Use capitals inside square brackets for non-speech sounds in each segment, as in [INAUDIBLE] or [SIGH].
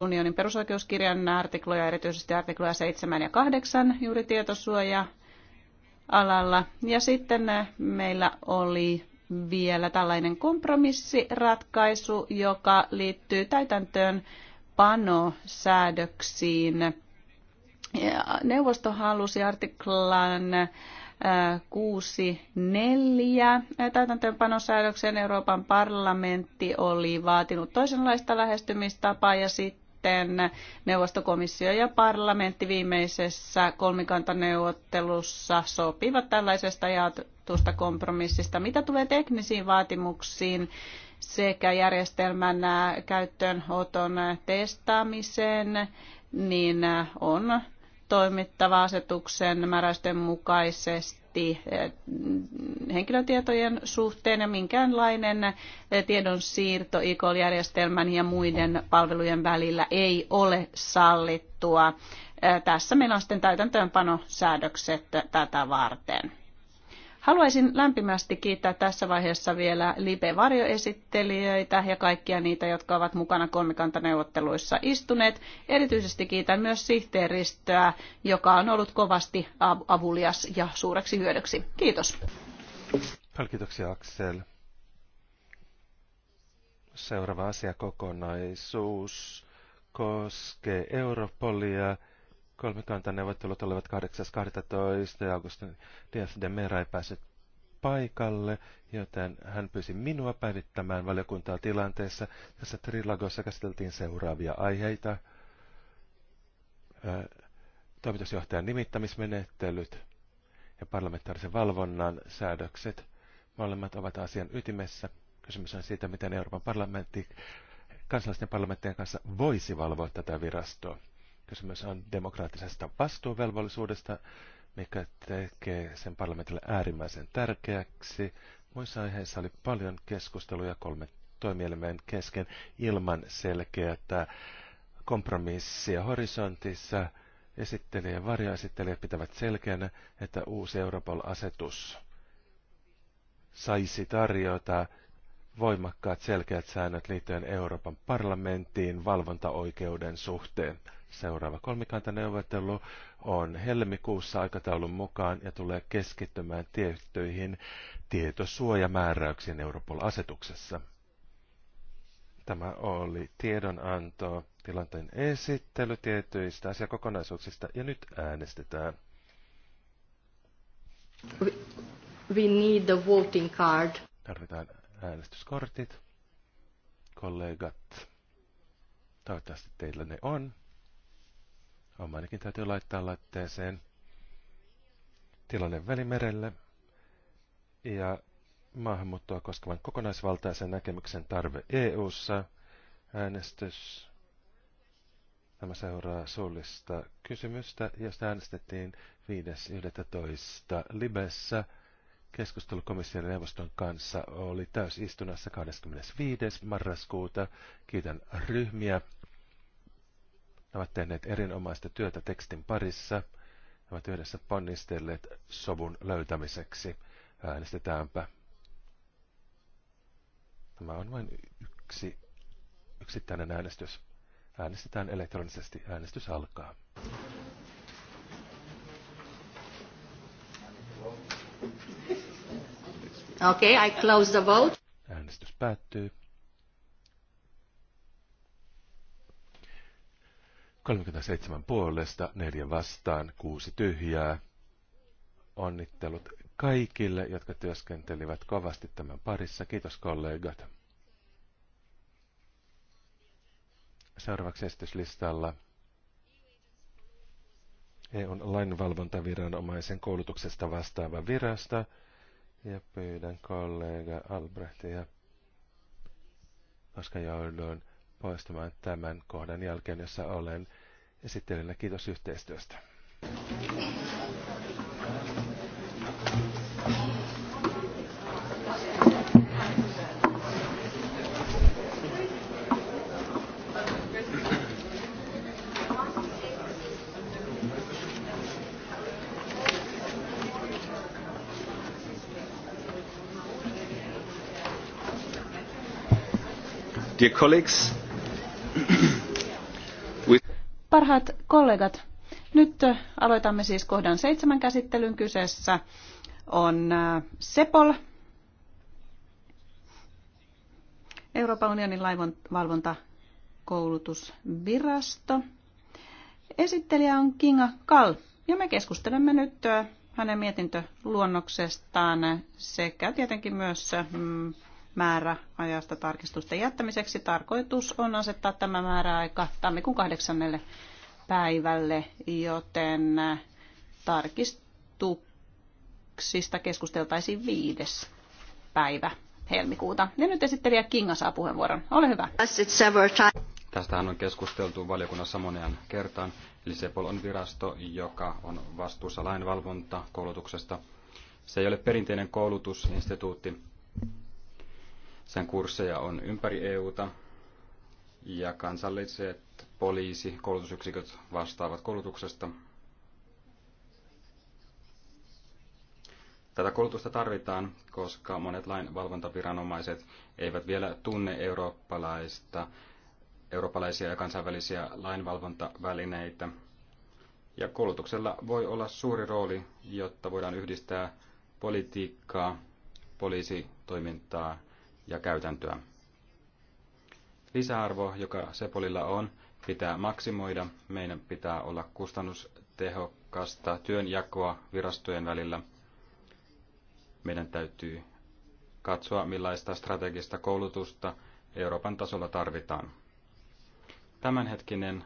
unionin perusoikeuskirjan artikloja, erityisesti artikloja 7 ja 8 juuri tietosuoja alalla. Ja sitten eh, meillä oli vielä tällainen kompromissiratkaisu, joka liittyy täytäntöön panosäädöksiin. Neuvosto halusi artiklan 6.4. Eh, Täytäntöönpanosäädöksen Euroopan parlamentti oli vaatinut toisenlaista lähestymistapaa ja sitten sitten neuvostokomissio ja parlamentti viimeisessä kolmikantaneuvottelussa sopivat tällaisesta jaetusta kompromissista. Mitä tulee teknisiin vaatimuksiin sekä järjestelmän käyttöönoton testaamiseen, niin on toimittava asetuksen määräysten mukaisesti eh, henkilötietojen suhteen ja minkäänlainen eh, tiedonsiirto ICOL-järjestelmän ja muiden palvelujen välillä ei ole sallittua. Eh, tässä meillä on sitten täytäntöönpanosäädökset tätä varten. Haluaisin lämpimästi kiittää tässä vaiheessa vielä Libe-varjoesittelijöitä ja kaikkia niitä, jotka ovat mukana kolmikantaneuvotteluissa istuneet. Erityisesti kiitän myös sihteeristöä, joka on ollut kovasti avulias ja suureksi hyödyksi. Kiitos. kiitoksia Aksel. Seuraava asiakokonaisuus koskee Europolia. Kolmikantaneuvottelut olivat 8.12. ja Augustin Diaz de Mera ei päässyt paikalle, joten hän pyysi minua päivittämään valiokuntaa tilanteessa. Tässä Trilagossa käsiteltiin seuraavia aiheita. Toimitusjohtajan nimittämismenettelyt ja parlamentaarisen valvonnan säädökset. Molemmat ovat asian ytimessä. Kysymys on siitä, miten Euroopan parlamentti kansallisten parlamenttien kanssa voisi valvoa tätä virastoa. Kysymys on demokraattisesta vastuuvelvollisuudesta, mikä tekee sen parlamentille äärimmäisen tärkeäksi. Muissa aiheissa oli paljon keskusteluja kolme toimielimen kesken ilman selkeää, kompromissia horisontissa. Esittelijä ja varjoesittelijät pitävät selkeänä, että uusi Europol-asetus saisi tarjota voimakkaat selkeät säännöt liittyen Euroopan parlamenttiin valvontaoikeuden suhteen. Seuraava kolmikantaneuvottelu on helmikuussa aikataulun mukaan ja tulee keskittymään tiettyihin tietosuojamääräyksiin Europol-asetuksessa. Tämä oli tiedonanto, tilanteen esittely tietyistä asiakokonaisuuksista ja nyt äänestetään. We, need the voting card. Tarvitaan äänestyskortit. Kollegat, toivottavasti teillä ne on. Omanikin täytyy laittaa laitteeseen tilanne välimerelle ja maahanmuuttoa koskevan kokonaisvaltaisen näkemyksen tarve EU-ssa. Äänestys. Tämä seuraa suullista kysymystä, josta äänestettiin 5.11. Libessä. Keskustelu komission ja neuvoston kanssa oli täysistunnassa 25. marraskuuta. Kiitän ryhmiä he ovat tehneet erinomaista työtä tekstin parissa. He ovat yhdessä ponnistelleet sovun löytämiseksi. Äänestetäänpä. Tämä on vain yksi yksittäinen äänestys. Äänestetään elektronisesti. Äänestys alkaa. Okay, I close the vote. Äänestys päättyy. 37 puolesta, 4 vastaan, 6 tyhjää. Onnittelut kaikille, jotka työskentelivät kovasti tämän parissa. Kiitos kollegat. Seuraavaksi esityslistalla EUn lainvalvontaviranomaisen koulutuksesta vastaava virasta ja pyydän kollega Albrehtia koska joudun poistumaan tämän kohdan jälkeen, jossa olen esittelylle. Kiitos yhteistyöstä. Dear colleagues, Parhaat kollegat, nyt äh, aloitamme siis kohdan seitsemän käsittelyn. Kyseessä on äh, SEPOL, Euroopan unionin laivonvalvontakoulutusvirasto. Esittelijä on Kinga Kal, ja me keskustelemme nyt äh, hänen mietintöluonnoksestaan sekä tietenkin myös mm, määrä ajasta tarkistusten jättämiseksi. Tarkoitus on asettaa tämä määräaika tammikuun kahdeksannelle päivälle, joten äh, tarkistuksista keskusteltaisiin viides päivä helmikuuta. Ja nyt esittelijä Kinga saa puheenvuoron. Ole hyvä. Tästähän on keskusteltu valiokunnassa moneen kertaan. Eli Sepol on virasto, joka on vastuussa lainvalvonta koulutuksesta. Se ei ole perinteinen koulutusinstituutti, sen kursseja on ympäri EUta ja kansalliset poliisi, koulutusyksiköt vastaavat koulutuksesta. Tätä koulutusta tarvitaan, koska monet lainvalvontaviranomaiset eivät vielä tunne eurooppalaista, eurooppalaisia ja kansainvälisiä lainvalvontavälineitä. Ja koulutuksella voi olla suuri rooli, jotta voidaan yhdistää politiikkaa, poliisitoimintaa ja käytäntöä. Lisäarvo, joka Sepolilla on, pitää maksimoida. Meidän pitää olla kustannustehokasta työnjakoa virastojen välillä. Meidän täytyy katsoa, millaista strategista koulutusta Euroopan tasolla tarvitaan. Tämänhetkinen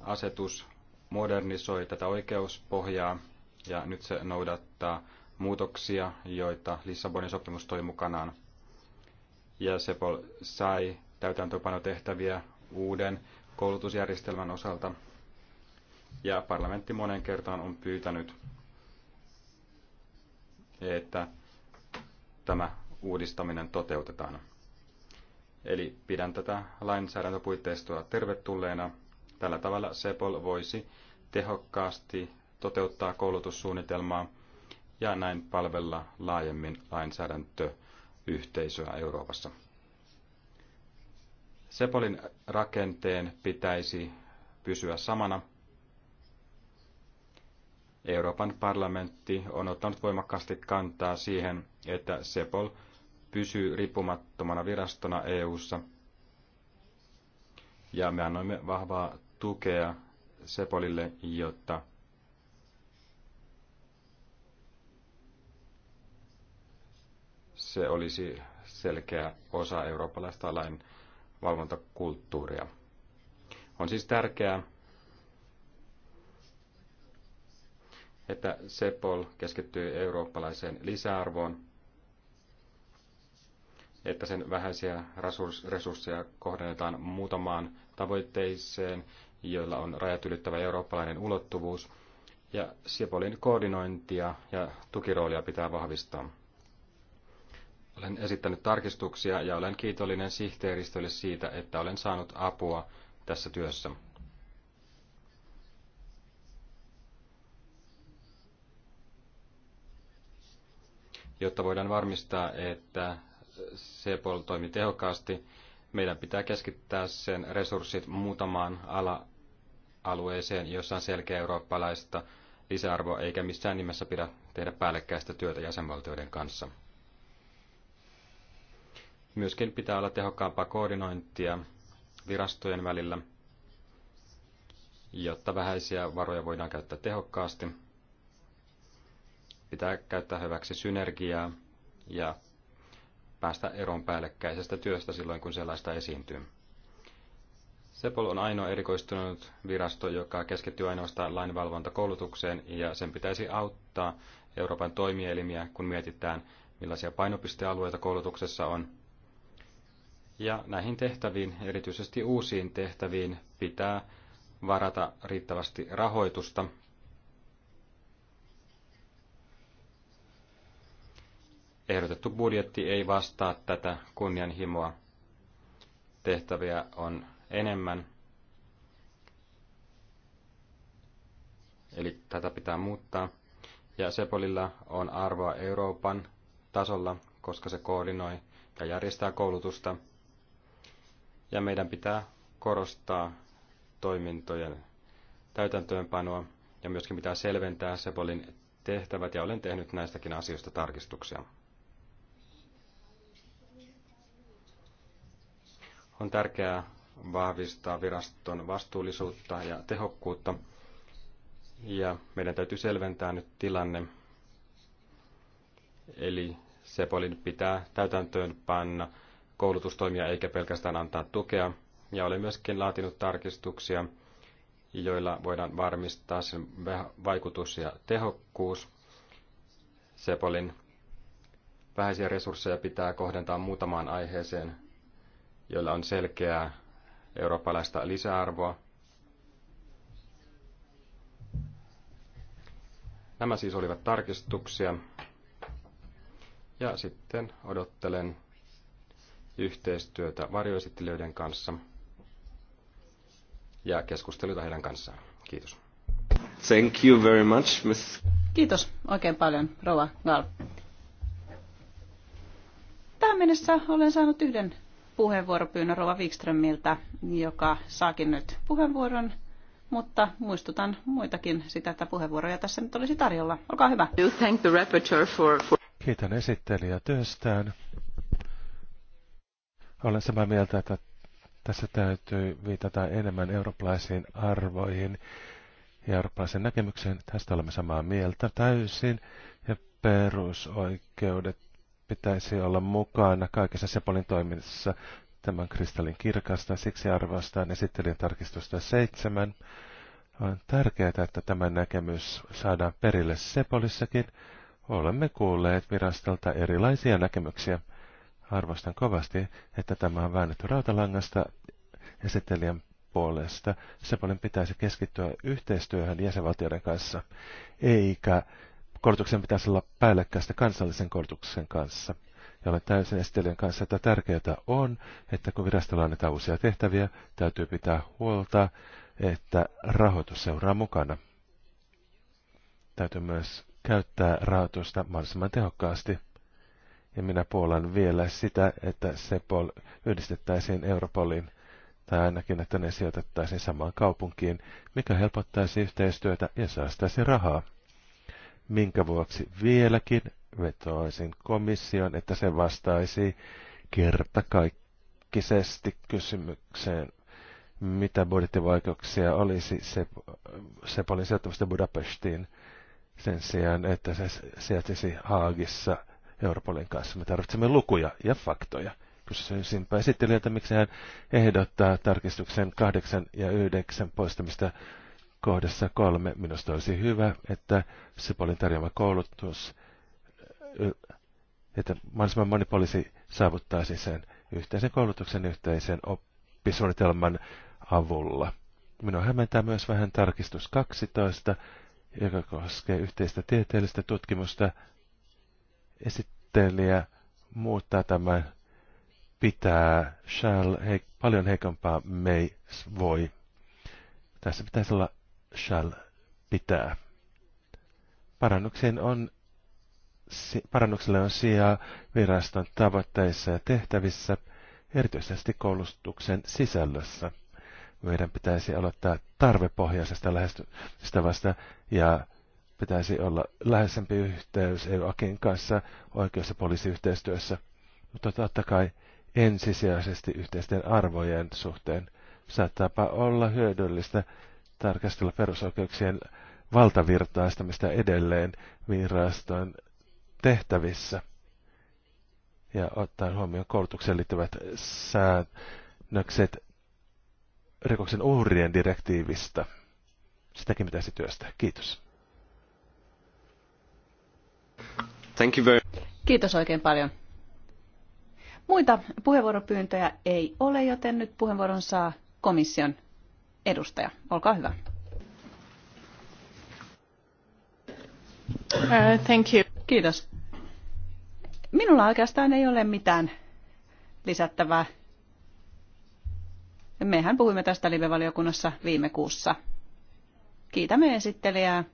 asetus modernisoi tätä oikeuspohjaa ja nyt se noudattaa muutoksia, joita Lissabonin sopimus toi mukanaan ja Sepol sai täytäntöpanotehtäviä uuden koulutusjärjestelmän osalta. Ja parlamentti monen kertaan on pyytänyt, että tämä uudistaminen toteutetaan. Eli pidän tätä lainsäädäntöpuitteistoa tervetulleena. Tällä tavalla Sepol voisi tehokkaasti toteuttaa koulutussuunnitelmaa ja näin palvella laajemmin lainsäädäntöä yhteisöä Euroopassa. Sepolin rakenteen pitäisi pysyä samana. Euroopan parlamentti on ottanut voimakkaasti kantaa siihen, että Sepol pysyy riippumattomana virastona EU:ssa. Ja me annoimme vahvaa tukea Sepolille, jotta se olisi selkeä osa eurooppalaista lain valvontakulttuuria. On siis tärkeää, että CEPOL keskittyy eurooppalaiseen lisäarvoon, että sen vähäisiä resursseja kohdennetaan muutamaan tavoitteeseen, joilla on rajat ylittävä eurooppalainen ulottuvuus, ja sepolin koordinointia ja tukiroolia pitää vahvistaa. Olen esittänyt tarkistuksia ja olen kiitollinen sihteeristölle siitä, että olen saanut apua tässä työssä. Jotta voidaan varmistaa, että CEPOL toimii tehokkaasti, meidän pitää keskittää sen resurssit muutamaan ala-alueeseen, jossa on selkeä eurooppalaista lisäarvoa, eikä missään nimessä pidä tehdä päällekkäistä työtä jäsenvaltioiden kanssa. Myöskin pitää olla tehokkaampaa koordinointia virastojen välillä, jotta vähäisiä varoja voidaan käyttää tehokkaasti. Pitää käyttää hyväksi synergiaa ja päästä eroon päällekkäisestä työstä silloin, kun sellaista esiintyy. Sepol on ainoa erikoistunut virasto, joka keskittyy ainoastaan lainvalvontakoulutukseen, ja sen pitäisi auttaa Euroopan toimielimiä, kun mietitään, millaisia painopistealueita koulutuksessa on, ja näihin tehtäviin, erityisesti uusiin tehtäviin, pitää varata riittävästi rahoitusta. Ehdotettu budjetti ei vastaa tätä kunnianhimoa. Tehtäviä on enemmän. Eli tätä pitää muuttaa. Ja Sepolilla on arvoa Euroopan tasolla, koska se koordinoi ja järjestää koulutusta ja meidän pitää korostaa toimintojen täytäntöönpanoa ja myöskin pitää selventää Sepolin tehtävät ja olen tehnyt näistäkin asioista tarkistuksia. On tärkeää vahvistaa viraston vastuullisuutta ja tehokkuutta ja meidän täytyy selventää nyt tilanne. Eli Sepolin pitää täytäntöön panna koulutustoimia eikä pelkästään antaa tukea. Ja olen myöskin laatinut tarkistuksia, joilla voidaan varmistaa sen vaikutus ja tehokkuus. Sepolin vähäisiä resursseja pitää kohdentaa muutamaan aiheeseen, joilla on selkeää eurooppalaista lisäarvoa. Nämä siis olivat tarkistuksia. Ja sitten odottelen yhteistyötä varjoesittelijöiden kanssa ja keskusteluita heidän kanssaan. Kiitos. Thank you very much, miss. Kiitos oikein paljon, Rova Gal. Tähän mennessä olen saanut yhden puheenvuoropyynnön Rova Wikströmiltä, joka saakin nyt puheenvuoron, mutta muistutan muitakin sitä, että puheenvuoroja tässä nyt olisi tarjolla. Olkaa hyvä. Thank the for... Kiitän esittelijä työstään. Olen samaa mieltä, että tässä täytyy viitata enemmän eurooppalaisiin arvoihin ja eurooppalaisen näkemykseen. Tästä olemme samaa mieltä täysin. Ja perusoikeudet pitäisi olla mukana kaikessa Sepolin toiminnassa tämän kristallin kirkasta. Siksi arvostan esittelijän tarkistusta seitsemän. On tärkeää, että tämä näkemys saadaan perille Sepolissakin. Olemme kuulleet virastolta erilaisia näkemyksiä. Arvostan kovasti, että tämä on väännetty rautalangasta esittelijän puolesta. Sepolin pitäisi keskittyä yhteistyöhön jäsenvaltioiden kanssa, eikä koulutuksen pitäisi olla päällekkäistä kansallisen koulutuksen kanssa. Ja olen täysin esittelijän kanssa, että tärkeää on, että kun virastolla annetaan uusia tehtäviä, täytyy pitää huolta, että rahoitus seuraa mukana. Täytyy myös käyttää rahoitusta mahdollisimman tehokkaasti. Ja minä puolan vielä sitä, että Sepol yhdistettäisiin Europolin, tai ainakin, että ne sijoitettaisiin samaan kaupunkiin, mikä helpottaisi yhteistyötä ja säästäisi rahaa. Minkä vuoksi vieläkin vetoaisin komission, että se vastaisi kertakaikkisesti kysymykseen, mitä budjettivaikeuksia olisi Sepolin sijoittamista Budapestiin sen sijaan, että se sijaitsisi Haagissa – Europolin kanssa. Me tarvitsemme lukuja ja faktoja. sinpä. esittelijältä, miksi hän ehdottaa tarkistuksen 8 ja 9 poistamista kohdassa 3. Minusta olisi hyvä, että Sipolin tarjoama koulutus, että mahdollisimman moni poliisi saavuttaisi sen yhteisen koulutuksen yhteisen oppisuunnitelman avulla. Minua hämmentää myös vähän tarkistus 12, joka koskee yhteistä tieteellistä tutkimusta esittelijä muuttaa tämän pitää shall heik, paljon heikompaa may voi. Tässä pitäisi olla shall pitää. parannuksen on, parannukselle on sijaa viraston tavoitteissa ja tehtävissä, erityisesti koulutuksen sisällössä. Meidän pitäisi aloittaa tarvepohjaisesta lähestymistavasta ja pitäisi olla läheisempi yhteys EUAKin kanssa oikeus- ja poliisiyhteistyössä, mutta totta kai ensisijaisesti yhteisten arvojen suhteen saattaapa olla hyödyllistä tarkastella perusoikeuksien valtavirtaistamista edelleen viraston tehtävissä ja ottaen huomioon koulutukseen liittyvät säännökset rikoksen uhrien direktiivistä. Sitäkin pitäisi työstää. Kiitos. Thank you very... Kiitos oikein paljon. Muita puheenvuoropyyntöjä ei ole, joten nyt puheenvuoron saa komission edustaja. Olkaa hyvä. Uh, thank you. Kiitos. Minulla oikeastaan ei ole mitään lisättävää. Mehän puhuimme tästä live viime kuussa. Kiitämme esittelijää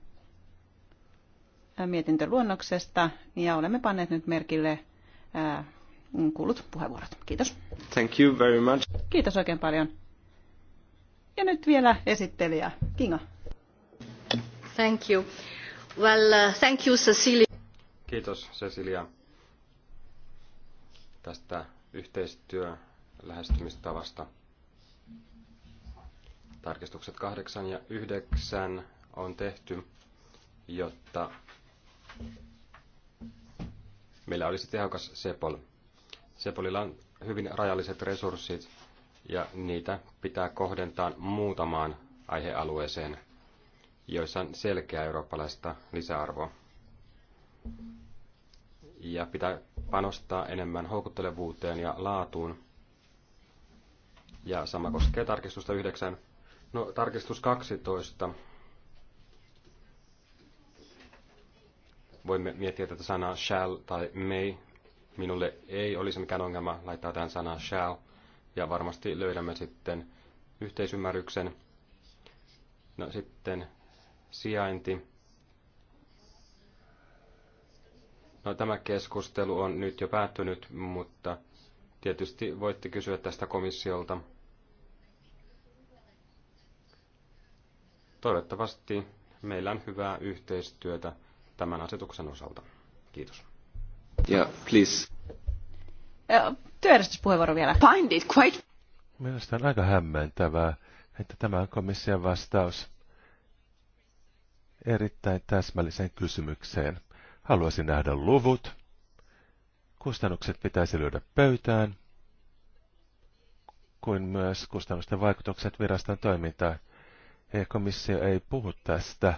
mietintöluonnoksesta ja olemme panneet nyt merkille äh, kuulut puheenvuorot. Kiitos. Thank you very much. Kiitos oikein paljon. Ja nyt vielä esittelijä Kinga. Thank you. Well, uh, thank you Cecilia. Kiitos Cecilia tästä yhteistyö lähestymistavasta. Tarkistukset 8 ja 9 on tehty, jotta Meillä olisi tehokas Sepol. Sepolilla on hyvin rajalliset resurssit ja niitä pitää kohdentaa muutamaan aihealueeseen, joissa on selkeä eurooppalaista lisäarvoa. Ja pitää panostaa enemmän houkuttelevuuteen ja laatuun. Ja sama koskee tarkistusta 9. No, tarkistus 12 voimme miettiä tätä sanaa shall tai may. Minulle ei olisi mikään ongelma laittaa tähän sanaa shall, ja varmasti löydämme sitten yhteisymmärryksen. No sitten sijainti. No tämä keskustelu on nyt jo päättynyt, mutta tietysti voitte kysyä tästä komissiolta. Toivottavasti meillä on hyvää yhteistyötä tämän asetuksen osalta. Kiitos. Yeah, please. Työjärjestyspuheenvuoro vielä. Find it quite... Mielestäni on aika hämmentävää, että tämä on komission vastaus erittäin täsmälliseen kysymykseen. Haluaisin nähdä luvut. Kustannukset pitäisi lyödä pöytään, kuin myös kustannusten vaikutukset viraston toimintaan. Komissio ei puhu tästä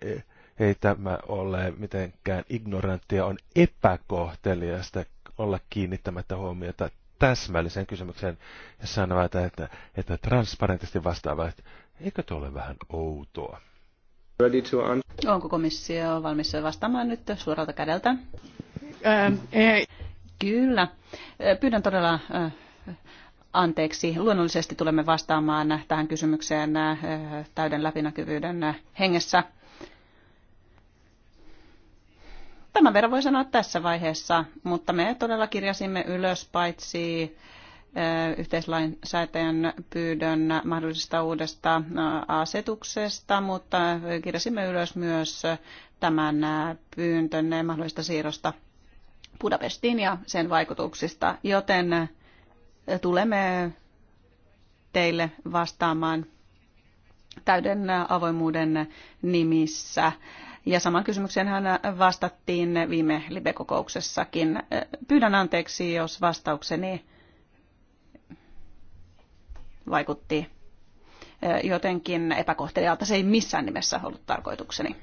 e- ei tämä ole mitenkään ignoranttia, on epäkohteliasta olla kiinnittämättä huomiota täsmälliseen kysymykseen ja sanoa, että, että että transparentisti vastaavat, eikö tuo ole vähän outoa? Onko komissio valmis vastaamaan nyt suoralta kädeltä? Ähm, ei. Kyllä. Äh, pyydän todella äh, anteeksi. Luonnollisesti tulemme vastaamaan tähän kysymykseen äh, täyden läpinäkyvyyden hengessä. Tämän verran voi sanoa tässä vaiheessa, mutta me todella kirjasimme ylös paitsi yhteislainsäätäjän pyydön mahdollisesta uudesta asetuksesta, mutta kirjasimme ylös myös tämän pyyntönne mahdollista siirrosta Budapestiin ja sen vaikutuksista, joten tulemme teille vastaamaan täyden avoimuuden nimissä ja saman kysymykseen hän vastattiin viime livekokouksessakin. Pyydän anteeksi, jos vastaukseni vaikutti e, jotenkin epäkohtelijalta. Se ei missään nimessä ollut tarkoitukseni.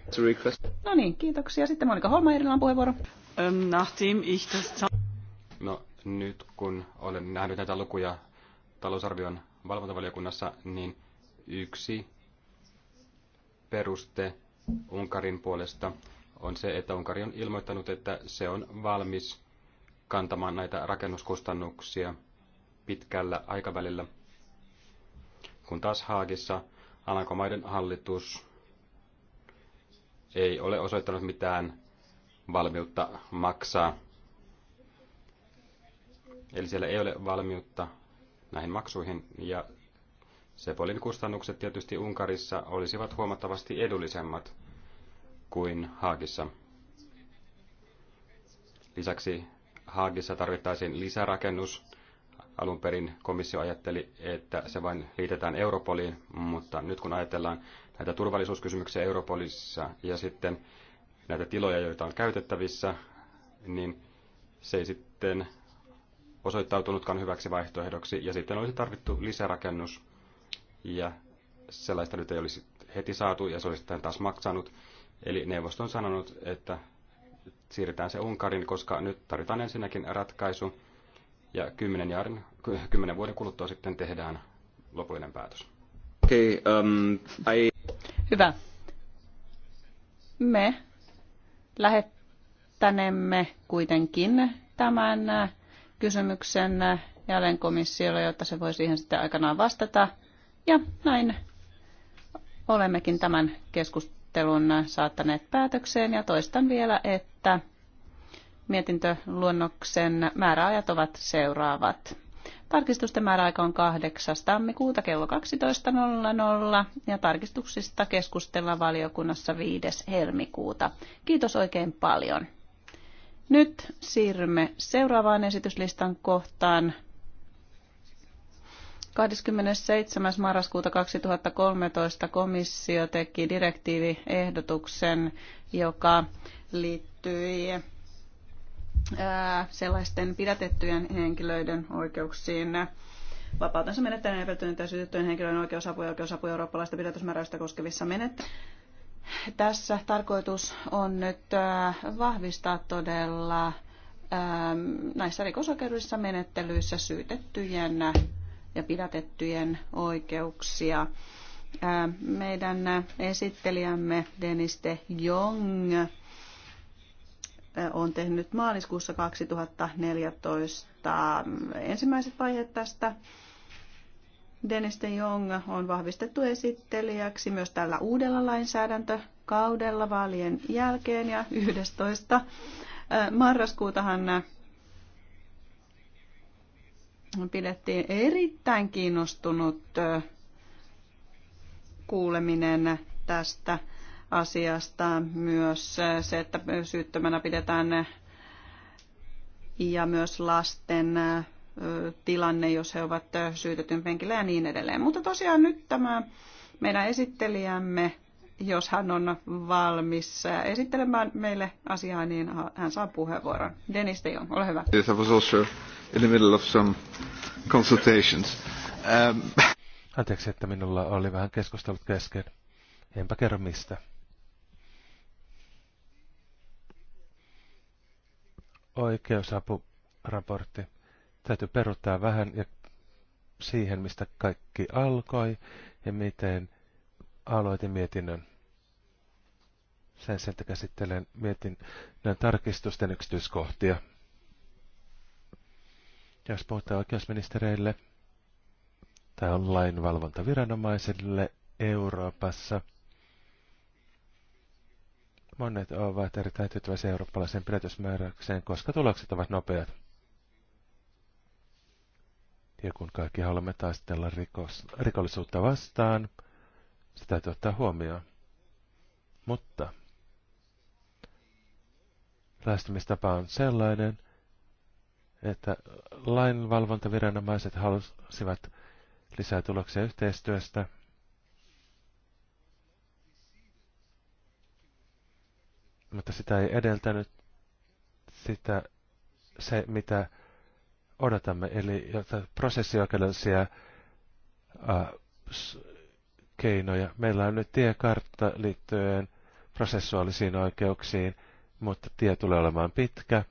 No niin, kiitoksia. Sitten Monika Holma erilainen puheenvuoro. Ähm, no nyt kun olen nähnyt näitä lukuja talousarvion valvontavaliokunnassa, niin yksi peruste Unkarin puolesta on se, että Unkari on ilmoittanut, että se on valmis kantamaan näitä rakennuskustannuksia pitkällä aikavälillä, kun taas Haagissa Alankomaiden hallitus ei ole osoittanut mitään valmiutta maksaa. Eli siellä ei ole valmiutta näihin maksuihin ja Sepolin kustannukset tietysti Unkarissa olisivat huomattavasti edullisemmat kuin Haagissa. Lisäksi Haagissa tarvittaisiin lisärakennus. Alun perin komissio ajatteli, että se vain liitetään Europoliin, mutta nyt kun ajatellaan näitä turvallisuuskysymyksiä Europolissa ja sitten näitä tiloja, joita on käytettävissä, niin se ei sitten osoittautunutkaan hyväksi vaihtoehdoksi. Ja sitten olisi tarvittu lisärakennus ja sellaista nyt ei olisi heti saatu ja se olisi sitten taas maksanut. Eli neuvosto on sanonut, että siirretään se Unkarin, koska nyt tarvitaan ensinnäkin ratkaisu ja kymmenen, jaarin, kymmenen vuoden kuluttua sitten tehdään lopullinen päätös. Okay, um, I... Hyvä. Me lähettänemme kuitenkin tämän kysymyksen jälleen komissiolle, jotta se voi siihen sitten aikanaan vastata. Ja näin olemmekin tämän keskustelun käsittelyn saattaneet päätökseen ja toistan vielä, että mietintöluonnoksen määräajat ovat seuraavat. Tarkistusten määräaika on 8. tammikuuta kello 12.00 ja tarkistuksista keskustellaan valiokunnassa 5. helmikuuta. Kiitos oikein paljon. Nyt siirrymme seuraavaan esityslistan kohtaan. 27. marraskuuta 2013 komissio teki direktiiviehdotuksen, joka liittyi sellaisten pidätettyjen henkilöiden oikeuksiin vapautensa menettäneen epäiltyjen tai syytettyjen henkilöiden oikeusapu ja oikeusapu eurooppalaista pidätysmääräystä koskevissa menettelyissä. Tässä tarkoitus on nyt vahvistaa todella näissä rikosoikeudellisissa menettelyissä syytettyjen ja pidätettyjen oikeuksia. Meidän esittelijämme Dennis de Jong on tehnyt maaliskuussa 2014 ensimmäiset vaiheet tästä. Dennis de Jong on vahvistettu esittelijäksi myös tällä uudella lainsäädäntökaudella vaalien jälkeen ja 11. marraskuutahan pidettiin erittäin kiinnostunut kuuleminen tästä asiasta. Myös se, että syyttömänä pidetään ja myös lasten tilanne, jos he ovat syytetyn penkillä ja niin edelleen. Mutta tosiaan nyt tämä meidän esittelijämme jos hän on valmis esittelemään meille asiaa, niin hän saa puheenvuoron. Dennis de Jong, ole hyvä. Yes, I was also in the middle of some consultations. Um... [LAUGHS] Anteeksi, että minulla oli vähän keskustelut kesken. Enpä kerro mistä. Oikeusapuraportti. Täytyy peruuttaa vähän ja siihen, mistä kaikki alkoi ja miten aloitin mietinnön sen sieltä käsittelen, mietin näin tarkistusten yksityiskohtia. Jos puhutaan oikeusministereille tai online-valvontaviranomaisille Euroopassa, monet ovat erittäin tyytyväisiä eurooppalaiseen pidätysmääräykseen, koska tulokset ovat nopeat. Ja kun kaikki haluamme taistella rikos, rikollisuutta vastaan, sitä täytyy ottaa huomioon. Mutta lähestymistapa on sellainen, että lainvalvontaviranomaiset halusivat lisää tuloksia yhteistyöstä. Mutta sitä ei edeltänyt sitä, se, mitä odotamme, eli prosessioikeudellisia keinoja. Meillä on nyt tiekartta liittyen prosessuaalisiin oikeuksiin – mutta tie tulee olemaan pitkä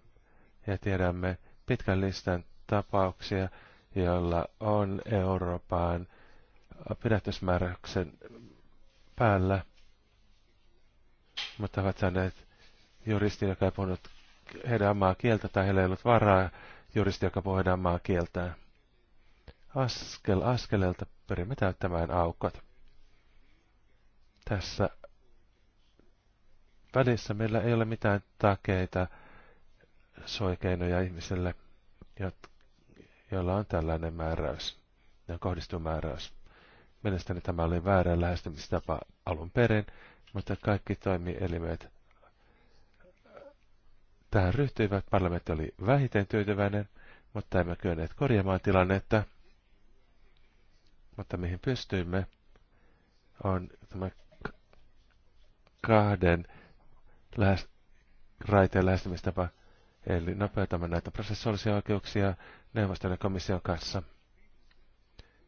ja tiedämme pitkän listan tapauksia, joilla on Euroopan pidätysmääräyksen päällä, mutta ovat saaneet juristi, joka ei puhunut heidän omaa kieltä tai heillä ei ollut varaa juristi, joka puhuu heidän omaa kieltään. Askel askeleelta pyrimme täyttämään aukot. Tässä välissä meillä ei ole mitään takeita soikeinoja ihmiselle, joilla on tällainen määräys, ja kohdistuu määräys. Mielestäni tämä oli väärä lähestymistapa alun perin, mutta kaikki toimielimet tähän ryhtyivät. Parlamentti oli vähiten tyytyväinen, mutta emme kyenneet korjaamaan tilannetta. Mutta mihin pystyimme, on tämä kahden lähes, raiteen lähestymistapa, eli nopeutamme näitä prosessuaalisia oikeuksia neuvoston ja komission kanssa.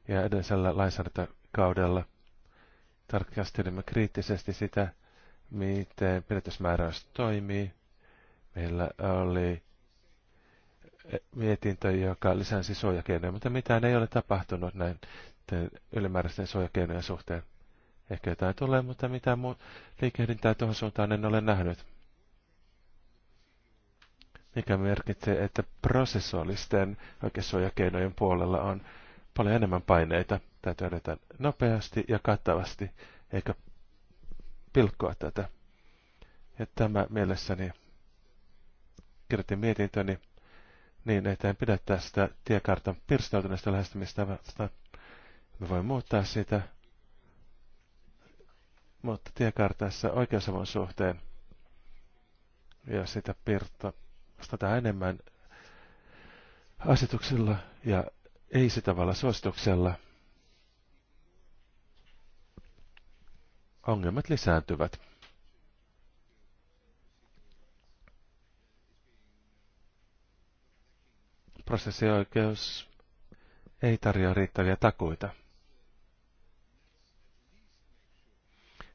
Ja edellisellä lainsäädäntökaudella tarkastelimme kriittisesti sitä, miten pidetysmääräys toimii. Meillä oli eh, mietintö, joka lisäsi suojakeinoja, mutta mitään ei ole tapahtunut näin ylimääräisten suojakeinojen suhteen. Ehkä jotain tulee, mutta mitään muu liikehdintää tuohon suuntaan en ole nähnyt. Mikä merkitsee, että prosessuaalisten oikeussuojakeinojen puolella on paljon enemmän paineita. Täytyy edetä nopeasti ja kattavasti, eikä pilkkoa tätä. Ja tämä mielessäni kirjoitin mietintöni niin, että en pidä tästä tiekartan pirstautuneesta lähestymistä, Me voimme muuttaa sitä mutta tiekartassa oikeusavun suhteen ja sitä pirtta vastataan enemmän asetuksella ja ei sitä tavalla suosituksella. Ongelmat lisääntyvät. Prosessioikeus ei tarjoa riittäviä takuita.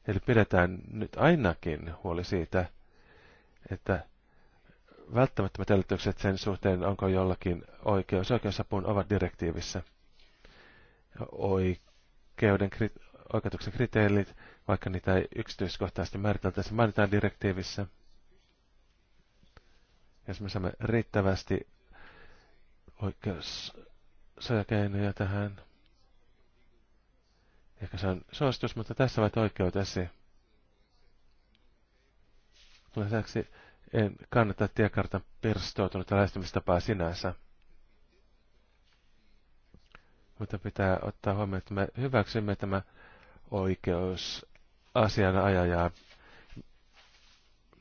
Eli pidetään nyt ainakin huoli siitä, että välttämättömät edellytykset sen suhteen, onko jollakin oikeus oikeusapuun, ovat direktiivissä. Oikeuden, oikeutuksen kriteerit, vaikka niitä ei yksityiskohtaisesti määriteltäisi, mainitaan direktiivissä. Jos me saamme riittävästi oikeussuojakeinoja tähän, Ehkä se on suositus, mutta tässä olet oikeutesi. Lisäksi en kannata tiekartan pirstoutunutta lähestymistapaa sinänsä. Mutta pitää ottaa huomioon, että me hyväksymme tämä oikeus asiana ajajaa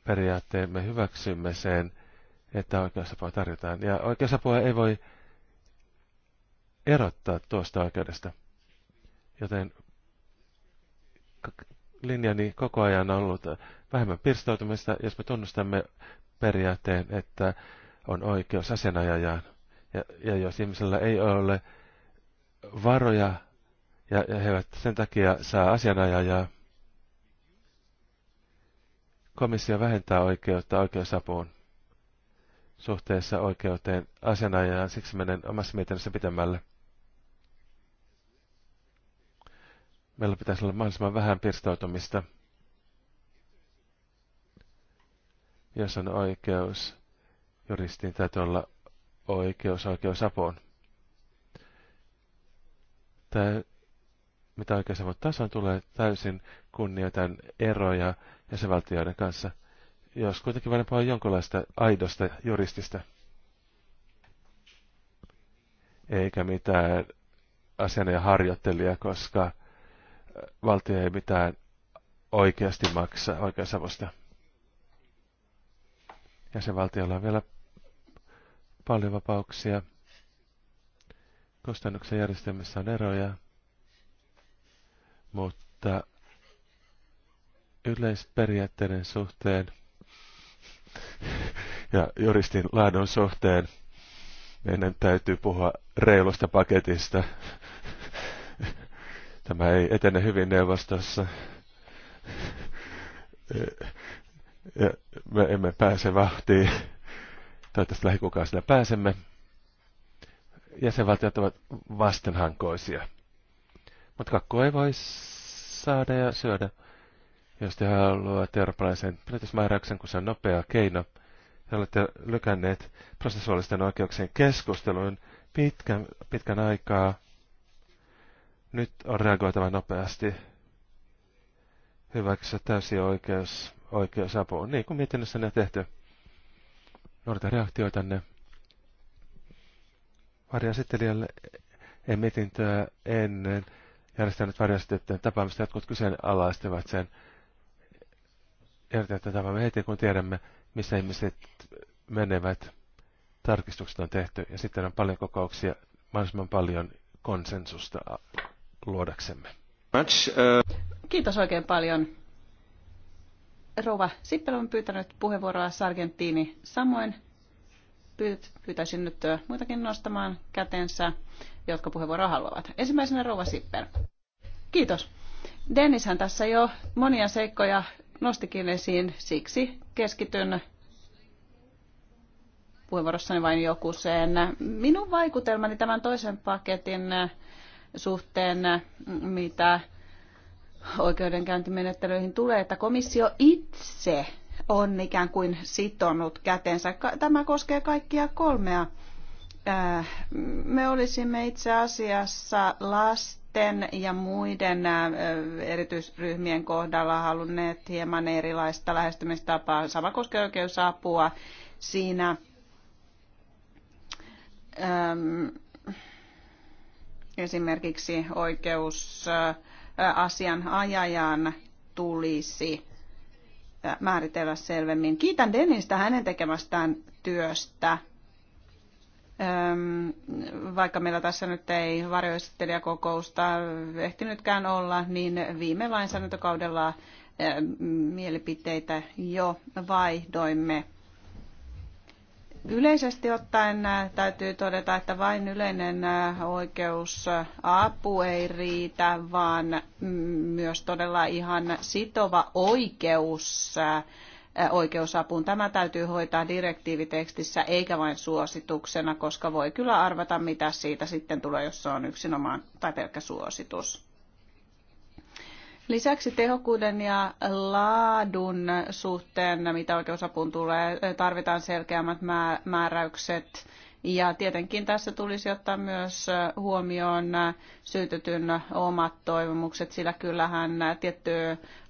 periaatteen. Me hyväksymme sen, että oikeusapua tarjotaan. Ja oikeusapua ei voi erottaa tuosta oikeudesta. Joten linjani koko ajan on ollut vähemmän pirstoutumista, jos me tunnustamme periaatteen, että on oikeus asianajajaan. Ja, ja jos ihmisellä ei ole varoja ja, ja he eivät sen takia saa asianajajaa, komissio vähentää oikeutta oikeusapuun suhteessa oikeuteen asianajajaan, siksi menen omassa mietinnössä pitemmälle. Meillä pitäisi olla mahdollisimman vähän pirstautumista. Jos on oikeus, juristiin täytyy olla oikeus oikeus apuun. Tämä, mitä oikeusavun on tulee täysin kunnioitan eroja jäsenvaltioiden kanssa, jos kuitenkin vain on jonkinlaista aidosta juristista. Eikä mitään asianajan harjoittelija, koska valtio ei mitään oikeasti maksa oikeusavusta. Ja se valtiolla on vielä paljon vapauksia. Kustannuksen järjestelmissä on eroja, mutta yleisperiaatteiden suhteen ja juristin laadun suhteen meidän täytyy puhua reilusta paketista. Tämä ei etene hyvin neuvostossa. Ja me emme pääse vahtiin. Toivottavasti lähikuukausina pääsemme. Jäsenvaltiot ovat vastenhankoisia. Mutta kakkua ei voi saada ja syödä. Jos te haluatte eurooppalaisen pidätysmääräyksen, kun se on nopea keino, Te olette lykänneet prosessuaalisten oikeuksien keskustelun pitkän, pitkän aikaa, nyt on reagoitava nopeasti. Hyväksyä täysi oikeus, oikeus apuun, niin kuin mietinnössä ne tehty. Noudata reaktioitanne. Varjaesittelijälle ei mietintöä ennen järjestänyt varjaesittelijöiden tapaamista. Jotkut kyseenalaistivat sen. Järjestetään tapaamme heti, kun tiedämme, missä ihmiset menevät. Tarkistukset on tehty ja sitten on paljon kokouksia, mahdollisimman paljon konsensusta luodaksemme. Kiitos oikein paljon. Rova Sippel on pyytänyt puheenvuoroa Sargentini samoin. Pyytäisin nyt muitakin nostamaan kätensä, jotka puheenvuoroa haluavat. Ensimmäisenä Rova Sippel. Kiitos. Dennishän tässä jo monia seikkoja nostikin esiin, siksi keskityn puheenvuorossani vain joku Minun vaikutelmani tämän toisen paketin suhteen, mm, mitä oikeudenkäyntimenettelyihin tulee, että komissio itse on ikään kuin sitonut kätensä. Tämä koskee kaikkia kolmea. Äh, me olisimme itse asiassa lasten ja muiden äh, erityisryhmien kohdalla halunneet hieman erilaista lähestymistapaa. Sama koskee oikeusapua siinä ähm, esimerkiksi oikeusasianajajan tulisi määritellä selvemmin. Kiitän Denistä hänen tekemästään työstä. Vaikka meillä tässä nyt ei varjoesittelijäkokousta ehtinytkään olla, niin viime lainsäädäntökaudella mielipiteitä jo vaihdoimme Yleisesti ottaen äh, täytyy todeta, että vain yleinen äh, apu ei riitä, vaan mm, myös todella ihan sitova oikeus äh, oikeusapuun. Tämä täytyy hoitaa direktiivitekstissä eikä vain suosituksena, koska voi kyllä arvata, mitä siitä sitten tulee, jos se on yksinomaan tai pelkkä suositus. Lisäksi tehokkuuden ja laadun suhteen, mitä oikeusapuun tulee, tarvitaan selkeämmät määräykset. Ja tietenkin tässä tulisi ottaa myös huomioon syytetyn omat toivomukset, sillä kyllähän tietty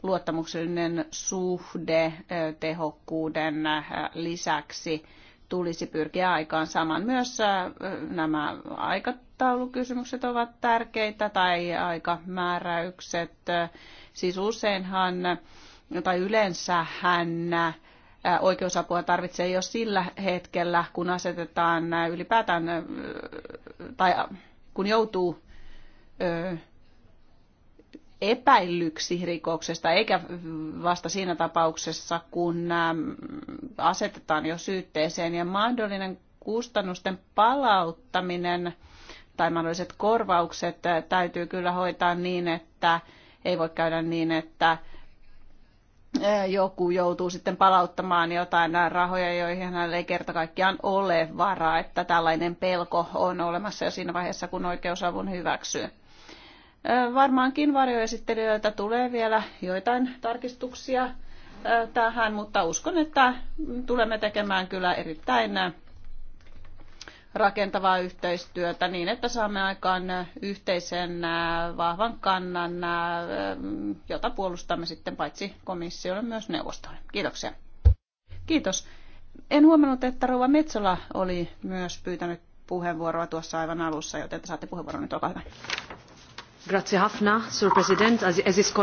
luottamuksellinen suhde tehokkuuden lisäksi tulisi pyrkiä aikaan saman myös nämä aikat aikataulukysymykset ovat tärkeitä tai aikamääräykset. Siis useinhan tai yleensähän oikeusapua tarvitsee jo sillä hetkellä, kun asetetaan ylipäätään tai kun joutuu epäillyksi rikoksesta, eikä vasta siinä tapauksessa, kun asetetaan jo syytteeseen. Ja mahdollinen kustannusten palauttaminen tai mahdolliset korvaukset täytyy kyllä hoitaa niin, että ei voi käydä niin, että joku joutuu sitten palauttamaan jotain rahoja, joihin hänellä ei kerta kaikkiaan ole varaa, että tällainen pelko on olemassa jo siinä vaiheessa, kun oikeusavun hyväksyy. Varmaankin varjoesittelijöiltä tulee vielä joitain tarkistuksia tähän, mutta uskon, että tulemme tekemään kyllä erittäin rakentavaa yhteistyötä niin, että saamme aikaan yhteisen vahvan kannan, jota puolustamme sitten paitsi komissiolle myös neuvostolle. Kiitoksia. Kiitos. En huomannut, että Rouva Metsola oli myös pyytänyt puheenvuoroa tuossa aivan alussa, joten te saatte puheenvuoron nyt, olkaa hyvä. Grazie Hafna, sur president, aziz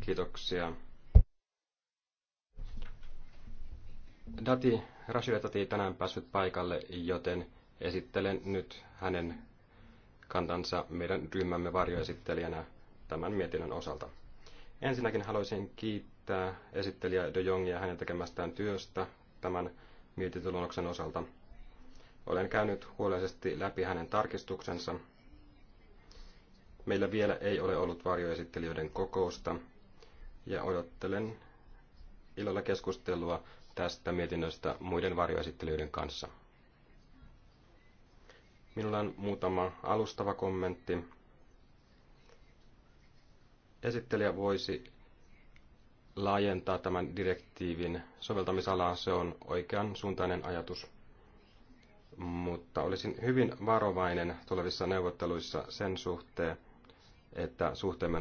Kiitoksia. Dati, Rashida Dati tänään päässyt paikalle, joten Esittelen nyt hänen kantansa meidän ryhmämme varjoesittelijänä tämän mietinnön osalta. Ensinnäkin haluaisin kiittää esittelijä De Jongia hänen tekemästään työstä tämän mietintöluonnoksen osalta. Olen käynyt huolellisesti läpi hänen tarkistuksensa. Meillä vielä ei ole ollut varjoesittelijöiden kokousta ja odottelen ilolla keskustelua tästä mietinnöstä muiden varjoesittelijöiden kanssa. Minulla on muutama alustava kommentti. Esittelijä voisi laajentaa tämän direktiivin soveltamisalaa. Se on oikean suuntainen ajatus. Mutta olisin hyvin varovainen tulevissa neuvotteluissa sen suhteen, että suhteemme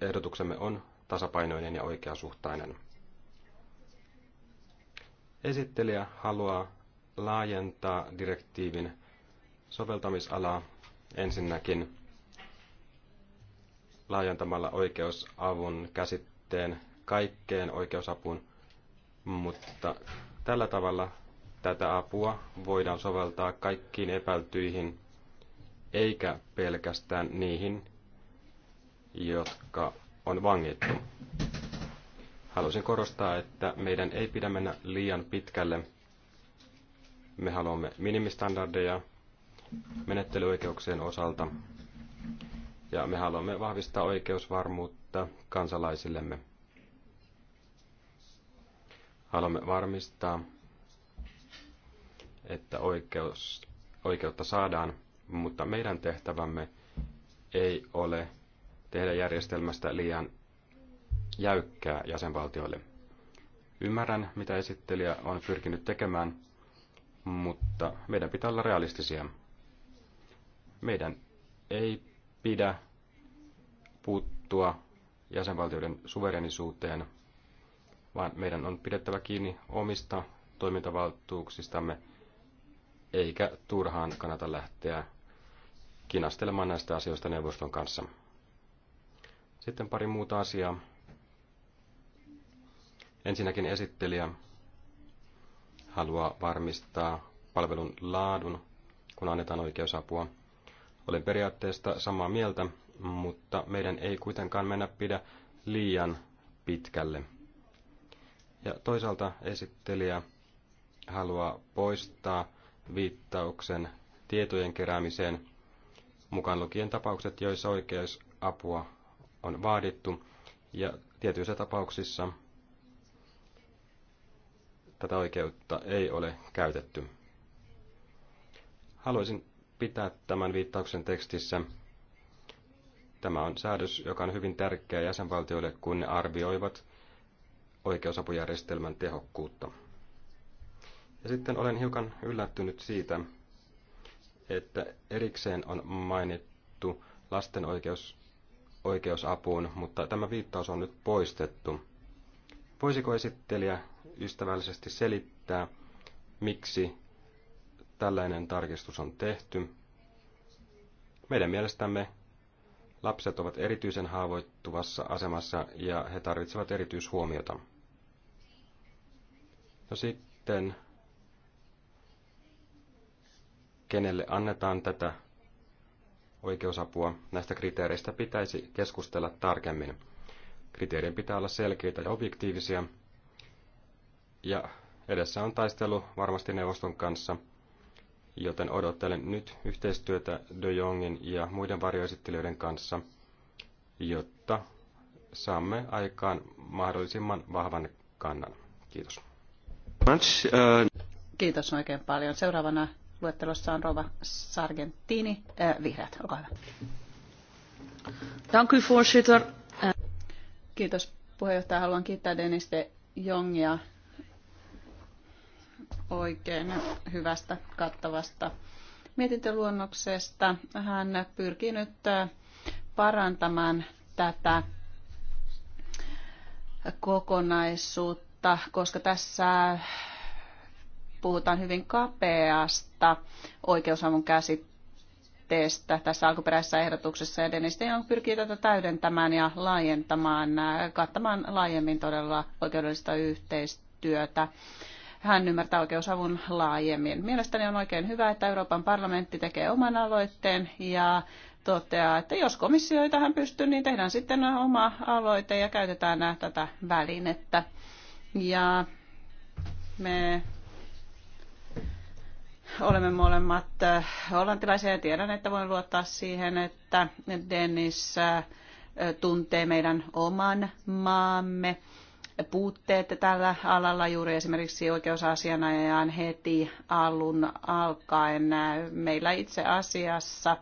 ehdotuksemme on tasapainoinen ja oikeasuhtainen. Esittelijä haluaa laajentaa direktiivin soveltamisalaa. Ensinnäkin laajentamalla oikeusavun käsitteen kaikkeen oikeusapuun, mutta tällä tavalla tätä apua voidaan soveltaa kaikkiin epäiltyihin, eikä pelkästään niihin, jotka on vangittu. Haluaisin korostaa, että meidän ei pidä mennä liian pitkälle. Me haluamme minimistandardeja menettelyoikeuksien osalta. Ja me haluamme vahvistaa oikeusvarmuutta kansalaisillemme. Haluamme varmistaa, että oikeus, oikeutta saadaan, mutta meidän tehtävämme ei ole tehdä järjestelmästä liian jäykkää jäsenvaltioille. Ymmärrän, mitä esittelijä on pyrkinyt tekemään, mutta meidän pitää olla realistisia. Meidän ei pidä puuttua jäsenvaltioiden suverenisuuteen, vaan meidän on pidettävä kiinni omista toimintavaltuuksistamme, eikä turhaan kannata lähteä kinastelemaan näistä asioista neuvoston kanssa. Sitten pari muuta asiaa. Ensinnäkin esittelijä haluaa varmistaa palvelun laadun, kun annetaan oikeusapua. Olen periaatteesta samaa mieltä, mutta meidän ei kuitenkaan mennä pidä liian pitkälle. Ja toisaalta esittelijä haluaa poistaa viittauksen tietojen keräämiseen, mukaan lukien tapaukset, joissa oikeusapua on vaadittu, ja tietyissä tapauksissa tätä oikeutta ei ole käytetty. Haluaisin pitää tämän viittauksen tekstissä. Tämä on säädös, joka on hyvin tärkeä jäsenvaltioille, kun ne arvioivat oikeusapujärjestelmän tehokkuutta. Ja sitten olen hiukan yllättynyt siitä, että erikseen on mainittu lasten oikeus, oikeusapuun, mutta tämä viittaus on nyt poistettu. Voisiko esittelijä ystävällisesti selittää, miksi tällainen tarkistus on tehty. Meidän mielestämme lapset ovat erityisen haavoittuvassa asemassa ja he tarvitsevat erityishuomiota. No sitten, kenelle annetaan tätä oikeusapua, näistä kriteereistä pitäisi keskustella tarkemmin. Kriteerien pitää olla selkeitä ja objektiivisia. Ja edessä on taistelu varmasti neuvoston kanssa – joten odottelen nyt yhteistyötä De Jongin ja muiden varjoesittelijöiden kanssa, jotta saamme aikaan mahdollisimman vahvan kannan. Kiitos. Uh, Kiitos oikein paljon. Seuraavana luettelossa on Rova Sargentini, äh, vihreät, olkaa hyvä. Kiitos puheenjohtaja. Haluan kiittää Denis de Jongia oikein hyvästä kattavasta mietintöluonnoksesta. Hän pyrkii nyt parantamaan tätä kokonaisuutta, koska tässä puhutaan hyvin kapeasta oikeusavun käsitteestä tässä alkuperäisessä ehdotuksessa. Ja on pyrkii tätä täydentämään ja laajentamaan, kattamaan laajemmin todella oikeudellista yhteistyötä hän ymmärtää oikeusavun laajemmin. Mielestäni on oikein hyvä, että Euroopan parlamentti tekee oman aloitteen ja toteaa, että jos komissio ei tähän pysty, niin tehdään sitten oma aloite ja käytetään tätä välinettä. Ja me olemme molemmat äh, hollantilaisia ja tiedän, että voin luottaa siihen, että Dennis äh, tuntee meidän oman maamme puutteet tällä alalla juuri esimerkiksi oikeusasianajajan heti alun alkaen. Meillä itse asiassa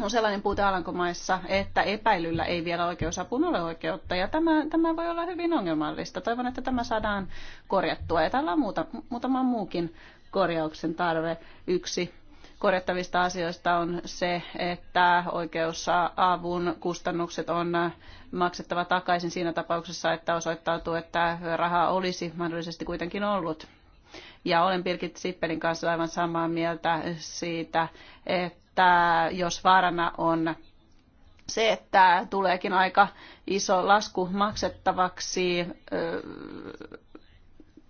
on sellainen puute Alankomaissa, että epäilyllä ei vielä oikeusapuun ole oikeutta. Ja tämä, tämä voi olla hyvin ongelmallista. Toivon, että tämä saadaan korjattua. Ja täällä on muuta, muutama muukin korjauksen tarve. Yksi korjattavista asioista on se, että oikeusavun kustannukset on maksettava takaisin siinä tapauksessa, että osoittautuu, että rahaa olisi mahdollisesti kuitenkin ollut. Ja olen Birgit Sippelin kanssa aivan samaa mieltä siitä, että jos vaarana on se, että tuleekin aika iso lasku maksettavaksi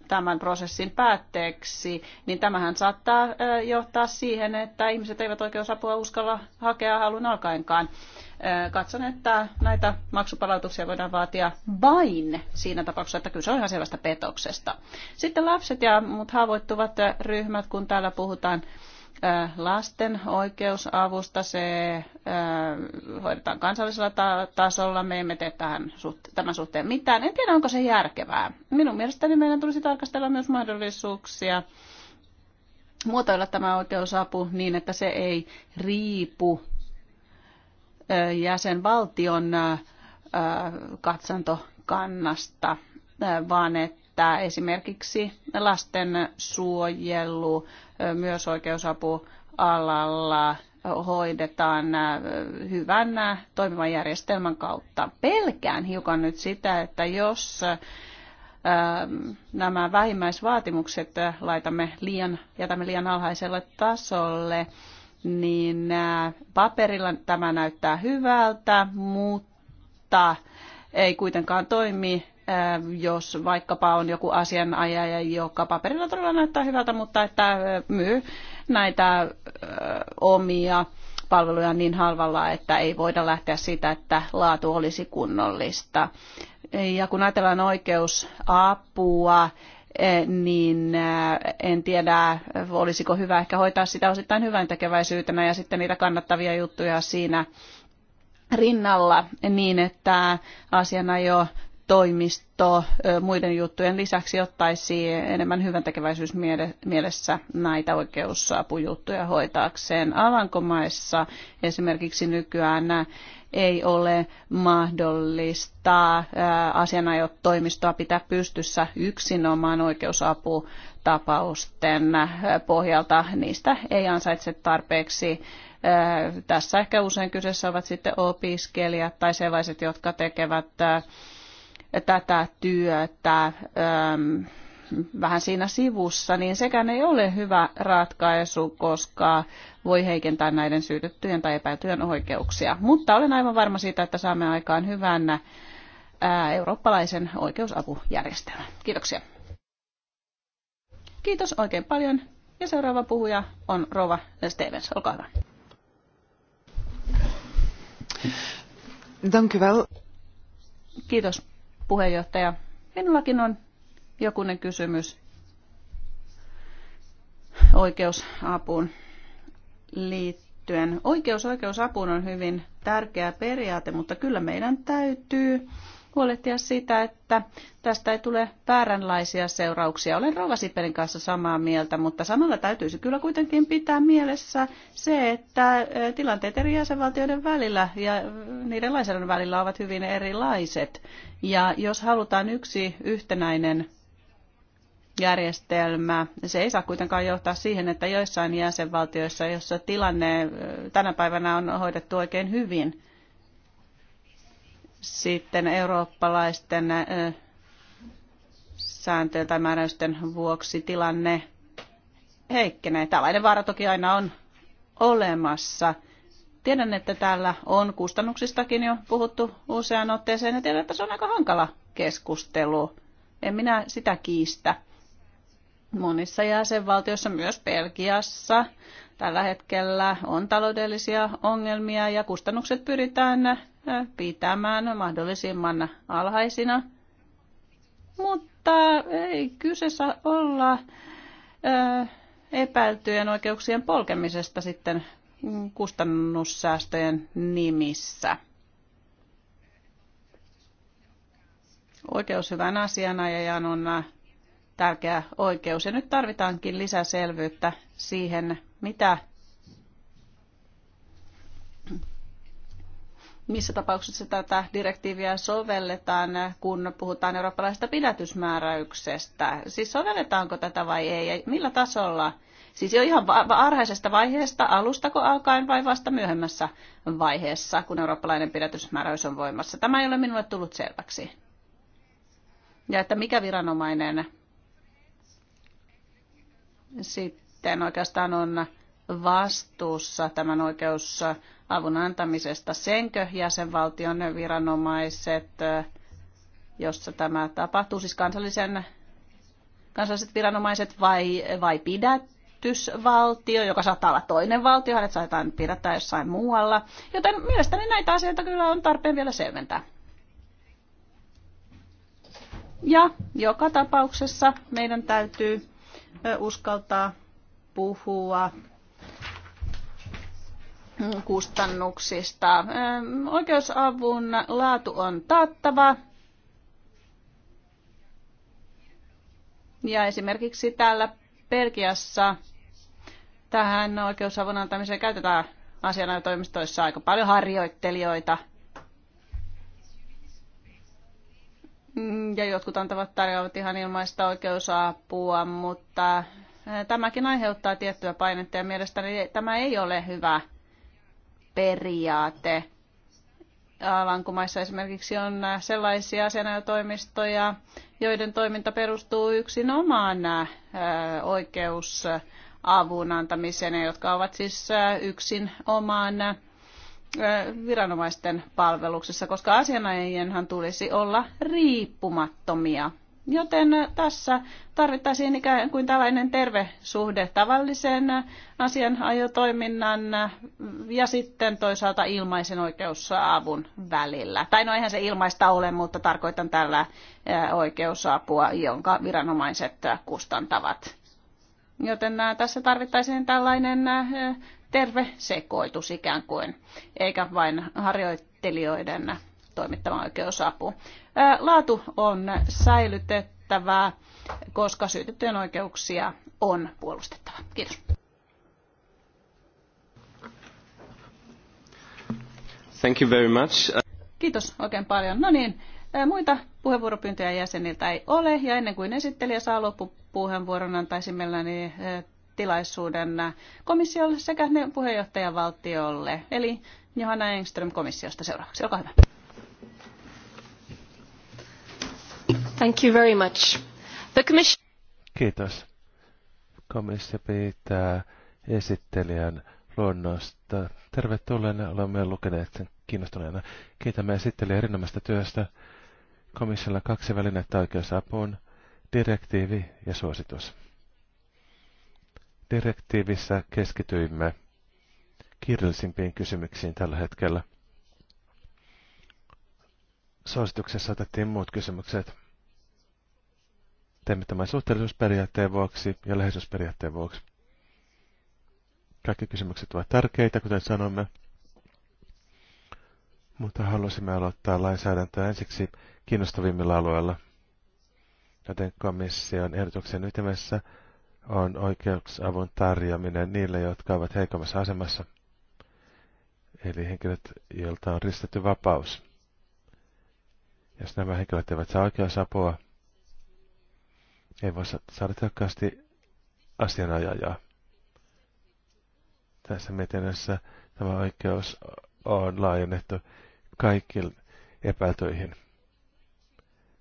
tämän prosessin päätteeksi, niin tämähän saattaa johtaa siihen, että ihmiset eivät oikeusapua uskalla hakea halun alkaenkaan. Katson, että näitä maksupalautuksia voidaan vaatia vain siinä tapauksessa, että kyse on ihan selvästä petoksesta. Sitten lapset ja muut haavoittuvat ryhmät, kun täällä puhutaan lasten oikeusavusta. Se hoidetaan kansallisella tasolla. Me emme tee tähän, tämän suhteen mitään. En tiedä, onko se järkevää. Minun mielestäni meidän tulisi tarkastella myös mahdollisuuksia muotoilla tämä oikeusapu niin, että se ei riipu jäsenvaltion katsantokannasta, vaan että että esimerkiksi lasten suojelu myös oikeusapu alalla hoidetaan hyvän toimivan järjestelmän kautta. Pelkään hiukan nyt sitä, että jos nämä vähimmäisvaatimukset laitamme liian, jätämme liian alhaiselle tasolle, niin paperilla tämä näyttää hyvältä, mutta ei kuitenkaan toimi Äh, jos vaikkapa on joku asianajaja, joka paperilla todella näyttää hyvältä, mutta että äh, myy näitä äh, omia palveluja niin halvalla, että ei voida lähteä siitä, että laatu olisi kunnollista. Ja kun ajatellaan oikeusapua, niin en tiedä, olisiko hyvä ehkä hoitaa sitä osittain hyvän tekeväisyytenä ja sitten niitä kannattavia juttuja siinä rinnalla niin, että asiana jo toimisto muiden juttujen lisäksi ottaisi enemmän hyvän mielessä näitä oikeusapujuttuja hoitaakseen. Alankomaissa esimerkiksi nykyään ei ole mahdollista asianajotoimistoa pitää pystyssä yksinomaan oikeusaputapausten pohjalta. Niistä ei ansaitse tarpeeksi tässä ehkä usein kyseessä ovat sitten opiskelijat tai sellaiset, jotka tekevät tätä työtä ähm, vähän siinä sivussa, niin sekään ei ole hyvä ratkaisu, koska voi heikentää näiden syytettyjen tai epäiltyjen oikeuksia. Mutta olen aivan varma siitä, että saamme aikaan hyvän äh, eurooppalaisen oikeusapujärjestelmän. Kiitoksia. Kiitos oikein paljon. Ja seuraava puhuja on Rova Stevens. Olkaa hyvä. wel. Kiitos puheenjohtaja. Minullakin on jokunen kysymys oikeusapuun liittyen. Oikeus oikeusapuun on hyvin tärkeä periaate, mutta kyllä meidän täytyy huolehtia siitä, että tästä ei tule vääränlaisia seurauksia. Olen Rouva Sipelin kanssa samaa mieltä, mutta samalla täytyisi kyllä kuitenkin pitää mielessä se, että tilanteet eri jäsenvaltioiden välillä ja niiden lainsäädännön välillä ovat hyvin erilaiset. Ja jos halutaan yksi yhtenäinen järjestelmä. Se ei saa kuitenkaan johtaa siihen, että joissain jäsenvaltioissa, jossa tilanne tänä päivänä on hoidettu oikein hyvin, sitten eurooppalaisten sääntöjen tai määräysten vuoksi tilanne heikkenee. Tällainen vaara toki aina on olemassa. Tiedän, että täällä on kustannuksistakin jo puhuttu useaan otteeseen ja tiedän, että se on aika hankala keskustelu. En minä sitä kiistä. Monissa jäsenvaltioissa, myös Belgiassa, Tällä hetkellä on taloudellisia ongelmia ja kustannukset pyritään äh, pitämään mahdollisimman alhaisina. Mutta ei kyseessä olla äh, epäiltyjen oikeuksien polkemisesta sitten kustannussäästöjen nimissä. Oikeus hyvän asianajajan on äh, tärkeä oikeus. Ja nyt tarvitaankin lisäselvyyttä siihen, mitä missä tapauksessa tätä direktiiviä sovelletaan, kun puhutaan eurooppalaisesta pidätysmääräyksestä. Siis sovelletaanko tätä vai ei ja millä tasolla? Siis jo ihan varhaisesta vaiheesta, alustako alkaen vai vasta myöhemmässä vaiheessa, kun eurooppalainen pidätysmääräys on voimassa. Tämä ei ole minulle tullut selväksi. Ja että mikä viranomainen sitten oikeastaan on vastuussa tämän oikeusavun antamisesta senkö jäsenvaltion viranomaiset, jossa tämä tapahtuu, siis kansallisen, kansalliset viranomaiset vai, vai pidätysvaltio, joka saattaa olla toinen valtio, hänet saatetaan pidättää jossain muualla. Joten mielestäni näitä asioita kyllä on tarpeen vielä selventää. Ja joka tapauksessa meidän täytyy uskaltaa puhua kustannuksista. Oikeusavun laatu on taattava. Ja esimerkiksi täällä Belgiassa tähän oikeusavun antamiseen käytetään asianajotoimistoissa aika paljon harjoittelijoita – ja jotkut antavat tarjoavat ihan ilmaista oikeusapua, mutta eh, tämäkin aiheuttaa tiettyä painetta ja mielestäni tämä ei ole hyvä periaate. Alankumaissa esimerkiksi on sellaisia asianajotoimistoja, joiden toiminta perustuu yksin omaan eh, oikeusavun antamiseen, ja jotka ovat siis eh, yksin omaan viranomaisten palveluksessa, koska asianajajienhan tulisi olla riippumattomia. Joten tässä tarvittaisiin ikään kuin tällainen terve suhde tavallisen asianajotoiminnan ja sitten toisaalta ilmaisen oikeusavun välillä. Tai no eihän se ilmaista ole, mutta tarkoitan tällä oikeusapua, jonka viranomaiset kustantavat. Joten tässä tarvittaisiin tällainen terve sekoitus ikään kuin, eikä vain harjoittelijoiden toimittama oikeusapu. Laatu on säilytettävää, koska syytettyjen oikeuksia on puolustettava. Kiitos. Thank you very much. Kiitos oikein paljon. No niin, muita puheenvuoropyyntöjä jäseniltä ei ole, ja ennen kuin esittelijä saa loppupuheenvuoron, antaisin mielelläni tilaisuuden komissiolle sekä ne puheenjohtajavaltiolle. Eli Johanna Engström komissiosta seuraavaksi. Olkaa hyvä. Thank you very much. The commission... Kiitos. Komissio pitää esittelijän luonnosta. Tervetuloa, olemme lukeneet sen kiinnostuneena. Kiitämme esittelijä erinomaisesta työstä. Komissiolla kaksi välinettä oikeusapuun, direktiivi ja suositus. Direktiivissä keskityimme kirjallisimpiin kysymyksiin tällä hetkellä. Suosituksessa otettiin muut kysymykset. Teemme tämän suhteellisuusperiaatteen vuoksi ja läheisyysperiaatteen vuoksi. Kaikki kysymykset ovat tärkeitä, kuten sanomme, mutta halusimme aloittaa lainsäädäntöä ensiksi kiinnostavimmilla alueilla, joten komission ehdotuksen ytimessä on oikeusavun tarjoaminen niille, jotka ovat heikommassa asemassa, eli henkilöt, joilta on ristetty vapaus. Jos nämä henkilöt eivät saa oikeusapua, ei voi saada tehokkaasti asianajajaa. Tässä mietinnössä tämä oikeus on laajennettu kaikille epäiltyihin.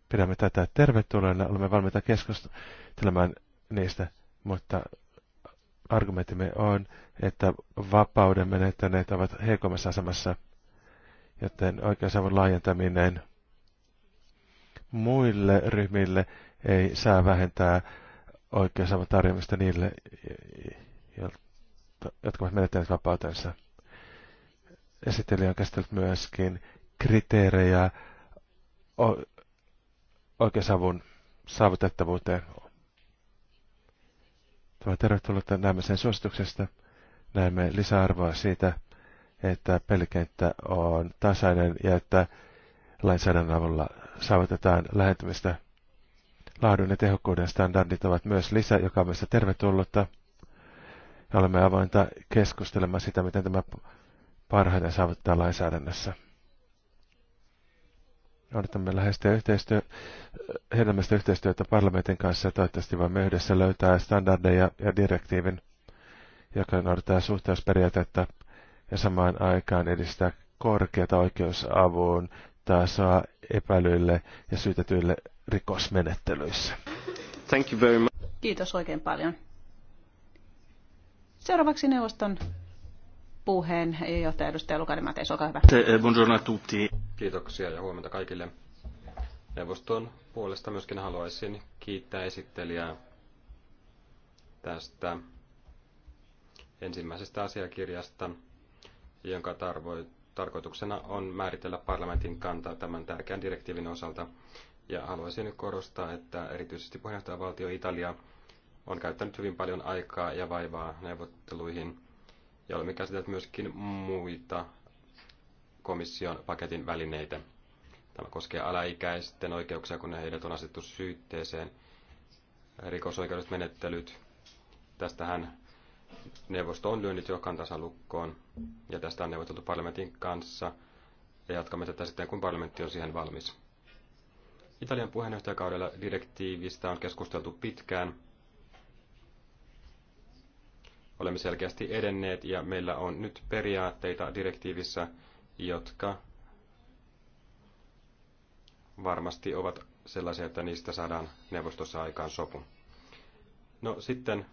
Pidämme tätä tervetulleena, olemme valmiita keskustelemaan niistä mutta argumentimme on, että vapauden menettäneet ovat heikommassa asemassa, joten oikeusavun laajentaminen muille ryhmille ei saa vähentää oikeusavun tarjoamista niille, jotka ovat menettäneet vapautensa. Esittelijä on käsitellyt myöskin kriteerejä oikeusavun saavutettavuuteen Tervetuloa, tervetuloa näemme sen suosituksesta. Näemme lisäarvoa siitä, että pelikenttä on tasainen ja että lainsäädännön avulla saavutetaan lähentymistä. Laadun ja tehokkuuden standardit ovat myös lisä, joka on myös tervetullutta. olemme avointa keskustelemaan sitä, miten tämä parhaiten saavuttaa lainsäädännössä. Odotamme läheistä yhteistyö, hedelmästä yhteistyötä parlamentin kanssa ja toivottavasti voimme yhdessä löytää standardeja ja direktiivin, joka noudattaa suhteusperiaatetta ja samaan aikaan edistää korkeata oikeusavun tasoa epäilyille ja syytetyille rikosmenettelyissä. Thank you very much. Kiitos oikein paljon. Seuraavaksi neuvoston puheen, johtaja edustaja Lukainen Mateis, olkaa hyvä. Eh, buongiorno tutti. Kiitoksia ja huomenta kaikille. Neuvoston puolesta myöskin haluaisin kiittää esittelijää tästä ensimmäisestä asiakirjasta, jonka tarvo- tarkoituksena on määritellä parlamentin kantaa tämän tärkeän direktiivin osalta. Ja haluaisin nyt korostaa, että erityisesti puheenjohtajavaltio Italia on käyttänyt hyvin paljon aikaa ja vaivaa neuvotteluihin ja olemme käsitelleet myöskin muita komission paketin välineitä. Tämä koskee alaikäisten oikeuksia, kun heidät on asettu syytteeseen, rikosoikeudelliset menettelyt. Tästähän neuvosto on lyönyt jo kantansa lukkoon, ja tästä on neuvoteltu parlamentin kanssa, ja jatkamme tätä sitten, kun parlamentti on siihen valmis. Italian puheenjohtajakaudella direktiivistä on keskusteltu pitkään, Olemme selkeästi edenneet ja meillä on nyt periaatteita direktiivissä, jotka varmasti ovat sellaisia, että niistä saadaan neuvostossa aikaan sopu. No sitten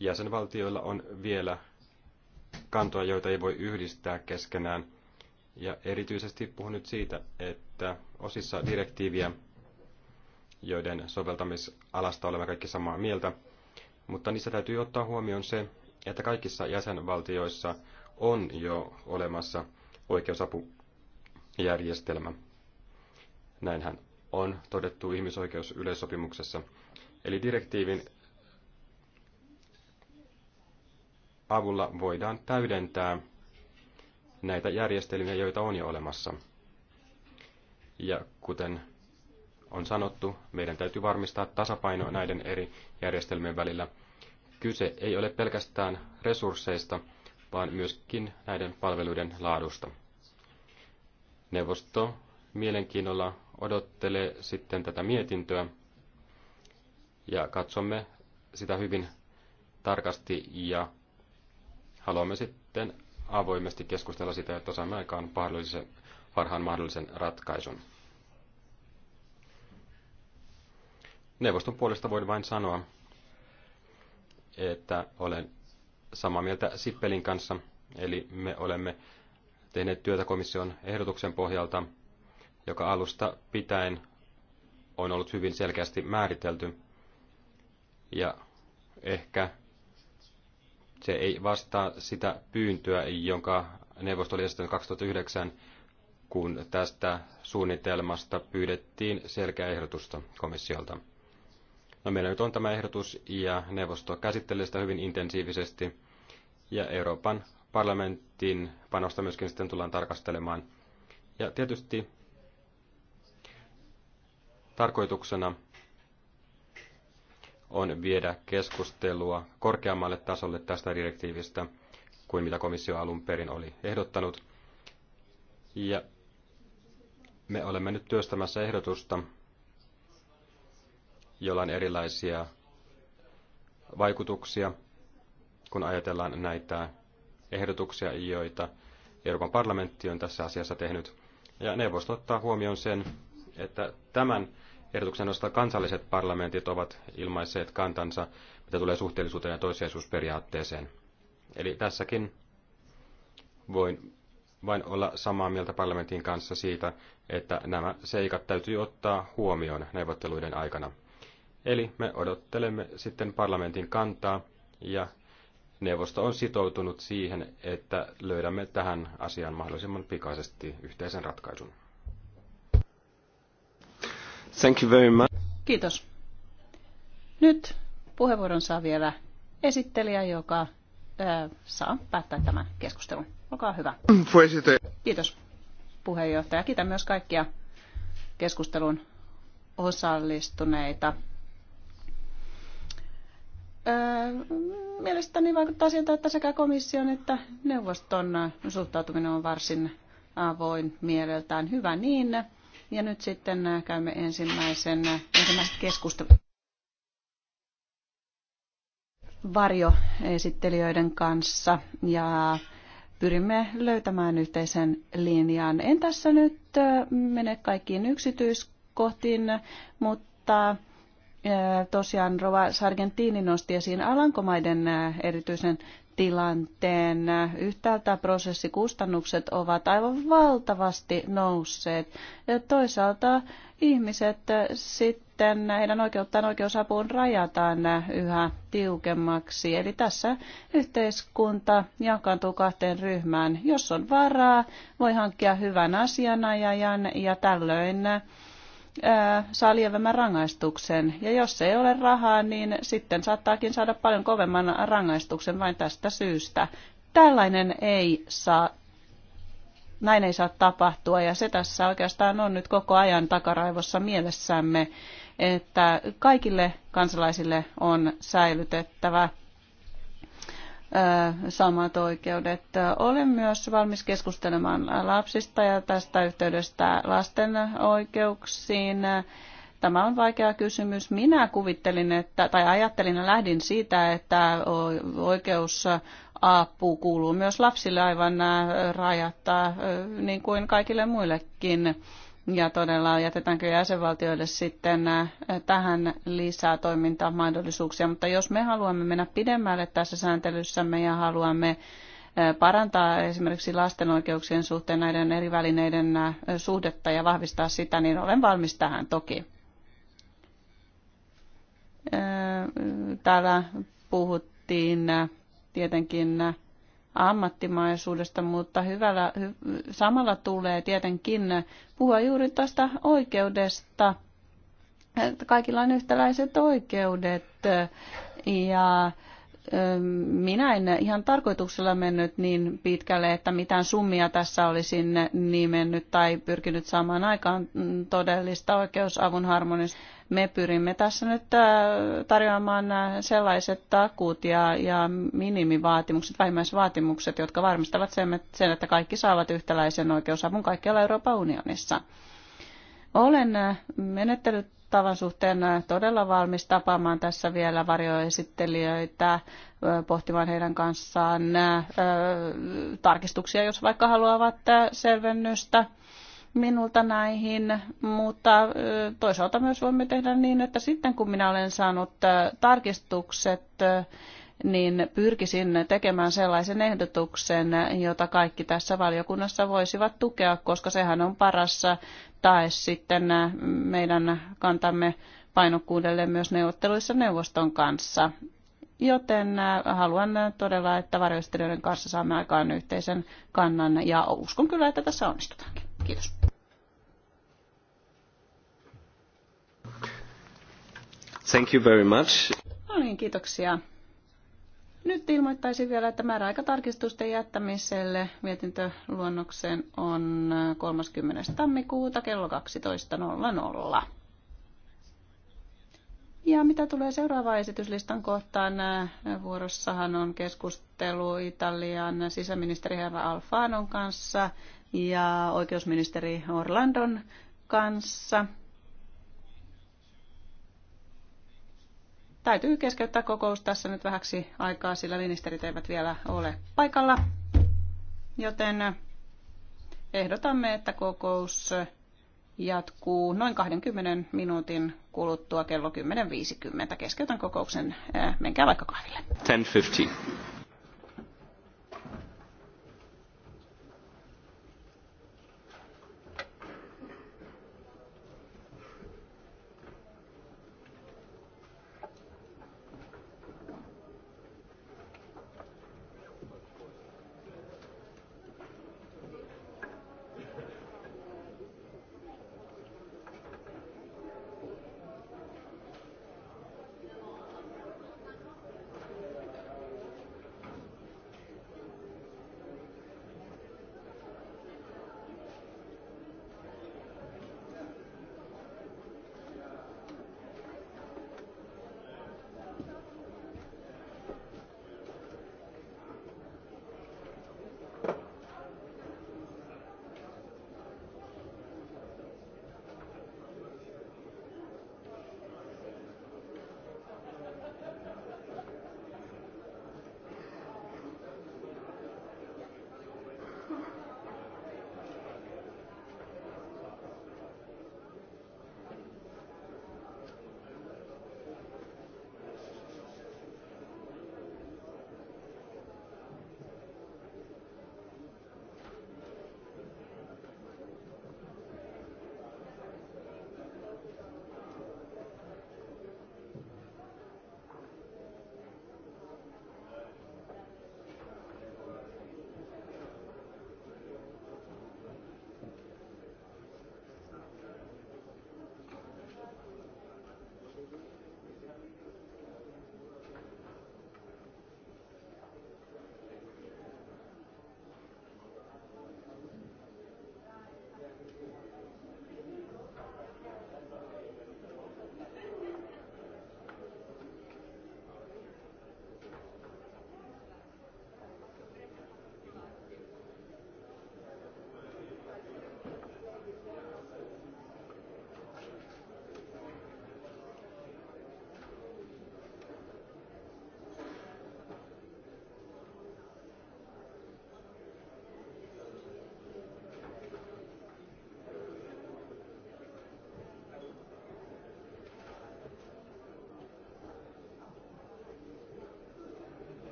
jäsenvaltioilla on vielä kantoja, joita ei voi yhdistää keskenään. Ja erityisesti puhun nyt siitä, että osissa direktiiviä, joiden soveltamisalasta olemme kaikki samaa mieltä, mutta niissä täytyy ottaa huomioon se, että kaikissa jäsenvaltioissa on jo olemassa oikeusapujärjestelmä. Näinhän on todettu ihmisoikeusyleissopimuksessa. Eli direktiivin avulla voidaan täydentää näitä järjestelmiä, joita on jo olemassa. Ja kuten on sanottu, meidän täytyy varmistaa tasapaino näiden eri järjestelmien välillä. Kyse ei ole pelkästään resursseista, vaan myöskin näiden palveluiden laadusta. Neuvosto mielenkiinnolla odottelee sitten tätä mietintöä ja katsomme sitä hyvin tarkasti ja haluamme sitten avoimesti keskustella sitä, että saamme aikaan parhaan mahdollisen ratkaisun. Neuvoston puolesta voin vain sanoa, että olen samaa mieltä Sippelin kanssa, eli me olemme tehneet työtä komission ehdotuksen pohjalta, joka alusta pitäen on ollut hyvin selkeästi määritelty. Ja ehkä se ei vastaa sitä pyyntöä, jonka neuvosto oli esittänyt 2009, kun tästä suunnitelmasta pyydettiin selkeä ehdotusta komissiolta. No, meillä nyt on tämä ehdotus ja neuvosto käsittelee sitä hyvin intensiivisesti. Ja Euroopan parlamentin panosta myöskin sitten tullaan tarkastelemaan. Ja tietysti tarkoituksena on viedä keskustelua korkeammalle tasolle tästä direktiivistä kuin mitä komissio alun perin oli ehdottanut. Ja me olemme nyt työstämässä ehdotusta, jolla on erilaisia vaikutuksia, kun ajatellaan näitä ehdotuksia, joita Euroopan parlamentti on tässä asiassa tehnyt. Ja neuvosto ottaa huomioon sen, että tämän ehdotuksen osalta kansalliset parlamentit ovat ilmaisseet kantansa, mitä tulee suhteellisuuteen ja toisiaisuusperiaatteeseen. Eli tässäkin voin vain olla samaa mieltä parlamentin kanssa siitä, että nämä seikat täytyy ottaa huomioon neuvotteluiden aikana. Eli me odottelemme sitten parlamentin kantaa ja neuvosto on sitoutunut siihen, että löydämme tähän asiaan mahdollisimman pikaisesti yhteisen ratkaisun. Thank you very much. Kiitos. Nyt puheenvuoron saa vielä esittelijä, joka ää, saa päättää tämän keskustelun. Olkaa hyvä. Kiitos puheenjohtaja. Kiitän myös kaikkia keskustelun osallistuneita mielestäni vaikuttaa siltä, että sekä komission että neuvoston suhtautuminen on varsin avoin mieleltään. Hyvä niin. Ja nyt sitten käymme ensimmäisen, ensimmäiset keskustelut varjoesittelijöiden kanssa ja pyrimme löytämään yhteisen linjan. En tässä nyt mene kaikkiin yksityiskohtiin, mutta tosiaan Rova Sargentini nosti esiin Alankomaiden erityisen tilanteen. Yhtäältä prosessikustannukset ovat aivan valtavasti nousseet. Ja toisaalta ihmiset sitten, heidän oikeuttaan oikeusapuun rajataan yhä tiukemmaksi. Eli tässä yhteiskunta jakaantuu kahteen ryhmään. Jos on varaa, voi hankkia hyvän asianajajan ja tällöin saa lievemmän rangaistuksen. Ja jos ei ole rahaa, niin sitten saattaakin saada paljon kovemman rangaistuksen vain tästä syystä. Tällainen ei saa, näin ei saa tapahtua ja se tässä oikeastaan on nyt koko ajan takaraivossa mielessämme, että kaikille kansalaisille on säilytettävä samat oikeudet. Olen myös valmis keskustelemaan lapsista ja tästä yhteydestä lasten oikeuksiin. Tämä on vaikea kysymys. Minä kuvittelin, että, tai ajattelin ja lähdin siitä, että oikeus apu kuuluu myös lapsille aivan rajatta, niin kuin kaikille muillekin ja todella jätetäänkö jäsenvaltioille sitten äh, tähän lisää toimintamahdollisuuksia. Mutta jos me haluamme mennä pidemmälle tässä sääntelyssämme ja haluamme äh, parantaa esimerkiksi lasten oikeuksien suhteen näiden eri välineiden äh, suhdetta ja vahvistaa sitä, niin olen valmis tähän toki. Täällä puhuttiin tietenkin ammattimaisuudesta, mutta hyvällä, hy, samalla tulee tietenkin puhua juuri tästä oikeudesta, että kaikilla on yhtäläiset oikeudet ja minä en ihan tarkoituksella mennyt niin pitkälle, että mitään summia tässä olisin nimennyt tai pyrkinyt saamaan aikaan todellista oikeusavun harmonista. Me pyrimme tässä nyt äh, tarjoamaan äh, sellaiset takuut ja, ja minimivaatimukset, vähimmäisvaatimukset, jotka varmistavat sen, että kaikki saavat yhtäläisen oikeusavun kaikkialla Euroopan unionissa. Olen äh, menettänyt vastaavan suhteen äh, todella valmis tapaamaan tässä vielä varjoesittelijöitä, äh, pohtimaan heidän kanssaan äh, tarkistuksia, jos vaikka haluavat selvennystä minulta näihin, mutta toisaalta myös voimme tehdä niin, että sitten kun minä olen saanut tarkistukset, niin pyrkisin tekemään sellaisen ehdotuksen, jota kaikki tässä valiokunnassa voisivat tukea, koska sehän on parassa tae sitten meidän kantamme painokkuudelle myös neuvotteluissa neuvoston kanssa. Joten haluan todella, että varjoistelijoiden kanssa saamme aikaan yhteisen kannan ja uskon kyllä, että tässä onnistutaankin. Kiitos. Thank you very much. No niin, kiitoksia nyt ilmoittaisin vielä, että määräaikatarkistusten jättämiselle mietintöluonnokseen on 30. tammikuuta kello 12.00. Ja mitä tulee seuraavaan esityslistan kohtaan, vuorossahan on keskustelu Italian sisäministeri herra Alfanon kanssa ja oikeusministeri Orlandon kanssa. Täytyy keskeyttää kokous tässä nyt vähäksi aikaa, sillä ministerit eivät vielä ole paikalla. Joten ehdotamme, että kokous jatkuu noin 20 minuutin kuluttua kello 10.50. Keskeytän kokouksen. Menkää vaikka kahville. 10.50.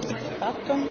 fatto?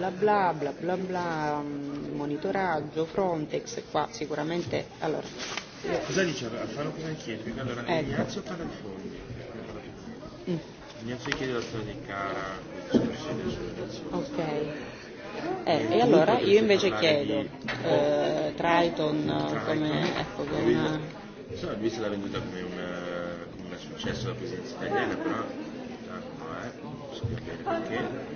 bla bla bla bla bla mm, monitoraggio Frontex qua sicuramente allora cosa diceva Alfano come chiede allora ecco. Ignazio parla di fondi mm. Ignazio chiede la storia di Cara ok eh, e allora io invece chiedo eh, Triton, come ecco come lui se l'ha venduta come un successo la presidenza italiana però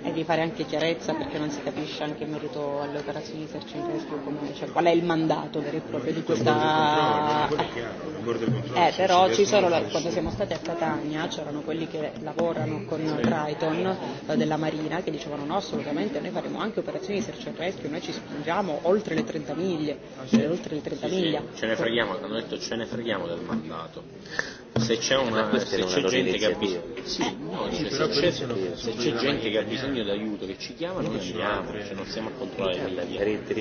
e di fare anche chiarezza perché non si capisce anche in merito alle operazioni di search and rescue come, cioè, qual è il mandato vero e proprio di questa eh, però ci sono la... quando siamo stati a Catania c'erano quelli che lavorano con Triton eh, della Marina che dicevano no assolutamente noi faremo anche operazioni di search and rescue noi ci spingiamo oltre le 30 miglia ah, sì. oltre le 30 sì, miglia sì, ce ne freghiamo hanno detto ce ne freghiamo del mandato se c'è una se c'è gente che ha bisogno sì, no, sì, se c'è gente che ha bisogno di aiuto, che ci chiama, noi andiamo, cioè non siamo a controllare quella diretta.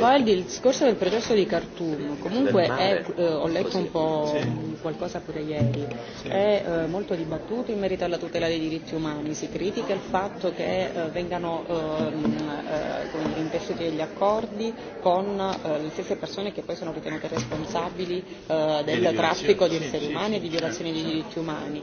Era il discorso del processo di Khartoum, comunque è, eh, ho letto un po' sì. qualcosa pure ieri, sì. è eh, molto dibattuto in merito alla tutela dei diritti umani, si critica il fatto che eh, vengano ehm, eh, eh, intessuti degli accordi con eh, le stesse persone che poi sono ritenute responsabili eh, del traffico di esseri umani e di violazioni dei diritti umani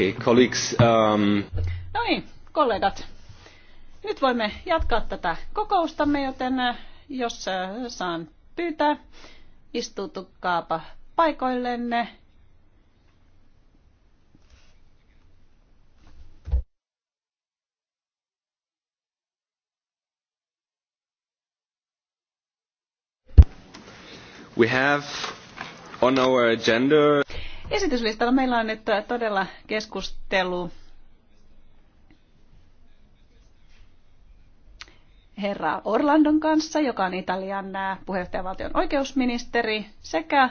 Okay, colleagues. Um... No niin, kollegat. Nyt voimme jatkaa tätä kokoustamme, joten äh, jos äh, saan pyytää, istuutukaapa paikoillenne. We have on our agenda Esityslistalla meillä on nyt äh, todella keskustelu herra Orlandon kanssa, joka on Italian äh, puheenjohtajavaltion oikeusministeri, sekä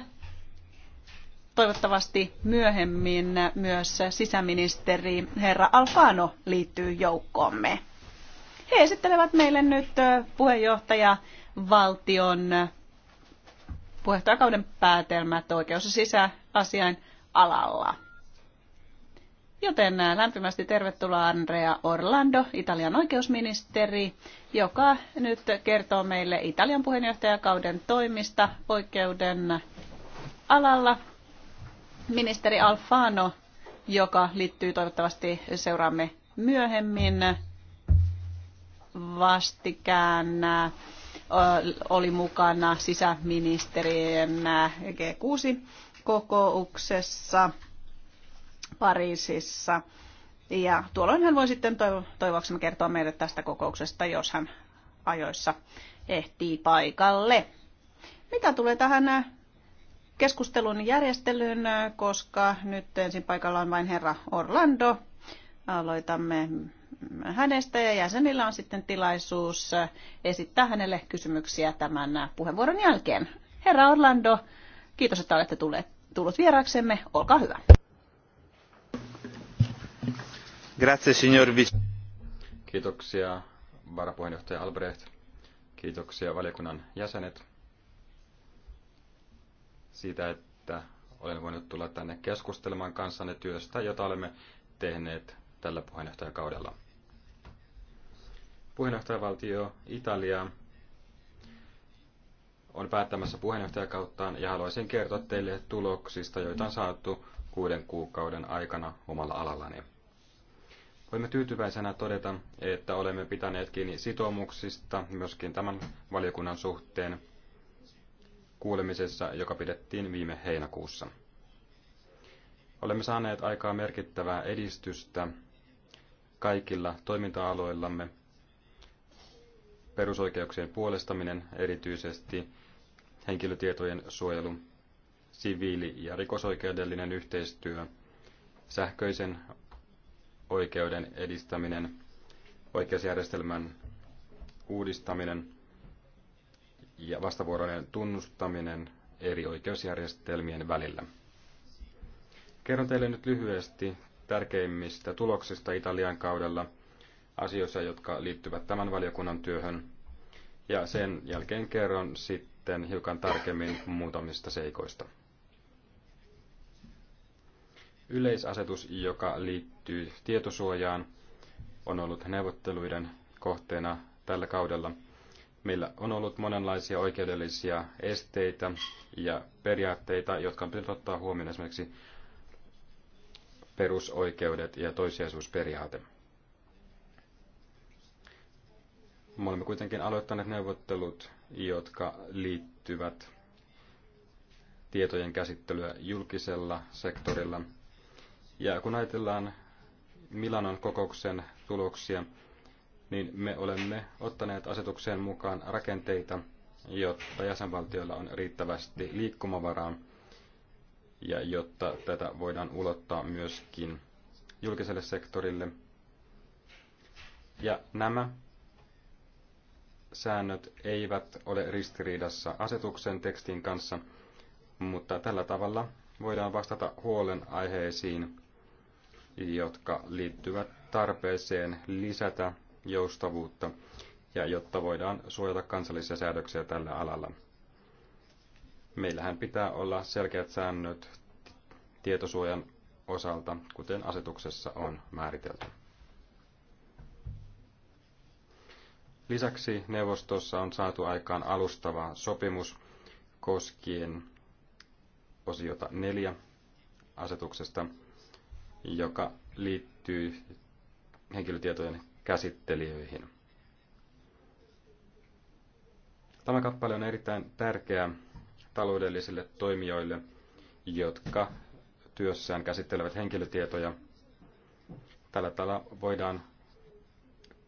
toivottavasti myöhemmin äh, myös sisäministeri herra Alfano liittyy joukkoomme. He esittelevät meille nyt puheenjohtajavaltion puheenjohtajakauden päätelmät oikeus- ja sisäasiain alalla. Joten äh, lämpimästi tervetuloa Andrea Orlando, Italian oikeusministeri, joka nyt kertoo meille Italian puheenjohtajakauden toimista oikeuden alalla. Ministeri Alfano, joka liittyy toivottavasti seuraamme myöhemmin vastikään äh, oli mukana sisäministeriön äh, G6 kokouksessa Pariisissa. Ja tuolloin hän voi sitten toivoksemme kertoa meille tästä kokouksesta, jos hän ajoissa ehtii paikalle. Mitä tulee tähän äh, keskustelun järjestelyyn, äh, koska nyt ensin paikalla on vain herra Orlando. Aloitamme mm, hänestä ja jäsenillä on sitten tilaisuus äh, esittää hänelle kysymyksiä tämän puheenvuoron jälkeen. Herra Orlando, Kiitos, että olette tulleet, tullut vieraaksemme. Olkaa hyvä. Grazie, signor Vice. Kiitoksia, varapuheenjohtaja Albrecht. Kiitoksia valiokunnan jäsenet siitä, että olen voinut tulla tänne keskustelemaan kanssanne työstä, jota olemme tehneet tällä puheenjohtajakaudella. Puheenjohtajavaltio Italia on päättämässä puheenjohtajakauttaan ja haluaisin kertoa teille tuloksista, joita on saatu kuuden kuukauden aikana omalla alallani. Voimme tyytyväisenä todeta, että olemme pitäneet kiinni sitoumuksista myöskin tämän valiokunnan suhteen kuulemisessa, joka pidettiin viime heinäkuussa. Olemme saaneet aikaa merkittävää edistystä kaikilla toiminta-aloillamme. Perusoikeuksien puolestaminen erityisesti henkilötietojen suojelu, siviili- ja rikosoikeudellinen yhteistyö, sähköisen oikeuden edistäminen, oikeusjärjestelmän uudistaminen ja vastavuoroinen tunnustaminen eri oikeusjärjestelmien välillä. Kerron teille nyt lyhyesti tärkeimmistä tuloksista Italian kaudella asioissa, jotka liittyvät tämän valiokunnan työhön. Ja sen jälkeen kerron sitten, sitten hiukan tarkemmin muutamista seikoista. Yleisasetus, joka liittyy tietosuojaan, on ollut neuvotteluiden kohteena tällä kaudella. Meillä on ollut monenlaisia oikeudellisia esteitä ja periaatteita, jotka on pitänyt ottaa huomioon esimerkiksi perusoikeudet ja toissijaisuusperiaate. Me olemme kuitenkin aloittaneet neuvottelut, jotka liittyvät tietojen käsittelyä julkisella sektorilla. Ja kun ajatellaan Milanon kokouksen tuloksia, niin me olemme ottaneet asetukseen mukaan rakenteita, jotta jäsenvaltioilla on riittävästi liikkumavaraa ja jotta tätä voidaan ulottaa myöskin julkiselle sektorille. Ja nämä säännöt eivät ole ristiriidassa asetuksen tekstin kanssa, mutta tällä tavalla voidaan vastata huolenaiheisiin, jotka liittyvät tarpeeseen lisätä joustavuutta ja jotta voidaan suojata kansallisia säädöksiä tällä alalla. Meillähän pitää olla selkeät säännöt tietosuojan osalta, kuten asetuksessa on määritelty. Lisäksi neuvostossa on saatu aikaan alustava sopimus koskien osiota 4 asetuksesta, joka liittyy henkilötietojen käsittelijöihin. Tämä kappale on erittäin tärkeä taloudellisille toimijoille, jotka työssään käsittelevät henkilötietoja. Tällä tavalla voidaan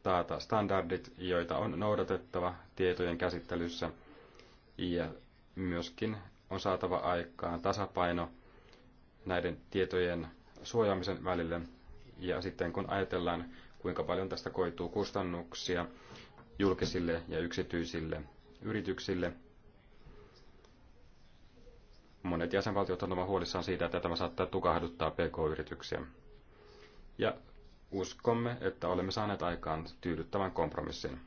taata standardit, joita on noudatettava tietojen käsittelyssä ja myöskin on saatava aikaan tasapaino näiden tietojen suojaamisen välille. Ja sitten kun ajatellaan, kuinka paljon tästä koituu kustannuksia julkisille ja yksityisille yrityksille, monet jäsenvaltiot ovat huolissaan siitä, että tämä saattaa tukahduttaa pk-yrityksiä. Ja uskomme, että olemme saaneet aikaan tyydyttävän kompromissin.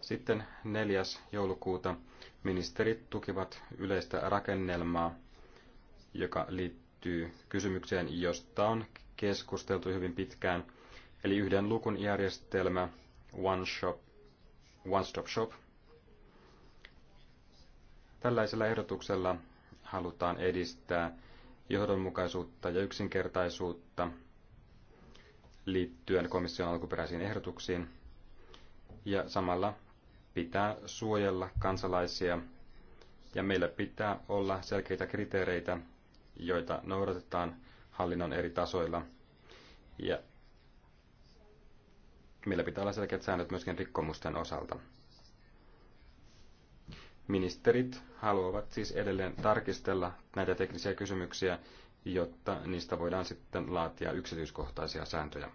Sitten 4. joulukuuta ministerit tukivat yleistä rakennelmaa, joka liittyy kysymykseen, josta on keskusteltu hyvin pitkään, eli yhden lukun järjestelmä, One, shop, one Stop Shop. Tällaisella ehdotuksella halutaan edistää johdonmukaisuutta ja yksinkertaisuutta liittyen komission alkuperäisiin ehdotuksiin. Ja samalla pitää suojella kansalaisia ja meillä pitää olla selkeitä kriteereitä, joita noudatetaan hallinnon eri tasoilla. Ja meillä pitää olla selkeät säännöt myöskin rikkomusten osalta. Ministerit haluavat siis edelleen tarkistella näitä teknisiä kysymyksiä jotta niistä voidaan sitten laatia yksityiskohtaisia sääntöjä.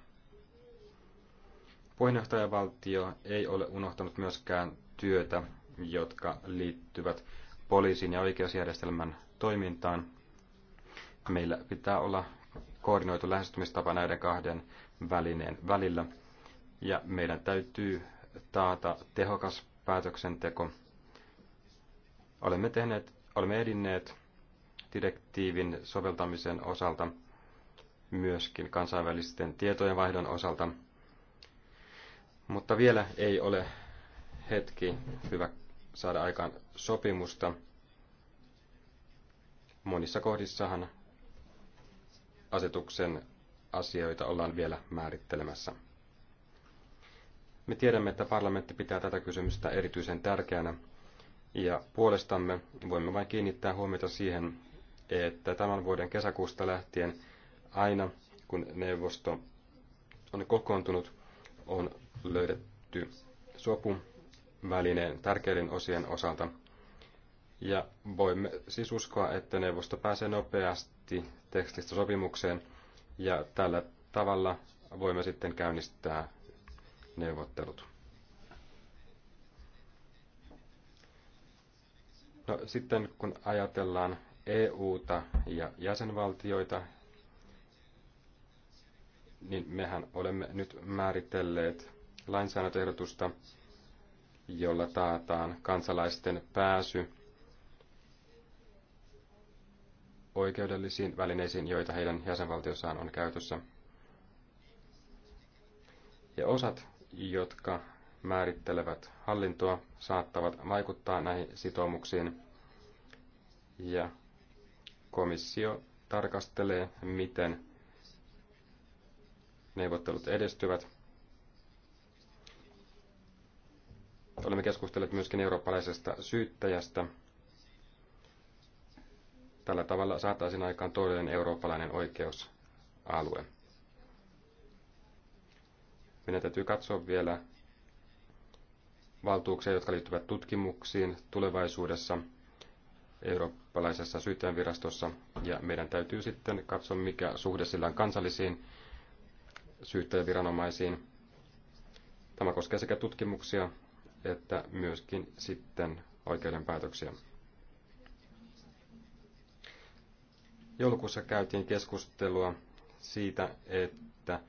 Puheenjohtajavaltio ei ole unohtanut myöskään työtä, jotka liittyvät poliisin ja oikeusjärjestelmän toimintaan. Meillä pitää olla koordinoitu lähestymistapa näiden kahden välineen välillä, ja meidän täytyy taata tehokas päätöksenteko. Olemme, tehneet, olemme edinneet direktiivin soveltamisen osalta, myöskin kansainvälisten tietojenvaihdon osalta. Mutta vielä ei ole hetki hyvä saada aikaan sopimusta. Monissa kohdissahan asetuksen asioita ollaan vielä määrittelemässä. Me tiedämme, että parlamentti pitää tätä kysymystä erityisen tärkeänä, ja puolestamme voimme vain kiinnittää huomiota siihen, että tämän vuoden kesäkuusta lähtien aina kun neuvosto on kokoontunut, on löydetty välineen tärkeiden osien osalta. Ja voimme siis uskoa, että neuvosto pääsee nopeasti tekstistä sopimukseen ja tällä tavalla voimme sitten käynnistää neuvottelut. No, sitten kun ajatellaan EUta ja jäsenvaltioita, niin mehän olemme nyt määritelleet lainsäädäntöehdotusta, jolla taataan kansalaisten pääsy oikeudellisiin välineisiin, joita heidän jäsenvaltiossaan on käytössä. Ja osat, jotka määrittelevät hallintoa, saattavat vaikuttaa näihin sitoumuksiin. Ja komissio tarkastelee, miten neuvottelut edistyvät. Olemme keskustelleet myöskin eurooppalaisesta syyttäjästä. Tällä tavalla saataisiin aikaan todellinen eurooppalainen oikeusalue. Meidän täytyy katsoa vielä valtuuksia, jotka liittyvät tutkimuksiin tulevaisuudessa – eurooppalaisessa syyttäjänvirastossa, ja meidän täytyy sitten katsoa, mikä suhde sillä on kansallisiin syyttäjäviranomaisiin. Tämä koskee sekä tutkimuksia että myöskin sitten oikeudenpäätöksiä. päätöksiä. Joulukuussa käytiin keskustelua siitä, että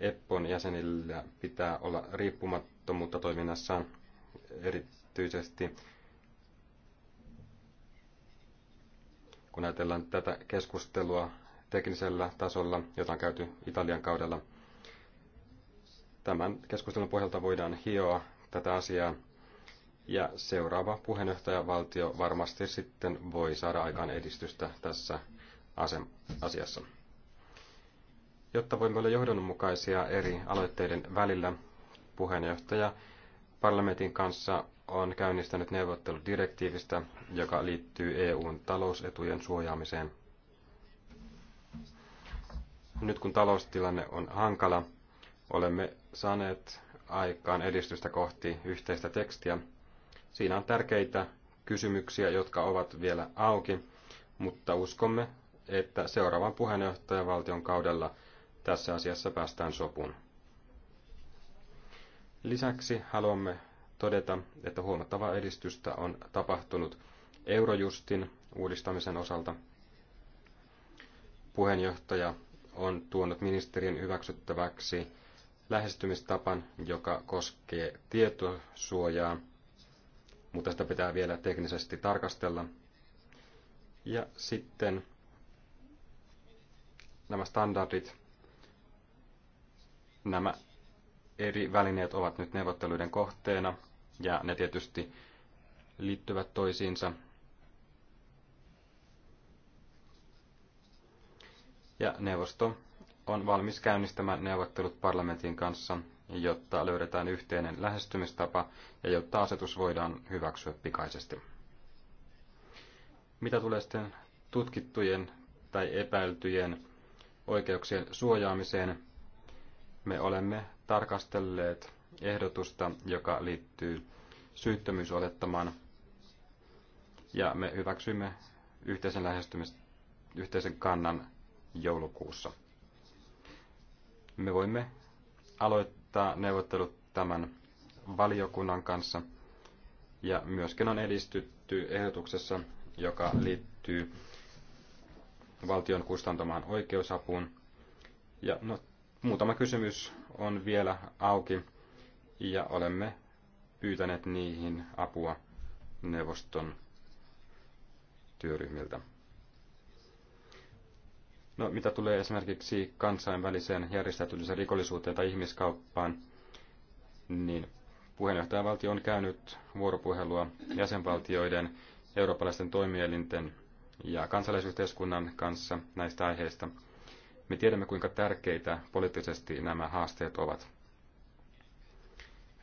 EPPON jäsenillä pitää olla riippumattomuutta toiminnassaan erityisesti kun ajatellaan tätä keskustelua teknisellä tasolla, jota on käyty Italian kaudella. Tämän keskustelun pohjalta voidaan hioa tätä asiaa ja seuraava puheenjohtajavaltio varmasti sitten voi saada aikaan edistystä tässä asiassa. Jotta voimme olla johdonmukaisia eri aloitteiden välillä, puheenjohtaja parlamentin kanssa on käynnistänyt neuvottelut direktiivistä, joka liittyy EUn talousetujen suojaamiseen. Nyt kun taloustilanne on hankala, olemme saaneet aikaan edistystä kohti yhteistä tekstiä. Siinä on tärkeitä kysymyksiä, jotka ovat vielä auki, mutta uskomme, että seuraavan puheenjohtajavaltion kaudella tässä asiassa päästään sopuun. Lisäksi haluamme todeta, että huomattavaa edistystä on tapahtunut Eurojustin uudistamisen osalta. Puheenjohtaja on tuonut ministerin hyväksyttäväksi lähestymistapan, joka koskee tietosuojaa, mutta sitä pitää vielä teknisesti tarkastella. Ja sitten nämä standardit, nämä eri välineet ovat nyt neuvotteluiden kohteena ja ne tietysti liittyvät toisiinsa. Ja neuvosto on valmis käynnistämään neuvottelut parlamentin kanssa, jotta löydetään yhteinen lähestymistapa ja jotta asetus voidaan hyväksyä pikaisesti. Mitä tulee sitten tutkittujen tai epäiltyjen oikeuksien suojaamiseen, me olemme tarkastelleet ehdotusta, joka liittyy syyttömyysolettamaan. Ja me hyväksyimme yhteisen, lähestymistä, yhteisen kannan joulukuussa. Me voimme aloittaa neuvottelut tämän valiokunnan kanssa. Ja myöskin on edistytty ehdotuksessa, joka liittyy valtion kustantamaan oikeusapuun. Ja no, muutama kysymys on vielä auki ja olemme pyytäneet niihin apua neuvoston työryhmiltä. No, mitä tulee esimerkiksi kansainväliseen järjestäytymiseen rikollisuuteen tai ihmiskauppaan, niin puheenjohtajavaltio on käynyt vuoropuhelua jäsenvaltioiden, eurooppalaisten toimielinten ja kansalaisyhteiskunnan kanssa näistä aiheista. Me tiedämme, kuinka tärkeitä poliittisesti nämä haasteet ovat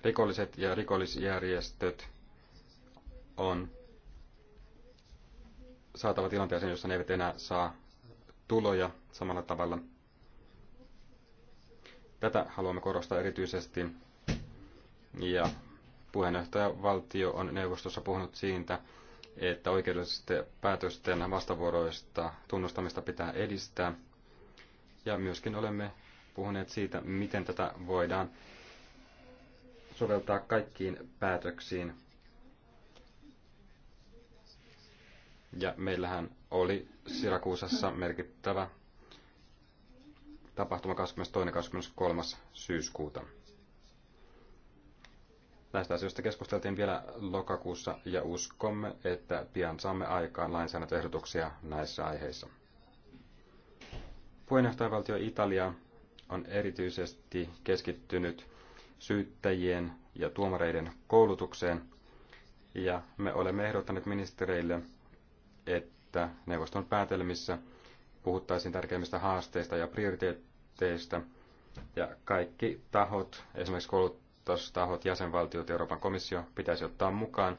rikolliset ja rikollisjärjestöt on saatava tilanteeseen, jossa ne eivät enää saa tuloja samalla tavalla. Tätä haluamme korostaa erityisesti. Ja valtio on neuvostossa puhunut siitä, että oikeudellisten päätösten vastavuoroista tunnustamista pitää edistää. Ja myöskin olemme puhuneet siitä, miten tätä voidaan soveltaa kaikkiin päätöksiin. Ja meillähän oli Sirakuusassa merkittävä tapahtuma 22. 23. syyskuuta. Näistä asioista keskusteltiin vielä lokakuussa ja uskomme, että pian saamme aikaan lainsäädäntöehdotuksia näissä aiheissa. Puheenjohtajavaltio Italia on erityisesti keskittynyt syyttäjien ja tuomareiden koulutukseen. Ja me olemme ehdottaneet ministereille, että neuvoston päätelmissä puhuttaisiin tärkeimmistä haasteista ja prioriteetteista. Ja kaikki tahot, esimerkiksi koulutustahot, jäsenvaltiot, Euroopan komissio, pitäisi ottaa mukaan.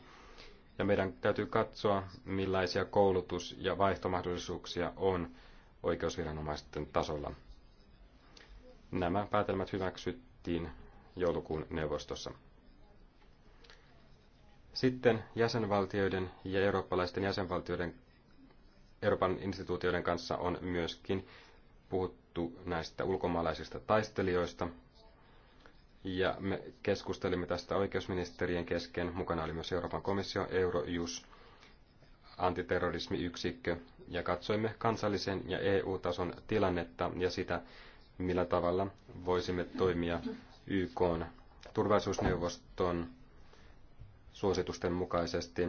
Ja meidän täytyy katsoa, millaisia koulutus- ja vaihtomahdollisuuksia on oikeusviranomaisten tasolla. Nämä päätelmät hyväksyttiin joulukuun neuvostossa. Sitten jäsenvaltioiden ja eurooppalaisten jäsenvaltioiden Euroopan instituutioiden kanssa on myöskin puhuttu näistä ulkomaalaisista taistelijoista. Ja me keskustelimme tästä oikeusministerien kesken. Mukana oli myös Euroopan komissio, Eurojust, antiterrorismiyksikkö ja katsoimme kansallisen ja EU-tason tilannetta ja sitä, millä tavalla voisimme toimia YK turvallisuusneuvoston suositusten mukaisesti.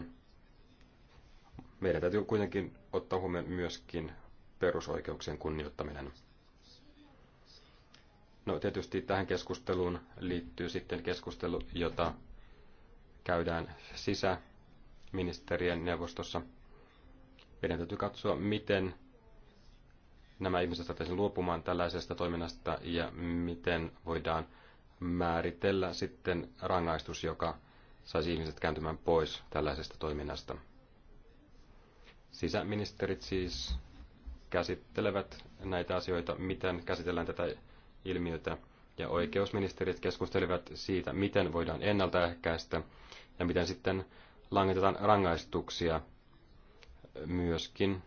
Meidän täytyy kuitenkin ottaa huomioon myöskin perusoikeuksien kunnioittaminen. No tietysti tähän keskusteluun liittyy sitten keskustelu, jota käydään sisäministerien neuvostossa. Meidän täytyy katsoa, miten nämä ihmiset saataisiin luopumaan tällaisesta toiminnasta ja miten voidaan määritellä sitten rangaistus, joka saisi ihmiset kääntymään pois tällaisesta toiminnasta. Sisäministerit siis käsittelevät näitä asioita, miten käsitellään tätä ilmiötä, ja oikeusministerit keskustelivat siitä, miten voidaan ennaltaehkäistä ja miten sitten langetetaan rangaistuksia myöskin,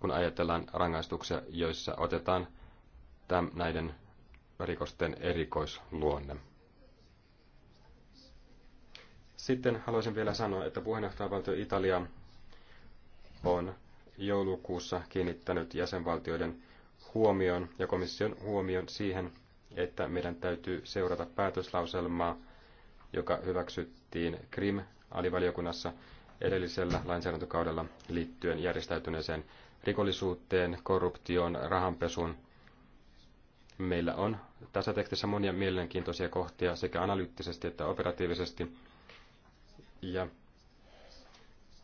kun ajatellaan rangaistuksia, joissa otetaan täm, näiden rikosten erikoisluonne. Sitten haluaisin vielä sanoa, että puheenjohtajavaltio Italia on joulukuussa kiinnittänyt jäsenvaltioiden huomion ja komission huomion siihen, että meidän täytyy seurata päätöslauselmaa, joka hyväksyttiin Krim-alivaliokunnassa edellisellä lainsäädäntökaudella liittyen järjestäytyneeseen rikollisuuteen, korruptioon, rahanpesuun. Meillä on tässä tekstissä monia mielenkiintoisia kohtia sekä analyyttisesti että operatiivisesti. Ja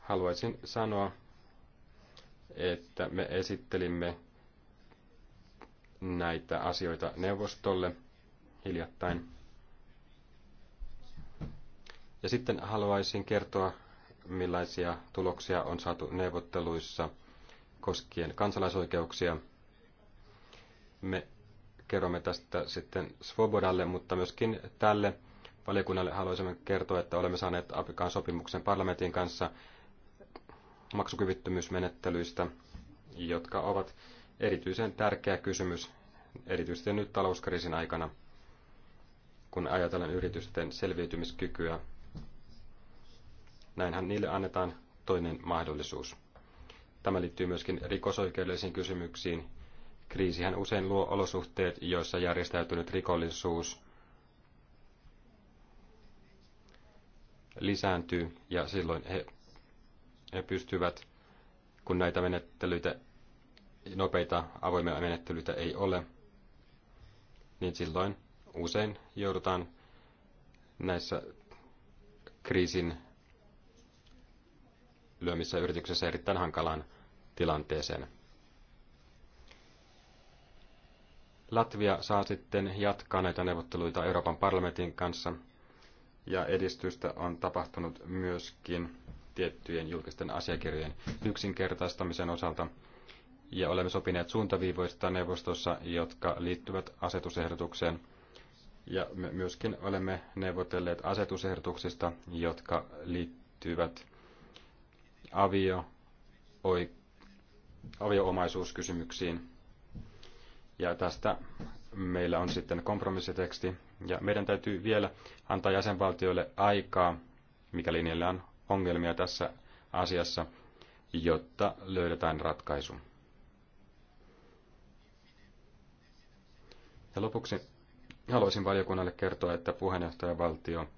haluaisin sanoa, että me esittelimme näitä asioita neuvostolle hiljattain. Ja sitten haluaisin kertoa, millaisia tuloksia on saatu neuvotteluissa koskien kansalaisoikeuksia. Me kerromme tästä sitten Svobodalle, mutta myöskin tälle valiokunnalle haluaisimme kertoa, että olemme saaneet Afrikan sopimuksen parlamentin kanssa maksukyvyttömyysmenettelyistä, jotka ovat erityisen tärkeä kysymys, erityisesti nyt talouskriisin aikana, kun ajatellaan yritysten selviytymiskykyä. Näinhän niille annetaan toinen mahdollisuus. Tämä liittyy myöskin rikosoikeudellisiin kysymyksiin, Kriisihän usein luo olosuhteet, joissa järjestäytynyt rikollisuus lisääntyy ja silloin he, he pystyvät, kun näitä menettelyitä, nopeita avoimia menettelyitä ei ole, niin silloin usein joudutaan näissä kriisin lyömissä yrityksessä erittäin hankalaan tilanteeseen. Latvia saa sitten jatkaa näitä neuvotteluita Euroopan parlamentin kanssa, ja edistystä on tapahtunut myöskin tiettyjen julkisten asiakirjojen yksinkertaistamisen osalta, ja olemme sopineet suuntaviivoista neuvostossa, jotka liittyvät asetusehdotukseen, ja me myöskin olemme neuvotelleet asetusehdotuksista, jotka liittyvät avio, avio-omaisuuskysymyksiin ja tästä meillä on sitten kompromissiteksti. Ja meidän täytyy vielä antaa jäsenvaltioille aikaa, mikäli niillä on ongelmia tässä asiassa, jotta löydetään ratkaisu. Ja lopuksi haluaisin valiokunnalle kertoa, että puheenjohtajavaltio valtio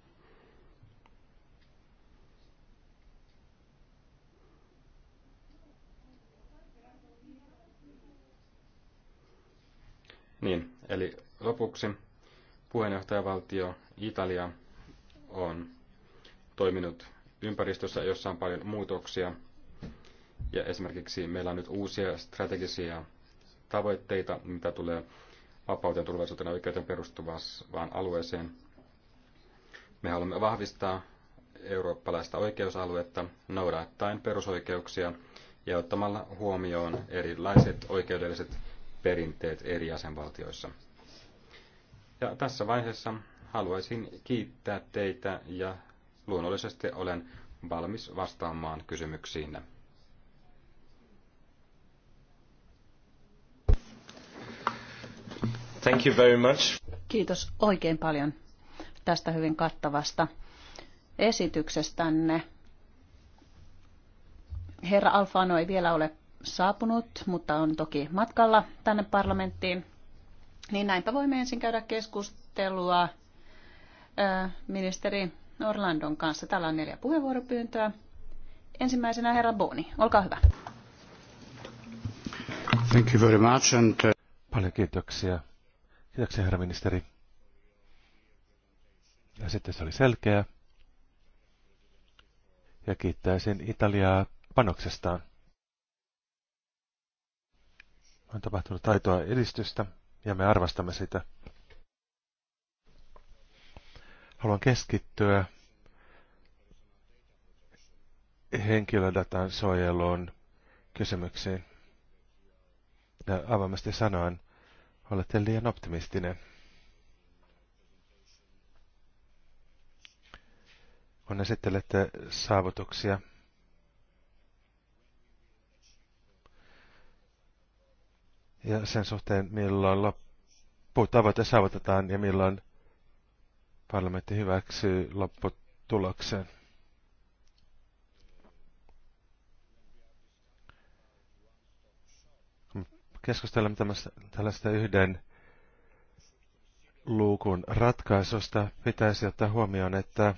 Niin, eli lopuksi puheenjohtajavaltio Italia on toiminut ympäristössä, jossa on paljon muutoksia. Ja esimerkiksi meillä on nyt uusia strategisia tavoitteita, mitä tulee vapauteen, turvallisuuteen ja oikeuteen perustuvaan alueeseen. Me haluamme vahvistaa eurooppalaista oikeusaluetta noudattaen perusoikeuksia ja ottamalla huomioon erilaiset oikeudelliset perinteet eri jäsenvaltioissa. Ja tässä vaiheessa haluaisin kiittää teitä ja luonnollisesti olen valmis vastaamaan kysymyksiinne. Thank you very much. Kiitos oikein paljon tästä hyvin kattavasta esityksestänne. Herra Alfano ei vielä ole saapunut, mutta on toki matkalla tänne parlamenttiin. Niin näinpä voimme ensin käydä keskustelua äh, ministeri Orlandon kanssa. Täällä on neljä puheenvuoropyyntöä. Ensimmäisenä herra Boni, olkaa hyvä. Thank you very much and... Uh, Paljon kiitoksia. Kiitoksia herra ministeri. Ja sitten se oli selkeä. Ja kiittäisin Italiaa panoksestaan. On tapahtunut taitoa edistystä ja me arvostamme sitä. Haluan keskittyä henkilödatan suojeluun kysymyksiin. Ja avoimesti sanoen, olette liian optimistinen. kun esittelette saavutuksia. ja sen suhteen, milloin lopputavoite saavutetaan ja milloin parlamentti hyväksyy lopputuloksen. Keskustelemme tällaista yhden luukun ratkaisusta. Pitäisi ottaa huomioon, että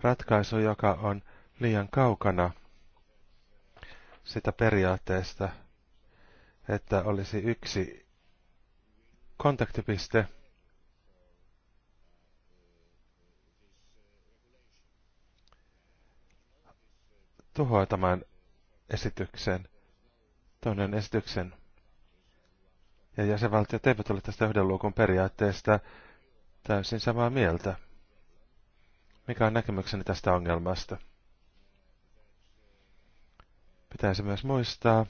ratkaisu, joka on liian kaukana sitä periaatteesta – että olisi yksi kontaktipiste. Tuhoa tämän esityksen, toinen esityksen. Ja jäsenvaltiot eivät ole tästä yhden luokun periaatteesta täysin samaa mieltä. Mikä on näkemykseni tästä ongelmasta? Pitäisi myös muistaa,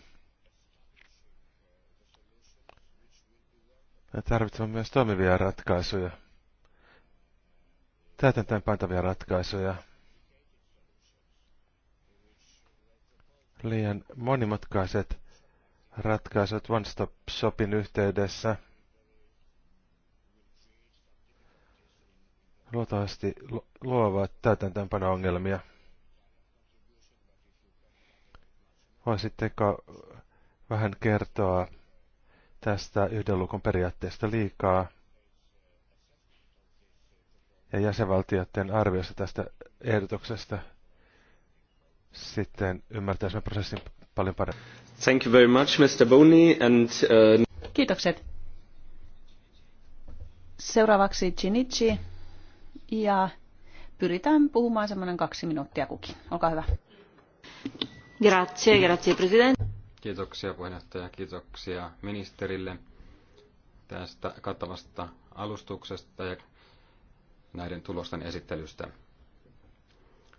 Me tarvitsemme myös toimivia ratkaisuja, täytäntöön pantavia ratkaisuja. Liian monimutkaiset ratkaisut One Stop Shopin yhteydessä – luultavasti luovat täytäntöönpano ongelmia. Voisitteko vähän kertoa tästä yhden lukun periaatteesta liikaa. Ja jäsenvaltioiden arviossa tästä ehdotuksesta sitten ymmärtäisimme prosessin paljon paremmin. Thank you very much, Mr. Boni. And, uh... Kiitokset. Seuraavaksi Chinichi ja pyritään puhumaan semmoinen kaksi minuuttia kukin. Olkaa hyvä. Grazie, grazie presidente. Kiitoksia puheenjohtaja, kiitoksia ministerille tästä kattavasta alustuksesta ja näiden tulosten esittelystä.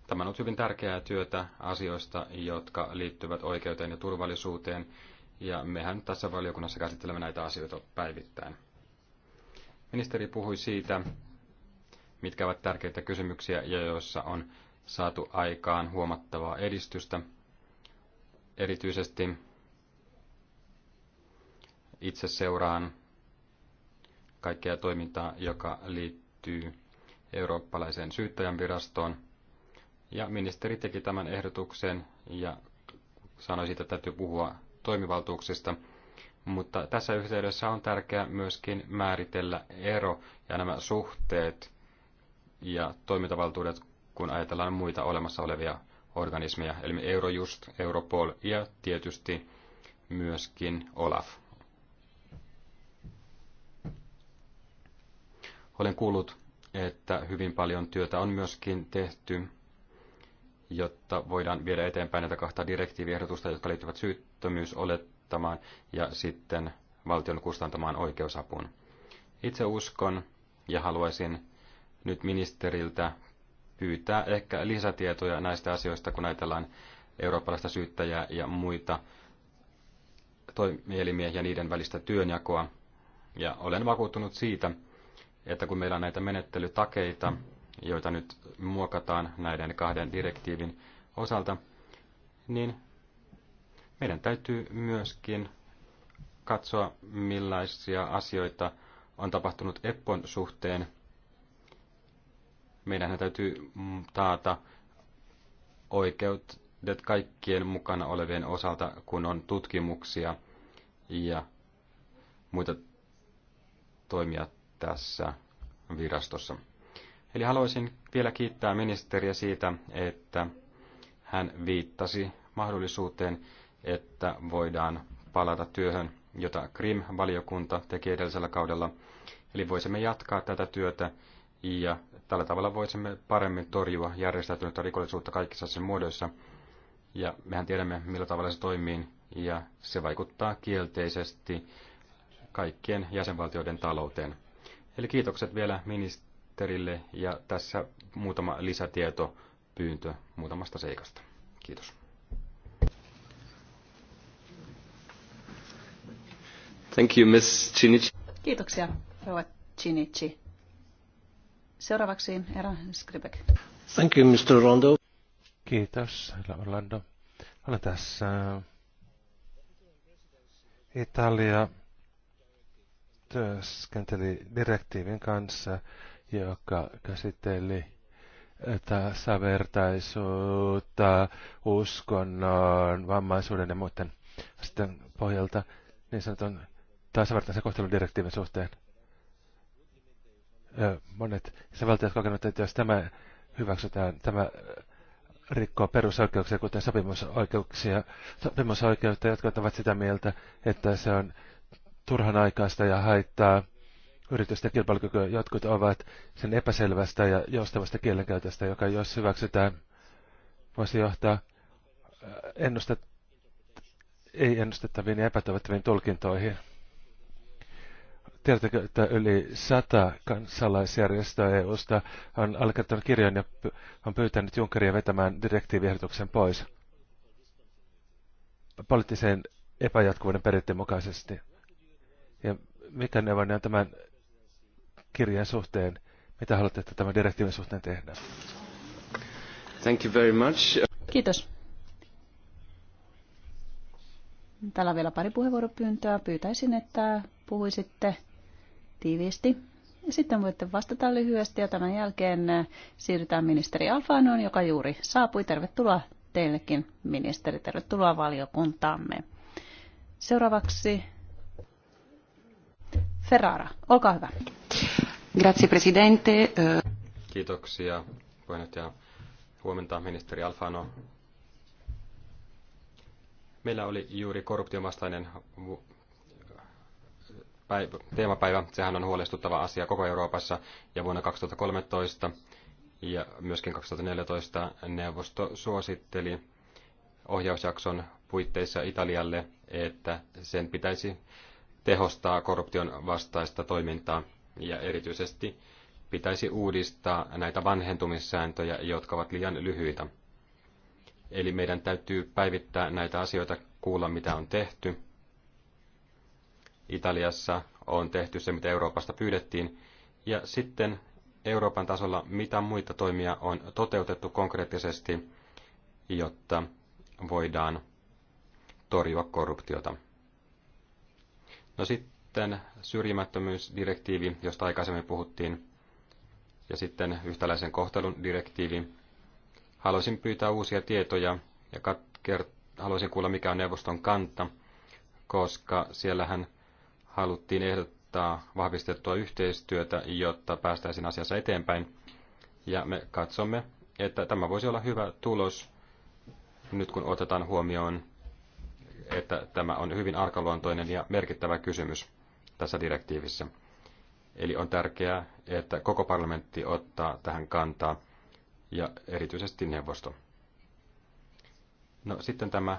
Tämä on ollut hyvin tärkeää työtä asioista, jotka liittyvät oikeuteen ja turvallisuuteen, ja mehän tässä valiokunnassa käsittelemme näitä asioita päivittäin. Ministeri puhui siitä, mitkä ovat tärkeitä kysymyksiä ja joissa on saatu aikaan huomattavaa edistystä. Erityisesti itse seuraan kaikkea toimintaa, joka liittyy eurooppalaiseen syyttäjän virastoon. Ja ministeri teki tämän ehdotuksen ja sanoi siitä, että täytyy puhua toimivaltuuksista. Mutta tässä yhteydessä on tärkeää myöskin määritellä ero ja nämä suhteet ja toimintavaltuudet, kun ajatellaan muita olemassa olevia organismeja, eli Eurojust, Europol ja tietysti myöskin Olaf. Olen kuullut, että hyvin paljon työtä on myöskin tehty, jotta voidaan viedä eteenpäin näitä kahta direktiiviehdotusta, jotka liittyvät syyttömyysolettamaan ja sitten valtion kustantamaan oikeusapuun. Itse uskon ja haluaisin nyt ministeriltä pyytää ehkä lisätietoja näistä asioista, kun ajatellaan eurooppalaista syyttäjää ja muita toimielimiä ja niiden välistä työnjakoa. Ja olen vakuuttunut siitä, että kun meillä on näitä menettelytakeita, joita nyt muokataan näiden kahden direktiivin osalta, niin meidän täytyy myöskin katsoa, millaisia asioita on tapahtunut EPPON suhteen. Meidän täytyy taata oikeudet kaikkien mukana olevien osalta, kun on tutkimuksia ja muita toimia tässä virastossa. Eli haluaisin vielä kiittää ministeriä siitä, että hän viittasi mahdollisuuteen, että voidaan palata työhön, jota Krim-valiokunta teki edellisellä kaudella. Eli voisimme jatkaa tätä työtä ja tällä tavalla voisimme paremmin torjua järjestäytynyttä rikollisuutta kaikissa sen muodoissa. Ja mehän tiedämme, millä tavalla se toimii, ja se vaikuttaa kielteisesti kaikkien jäsenvaltioiden talouteen. Eli kiitokset vielä ministerille ja tässä muutama lisätieto pyyntö muutamasta seikasta. Kiitos. Thank you, Miss Chinichi. Kiitoksia, rouva Chinichi. Seuraavaksi Era Skribek. Thank you, Mr. Rondo. Kiitos, Orlando. Olen tässä Italia työskenteli direktiivin kanssa, joka käsitteli tasavertaisuutta uskonnon, vammaisuuden ja muiden sitten pohjalta niin sanotun tasavertaisen direktiivin suhteen. Monet isävaltiot kokenut, että jos tämä hyväksytään, tämä rikkoo perusoikeuksia, kuten sopimusoikeuksia, sopimusoikeutta, jotka ovat sitä mieltä, että se on turhanaikaista ja haittaa yritysten kilpailukykyä. Jotkut ovat sen epäselvästä ja joustavasta kielenkäytöstä, joka jos hyväksytään, voisi johtaa äh, ennustet, ei ennustettaviin ja epätoivottaviin tulkintoihin. Tiedätkö, että yli sata kansalaisjärjestöä EU-sta on allekirjoittanut kirjan ja on pyytänyt Junckeria vetämään direktiiviehdotuksen pois poliittiseen epäjatkuvuuden periaatteen mukaisesti mikä ne on tämän kirjan suhteen? Mitä haluatte, että tämän direktiivin suhteen tehdään? Thank you very much. Kiitos. Täällä on vielä pari puheenvuoropyyntöä. Pyytäisin, että puhuisitte tiiviisti. Ja sitten voitte vastata lyhyesti ja tämän jälkeen siirrytään ministeri Alfanoon, joka juuri saapui. Tervetuloa teillekin, ministeri. Tervetuloa valiokuntaamme. Seuraavaksi Ferrara, olkaa hyvä. Grazie presidente. Kiitoksia puheenjohtaja. Huomenta ministeri Alfano. Meillä oli juuri korruptiomastainen teemapäivä. Sehän on huolestuttava asia koko Euroopassa ja vuonna 2013 ja myöskin 2014 neuvosto suositteli ohjausjakson puitteissa Italialle, että sen pitäisi tehostaa korruption vastaista toimintaa ja erityisesti pitäisi uudistaa näitä vanhentumissääntöjä, jotka ovat liian lyhyitä. Eli meidän täytyy päivittää näitä asioita, kuulla mitä on tehty. Italiassa on tehty se, mitä Euroopasta pyydettiin. Ja sitten Euroopan tasolla, mitä muita toimia on toteutettu konkreettisesti, jotta voidaan torjua korruptiota. No sitten syrjimättömyysdirektiivi, josta aikaisemmin puhuttiin, ja sitten yhtäläisen kohtelun direktiivi. Haluaisin pyytää uusia tietoja ja kat- haluaisin kuulla, mikä on neuvoston kanta, koska siellähän haluttiin ehdottaa vahvistettua yhteistyötä, jotta päästäisiin asiassa eteenpäin. Ja me katsomme, että tämä voisi olla hyvä tulos nyt kun otetaan huomioon että tämä on hyvin arkaluontoinen ja merkittävä kysymys tässä direktiivissä. Eli on tärkeää, että koko parlamentti ottaa tähän kantaa ja erityisesti neuvosto. No sitten tämä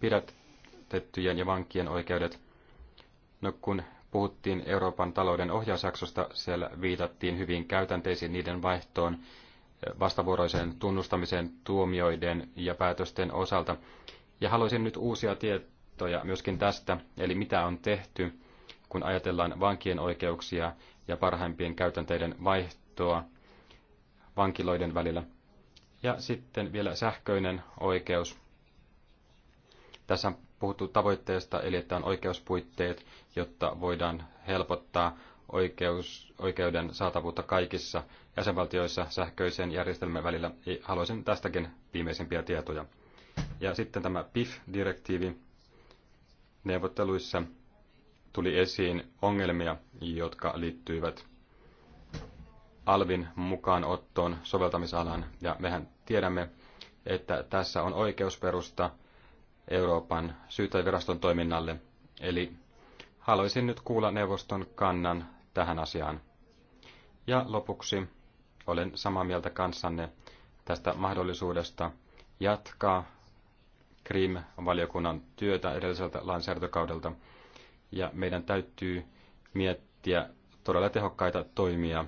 pidätettyjen ja vankien oikeudet. No kun puhuttiin Euroopan talouden ohjausjaksosta, siellä viitattiin hyvin käytänteisiin niiden vaihtoon vastavuoroiseen tunnustamiseen tuomioiden ja päätösten osalta. Ja haluaisin nyt uusia tietoja myöskin tästä, eli mitä on tehty, kun ajatellaan vankien oikeuksia ja parhaimpien käytänteiden vaihtoa vankiloiden välillä. Ja sitten vielä sähköinen oikeus. Tässä on puhuttu tavoitteesta, eli että on oikeuspuitteet, jotta voidaan helpottaa oikeus, oikeuden saatavuutta kaikissa jäsenvaltioissa sähköisen järjestelmän välillä. Haluaisin tästäkin viimeisimpiä tietoja. Ja sitten tämä PIF-direktiivi neuvotteluissa tuli esiin ongelmia, jotka liittyivät Alvin mukaanottoon soveltamisalan. Ja mehän tiedämme, että tässä on oikeusperusta Euroopan syyttäjäviraston toiminnalle. Eli haluaisin nyt kuulla neuvoston kannan tähän asiaan. Ja lopuksi olen samaa mieltä kanssanne tästä mahdollisuudesta jatkaa Krim-valiokunnan työtä edelliseltä lainsäädäntökaudelta. Ja meidän täytyy miettiä todella tehokkaita toimia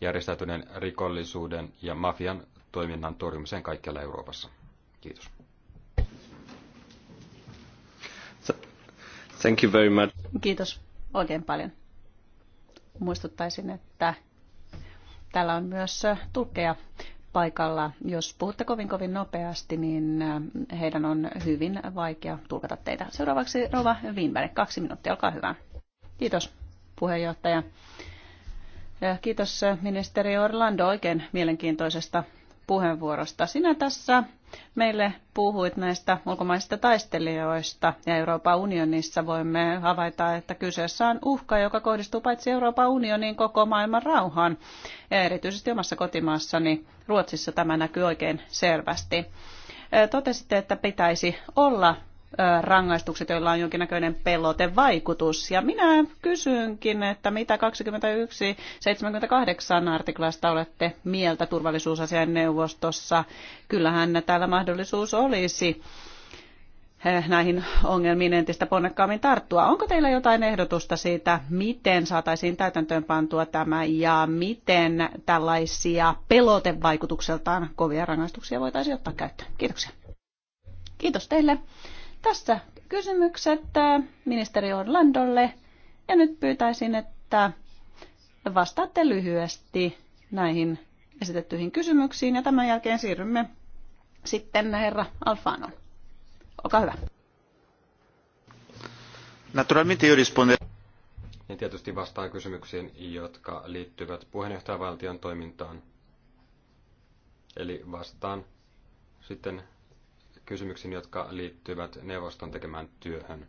järjestäytyneen rikollisuuden ja mafian toiminnan torjumiseen kaikkialla Euroopassa. Kiitos. Thank you very much. Kiitos oikein paljon. Muistuttaisin, että täällä on myös tukea paikalla. Jos puhutte kovin kovin nopeasti, niin äh, heidän on hyvin vaikea tulkata teitä. Seuraavaksi Rova Winberg, kaksi minuuttia, olkaa hyvä. Kiitos puheenjohtaja. Äh, kiitos äh, ministeri Orlando oikein mielenkiintoisesta puheenvuorosta. Sinä tässä meille puhuit näistä ulkomaisista taistelijoista ja Euroopan unionissa voimme havaita, että kyseessä on uhka, joka kohdistuu paitsi Euroopan unioniin koko maailman rauhaan. Ja erityisesti omassa kotimaassani Ruotsissa tämä näkyy oikein selvästi. Totesitte, että pitäisi olla rangaistukset, joilla on jonkinnäköinen pelotevaikutus. Ja minä kysynkin, että mitä 21.78 artiklasta olette mieltä turvallisuusasian neuvostossa. Kyllähän täällä mahdollisuus olisi näihin ongelmiin entistä ponnekkaammin tarttua. Onko teillä jotain ehdotusta siitä, miten saataisiin täytäntöönpantua tämä ja miten tällaisia pelotevaikutukseltaan kovia rangaistuksia voitaisiin ottaa käyttöön? Kiitoksia. Kiitos teille. Tässä kysymykset äh, ministeri Orlandolle. Ja nyt pyytäisin, että vastaatte lyhyesti näihin esitettyihin kysymyksiin ja tämän jälkeen siirrymme sitten herra Alfano. Olkaa hyvä. Naturalmente io risponderò. Niin tietysti vastaan kysymyksiin, jotka liittyvät puheenjohtajavaltion toimintaan. Eli vastaan sitten kysymyksiin, jotka liittyvät neuvoston tekemään työhön.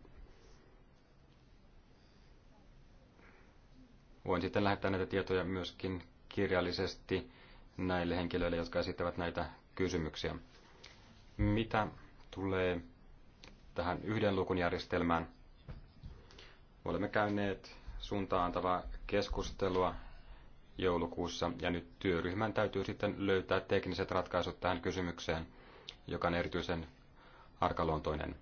Voin sitten lähettää näitä tietoja myöskin kirjallisesti näille henkilöille, jotka esittävät näitä kysymyksiä. Mitä tulee tähän yhden lukun järjestelmään? Olemme käyneet suuntaan antavaa keskustelua joulukuussa ja nyt työryhmän täytyy sitten löytää tekniset ratkaisut tähän kysymykseen – joka on erityisen arkaluontoinen.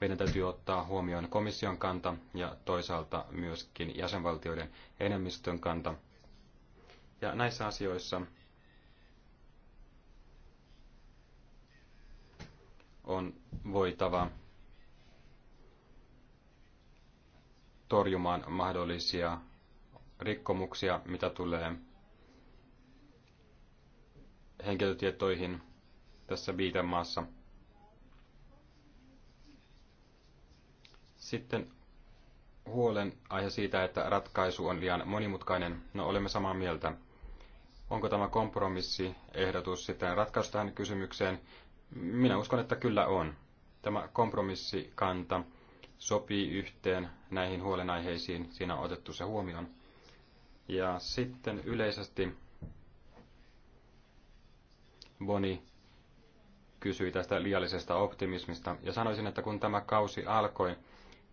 Meidän täytyy ottaa huomioon komission kanta ja toisaalta myöskin jäsenvaltioiden enemmistön kanta. Ja näissä asioissa on voitava torjumaan mahdollisia rikkomuksia, mitä tulee henkilötietoihin tässä viitemaassa. Sitten huolen aihe siitä, että ratkaisu on liian monimutkainen. No olemme samaa mieltä. Onko tämä kompromissi ehdotus sitten ratkaisu tähän kysymykseen? Minä uskon, että kyllä on. Tämä kompromissikanta sopii yhteen näihin huolenaiheisiin. Siinä on otettu se huomioon. Ja sitten yleisesti Boni kysyi tästä liiallisesta optimismista, ja sanoisin, että kun tämä kausi alkoi,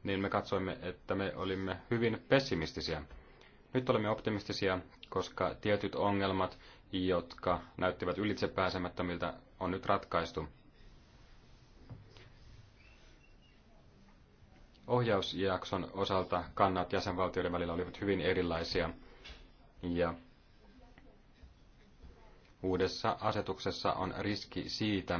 niin me katsoimme, että me olimme hyvin pessimistisiä. Nyt olemme optimistisia, koska tietyt ongelmat, jotka näyttivät ylitsepääsemättömiltä, on nyt ratkaistu. Ohjausjakson osalta kannat jäsenvaltioiden välillä olivat hyvin erilaisia, ja uudessa asetuksessa on riski siitä,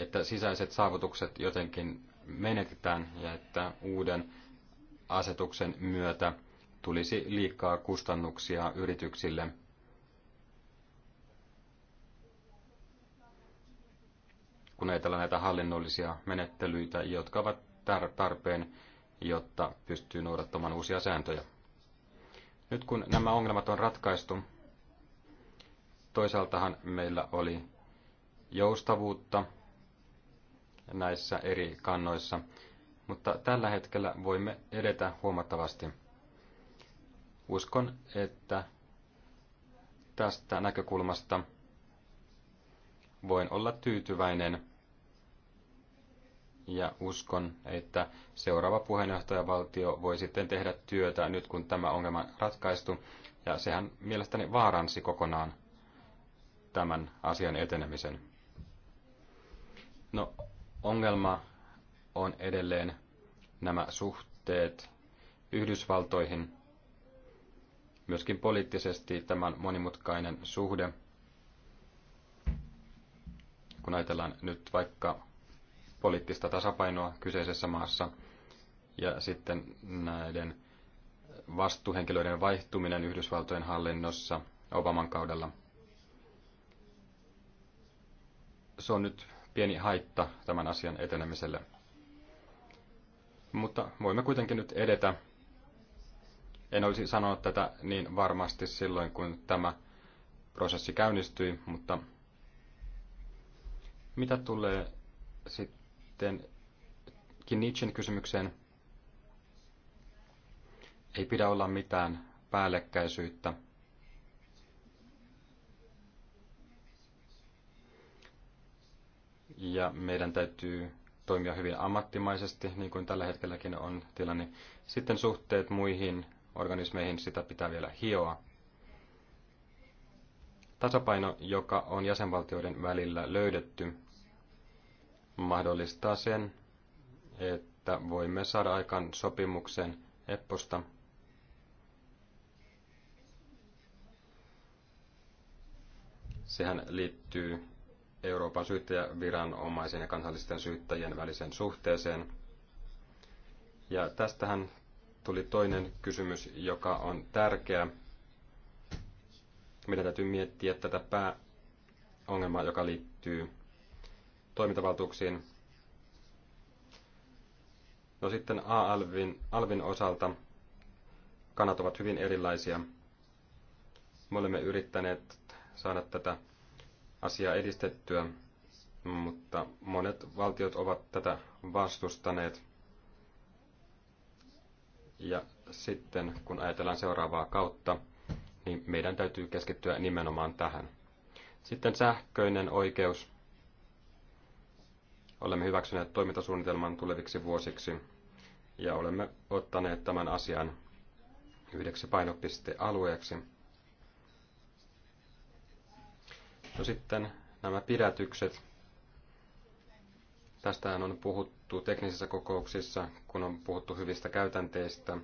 että sisäiset saavutukset jotenkin menetetään ja että uuden asetuksen myötä tulisi liikaa kustannuksia yrityksille. kun ei näitä hallinnollisia menettelyitä, jotka ovat tarpeen, jotta pystyy noudattamaan uusia sääntöjä. Nyt kun nämä ongelmat on ratkaistu, toisaaltahan meillä oli joustavuutta näissä eri kannoissa, mutta tällä hetkellä voimme edetä huomattavasti. Uskon, että tästä näkökulmasta voin olla tyytyväinen ja uskon, että seuraava puheenjohtajavaltio voi sitten tehdä työtä nyt kun tämä ongelma ratkaistu ja sehän mielestäni vaaransi kokonaan tämän asian etenemisen. No, ongelma on edelleen nämä suhteet Yhdysvaltoihin. Myöskin poliittisesti tämä on monimutkainen suhde. Kun ajatellaan nyt vaikka poliittista tasapainoa kyseisessä maassa ja sitten näiden vastuuhenkilöiden vaihtuminen Yhdysvaltojen hallinnossa Obaman kaudella. Se on nyt pieni haitta tämän asian etenemiselle. Mutta voimme kuitenkin nyt edetä. En olisi sanonut tätä niin varmasti silloin, kun tämä prosessi käynnistyi, mutta mitä tulee sitten Kinichin kysymykseen, ei pidä olla mitään päällekkäisyyttä ja meidän täytyy toimia hyvin ammattimaisesti, niin kuin tällä hetkelläkin on tilanne. Sitten suhteet muihin organismeihin, sitä pitää vielä hioa. Tasapaino, joka on jäsenvaltioiden välillä löydetty, mahdollistaa sen, että voimme saada aikaan sopimuksen EPPOsta. Sehän liittyy Euroopan syyttäjäviranomaisen ja kansallisten syyttäjien välisen suhteeseen. Ja tästähän tuli toinen kysymys, joka on tärkeä. Meidän täytyy miettiä tätä pääongelmaa, joka liittyy toimintavaltuuksiin. No sitten A-alvin alvin osalta kannat ovat hyvin erilaisia. Me olemme yrittäneet saada tätä asiaa edistettyä, mutta monet valtiot ovat tätä vastustaneet. Ja sitten kun ajatellaan seuraavaa kautta, niin meidän täytyy keskittyä nimenomaan tähän. Sitten sähköinen oikeus. Olemme hyväksyneet toimintasuunnitelman tuleviksi vuosiksi ja olemme ottaneet tämän asian yhdeksi painopistealueeksi. No sitten nämä pidätykset. Tästähän on puhuttu teknisissä kokouksissa, kun on puhuttu hyvistä käytänteistä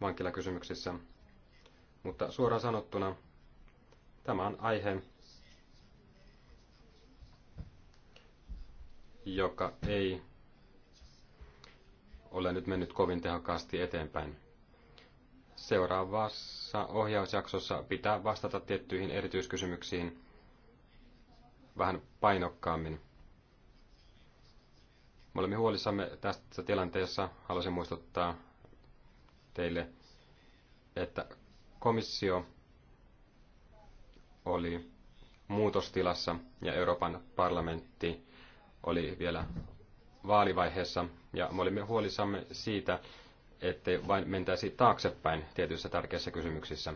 vankilakysymyksissä. Mutta suoraan sanottuna tämä on aihe, joka ei ole nyt mennyt kovin tehokkaasti eteenpäin. Seuraavassa ohjausjaksossa pitää vastata tiettyihin erityiskysymyksiin vähän painokkaammin. Me olemme huolissamme tästä tilanteessa. Haluaisin muistuttaa teille, että komissio oli muutostilassa ja Euroopan parlamentti oli vielä vaalivaiheessa ja me olimme huolissamme siitä, ettei vain mentäisi taaksepäin tietyissä tärkeissä kysymyksissä.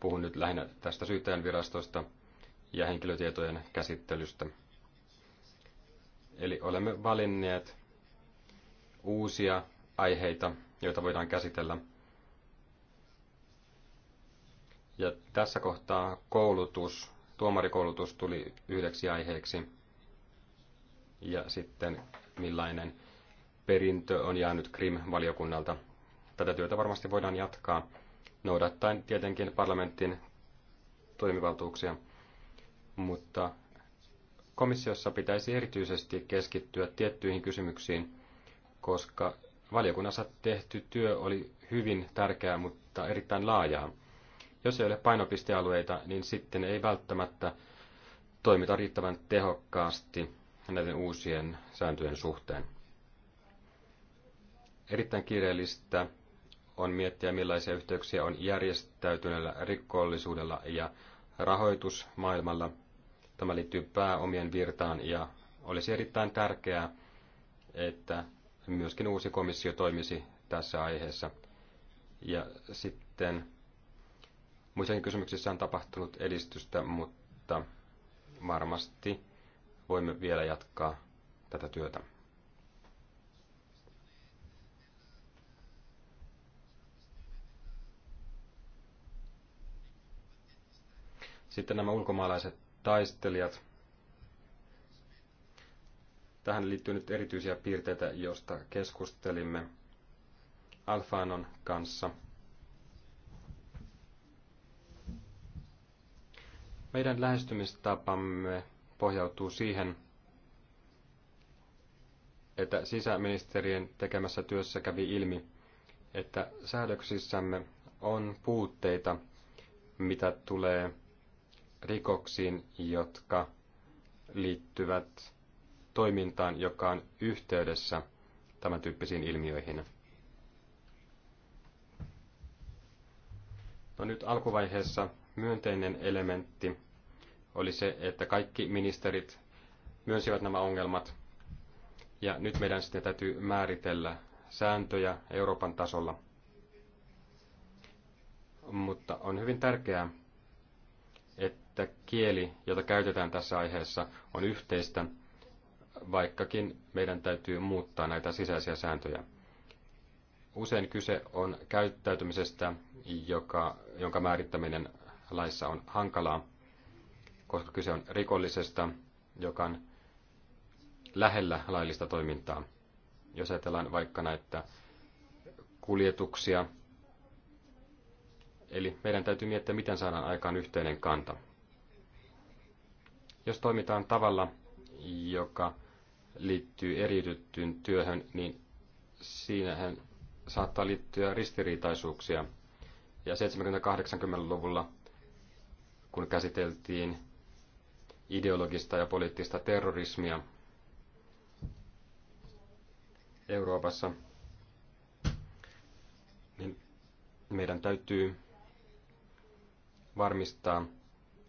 Puhun nyt lähinnä tästä syyttäjän virastosta ja henkilötietojen käsittelystä. Eli olemme valinneet uusia aiheita, joita voidaan käsitellä. Ja tässä kohtaa koulutus, tuomarikoulutus tuli yhdeksi aiheeksi. Ja sitten millainen perintö on jäänyt Krim-valiokunnalta. Tätä työtä varmasti voidaan jatkaa, noudattaen tietenkin parlamentin toimivaltuuksia, mutta komissiossa pitäisi erityisesti keskittyä tiettyihin kysymyksiin, koska valiokunnassa tehty työ oli hyvin tärkeää, mutta erittäin laajaa. Jos ei ole painopistealueita, niin sitten ei välttämättä toimita riittävän tehokkaasti näiden uusien sääntöjen suhteen. Erittäin kiireellistä on miettiä, millaisia yhteyksiä on järjestäytyneellä rikollisuudella ja rahoitusmaailmalla. Tämä liittyy pääomien virtaan ja olisi erittäin tärkeää, että myöskin uusi komissio toimisi tässä aiheessa. Ja sitten muissakin kysymyksissä on tapahtunut edistystä, mutta varmasti voimme vielä jatkaa tätä työtä. Sitten nämä ulkomaalaiset taistelijat. Tähän liittyy nyt erityisiä piirteitä, joista keskustelimme Alfanon kanssa. Meidän lähestymistapamme pohjautuu siihen, että sisäministerien tekemässä työssä kävi ilmi, että säädöksissämme on puutteita, mitä tulee rikoksiin, jotka liittyvät toimintaan, joka on yhteydessä tämän tyyppisiin ilmiöihin. No nyt alkuvaiheessa myönteinen elementti oli se, että kaikki ministerit myönsivät nämä ongelmat. Ja nyt meidän sitten täytyy määritellä sääntöjä Euroopan tasolla. Mutta on hyvin tärkeää, että kieli, jota käytetään tässä aiheessa, on yhteistä, vaikkakin meidän täytyy muuttaa näitä sisäisiä sääntöjä. Usein kyse on käyttäytymisestä, joka, jonka määrittäminen laissa on hankalaa, koska kyse on rikollisesta, joka on lähellä laillista toimintaa. Jos ajatellaan vaikka näitä kuljetuksia, eli meidän täytyy miettiä, miten saadaan aikaan yhteinen kanta. Jos toimitaan tavalla, joka liittyy eriytettyyn työhön, niin siinähän saattaa liittyä ristiriitaisuuksia. Ja 70-80-luvulla, kun käsiteltiin ideologista ja poliittista terrorismia Euroopassa, niin meidän täytyy varmistaa,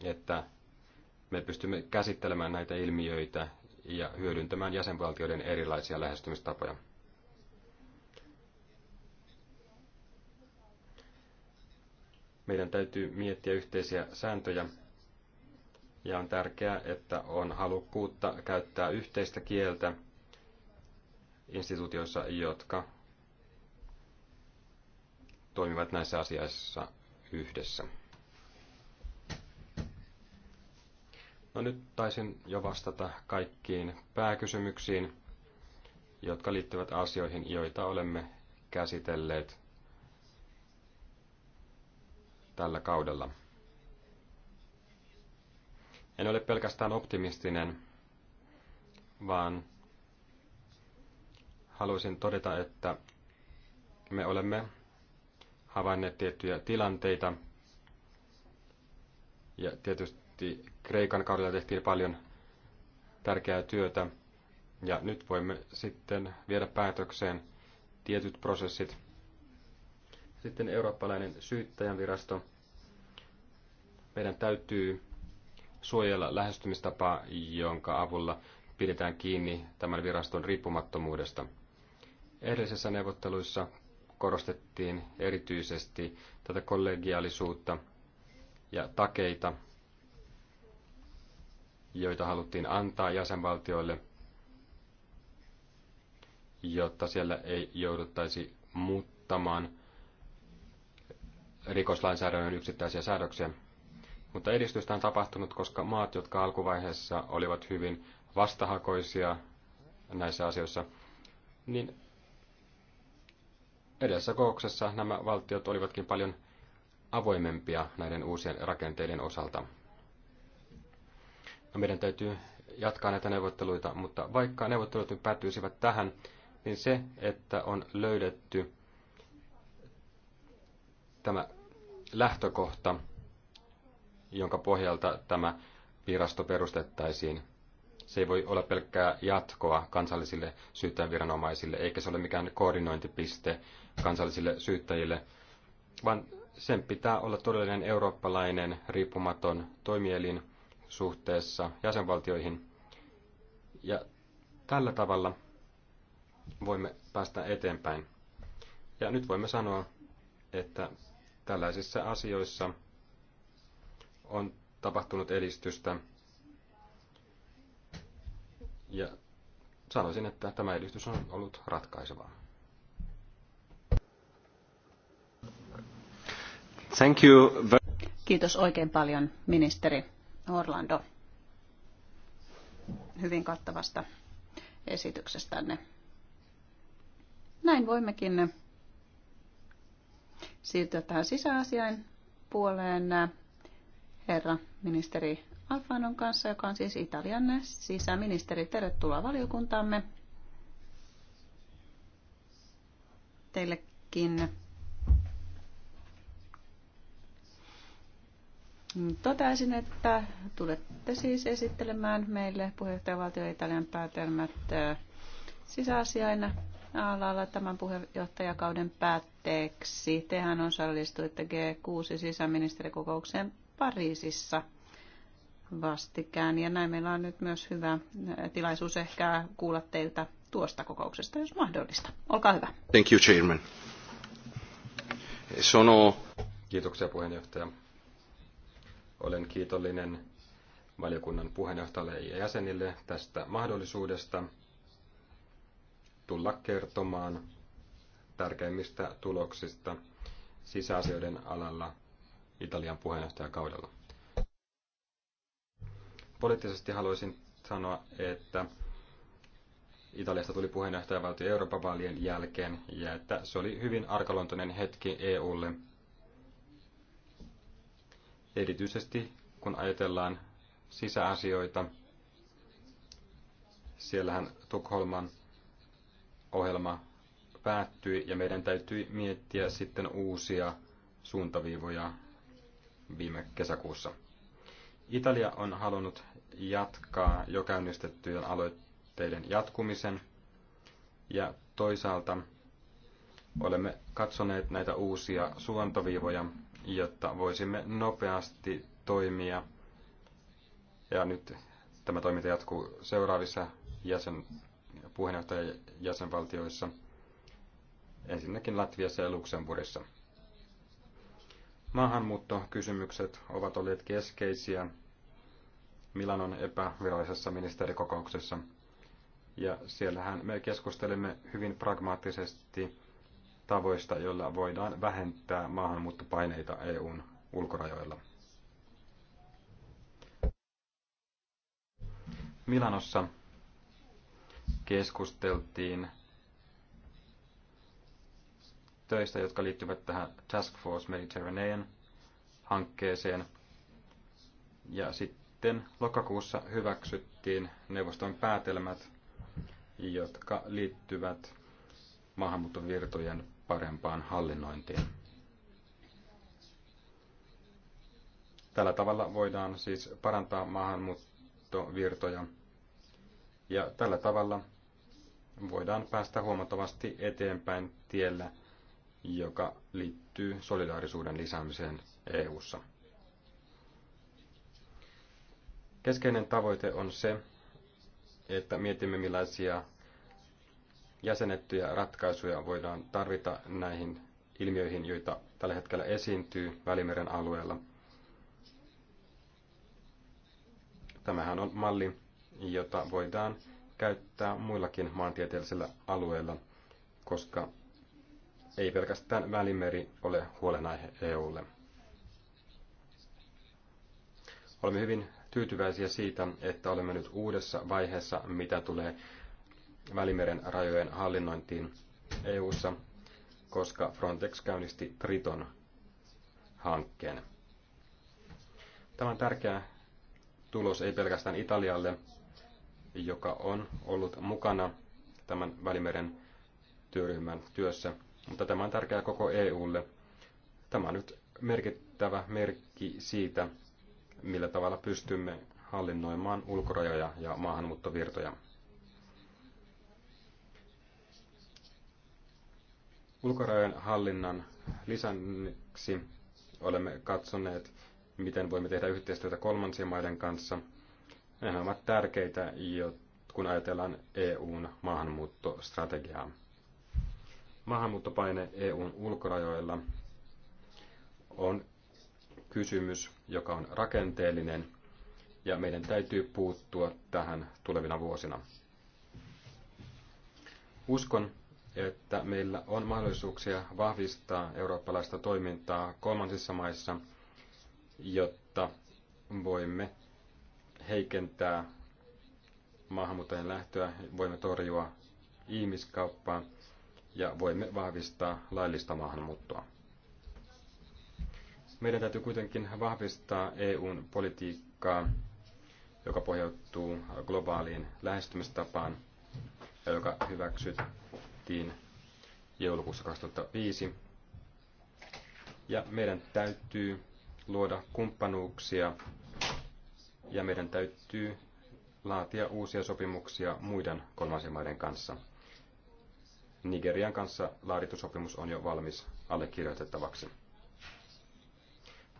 että me pystymme käsittelemään näitä ilmiöitä ja hyödyntämään jäsenvaltioiden erilaisia lähestymistapoja. Meidän täytyy miettiä yhteisiä sääntöjä ja on tärkeää, että on halukkuutta käyttää yhteistä kieltä instituutioissa, jotka toimivat näissä asioissa yhdessä. No nyt taisin jo vastata kaikkiin pääkysymyksiin, jotka liittyvät asioihin, joita olemme käsitelleet tällä kaudella. En ole pelkästään optimistinen, vaan haluaisin todeta, että me olemme havainneet tiettyjä tilanteita ja tietysti Kreikan kaudella tehtiin paljon tärkeää työtä ja nyt voimme sitten viedä päätökseen tietyt prosessit. Sitten eurooppalainen virasto Meidän täytyy suojella lähestymistapaa, jonka avulla pidetään kiinni tämän viraston riippumattomuudesta. Edellisessä neuvotteluissa korostettiin erityisesti tätä kollegiaalisuutta ja takeita joita haluttiin antaa jäsenvaltioille, jotta siellä ei jouduttaisi muuttamaan rikoslainsäädännön yksittäisiä säädöksiä. Mutta edistystä on tapahtunut, koska maat, jotka alkuvaiheessa olivat hyvin vastahakoisia näissä asioissa, niin edessä kokouksessa nämä valtiot olivatkin paljon avoimempia näiden uusien rakenteiden osalta. No, meidän täytyy jatkaa näitä neuvotteluita, mutta vaikka neuvottelut nyt tähän, niin se, että on löydetty tämä lähtökohta, jonka pohjalta tämä virasto perustettaisiin, se ei voi olla pelkkää jatkoa kansallisille syyttäjäviranomaisille, eikä se ole mikään koordinointipiste kansallisille syyttäjille, vaan sen pitää olla todellinen eurooppalainen riippumaton toimielin, suhteessa jäsenvaltioihin. Ja tällä tavalla voimme päästä eteenpäin. Ja nyt voimme sanoa, että tällaisissa asioissa on tapahtunut edistystä. Ja sanoisin, että tämä edistys on ollut ratkaisevaa. Thank you. Kiitos oikein paljon, ministeri. Orlando hyvin kattavasta esityksestänne. Näin voimmekin siirtyä tähän sisäasiain puoleen herra ministeri Alfanon kanssa, joka on siis Italian sisäministeri. Tervetuloa valiokuntaamme. Teillekin Totesin, että tulette siis esittelemään meille puheenjohtajavaltio Italian päätelmät sisäasiaina alalla tämän puheenjohtajakauden päätteeksi. Tehän osallistuitte G6 sisäministerikokoukseen Pariisissa vastikään. Ja näin meillä on nyt myös hyvä tilaisuus ehkä kuulla teiltä tuosta kokouksesta, jos mahdollista. Olkaa hyvä. Thank you, Chairman. Sono... Kiitoksia puheenjohtaja. Olen kiitollinen valiokunnan puheenjohtajalle ja jäsenille tästä mahdollisuudesta tulla kertomaan tärkeimmistä tuloksista sisäasioiden alalla Italian puheenjohtajakaudella. Poliittisesti haluaisin sanoa, että Italiasta tuli puheenjohtajavaltio Euroopan vaalien jälkeen ja että se oli hyvin arkaluontoinen hetki EUlle – erityisesti kun ajatellaan sisäasioita. Siellähän Tukholman ohjelma päättyi ja meidän täytyy miettiä sitten uusia suuntaviivoja viime kesäkuussa. Italia on halunnut jatkaa jo käynnistettyjen aloitteiden jatkumisen ja toisaalta olemme katsoneet näitä uusia suuntaviivoja jotta voisimme nopeasti toimia. Ja nyt tämä toiminta jatkuu seuraavissa jäsen, jäsenvaltioissa. ensinnäkin Latviassa ja Luxemburgissa. Maahanmuuttokysymykset ovat olleet keskeisiä Milanon epävirallisessa ministerikokouksessa. Ja siellähän me keskustelemme hyvin pragmaattisesti tavoista, joilla voidaan vähentää maahanmuuttopaineita EUn ulkorajoilla. Milanossa keskusteltiin töistä, jotka liittyvät tähän Task Force Mediterranean hankkeeseen. Ja sitten lokakuussa hyväksyttiin neuvoston päätelmät, jotka liittyvät maahanmuuttovirtojen parempaan hallinnointiin. Tällä tavalla voidaan siis parantaa maahanmuuttovirtoja ja tällä tavalla voidaan päästä huomattavasti eteenpäin tiellä, joka liittyy solidaarisuuden lisäämiseen EU:ssa. Keskeinen tavoite on se, että mietimme millaisia jäsenettyjä ratkaisuja voidaan tarvita näihin ilmiöihin, joita tällä hetkellä esiintyy Välimeren alueella. Tämähän on malli, jota voidaan käyttää muillakin maantieteellisillä alueilla, koska ei pelkästään Välimeri ole huolenaihe EUlle. Olemme hyvin tyytyväisiä siitä, että olemme nyt uudessa vaiheessa, mitä tulee Välimeren rajojen hallinnointiin EU:ssa, koska Frontex käynnisti Triton hankkeen. Tämä on tärkeä tulos ei pelkästään Italialle, joka on ollut mukana tämän Välimeren työryhmän työssä, mutta tämä on tärkeää koko EUlle. Tämä on nyt merkittävä merkki siitä, millä tavalla pystymme hallinnoimaan ulkorajoja ja maahanmuuttovirtoja. Ulkorajojen hallinnan lisänneksi olemme katsoneet, miten voimme tehdä yhteistyötä kolmansien maiden kanssa. Nämä ovat tärkeitä, kun ajatellaan EUn maahanmuuttostrategiaa. Maahanmuuttopaine EUn ulkorajoilla on kysymys, joka on rakenteellinen, ja meidän täytyy puuttua tähän tulevina vuosina. Uskon, että meillä on mahdollisuuksia vahvistaa eurooppalaista toimintaa kolmansissa maissa, jotta voimme heikentää maahanmuuttajien lähtöä, voimme torjua ihmiskauppaa ja voimme vahvistaa laillista maahanmuuttoa. Meidän täytyy kuitenkin vahvistaa EUn politiikkaa, joka pohjautuu globaaliin lähestymistapaan ja joka hyväksyy tehtiin joulukuussa 2005. Ja meidän täytyy luoda kumppanuuksia ja meidän täytyy laatia uusia sopimuksia muiden kolmansien maiden kanssa. Nigerian kanssa laadittu sopimus on jo valmis allekirjoitettavaksi.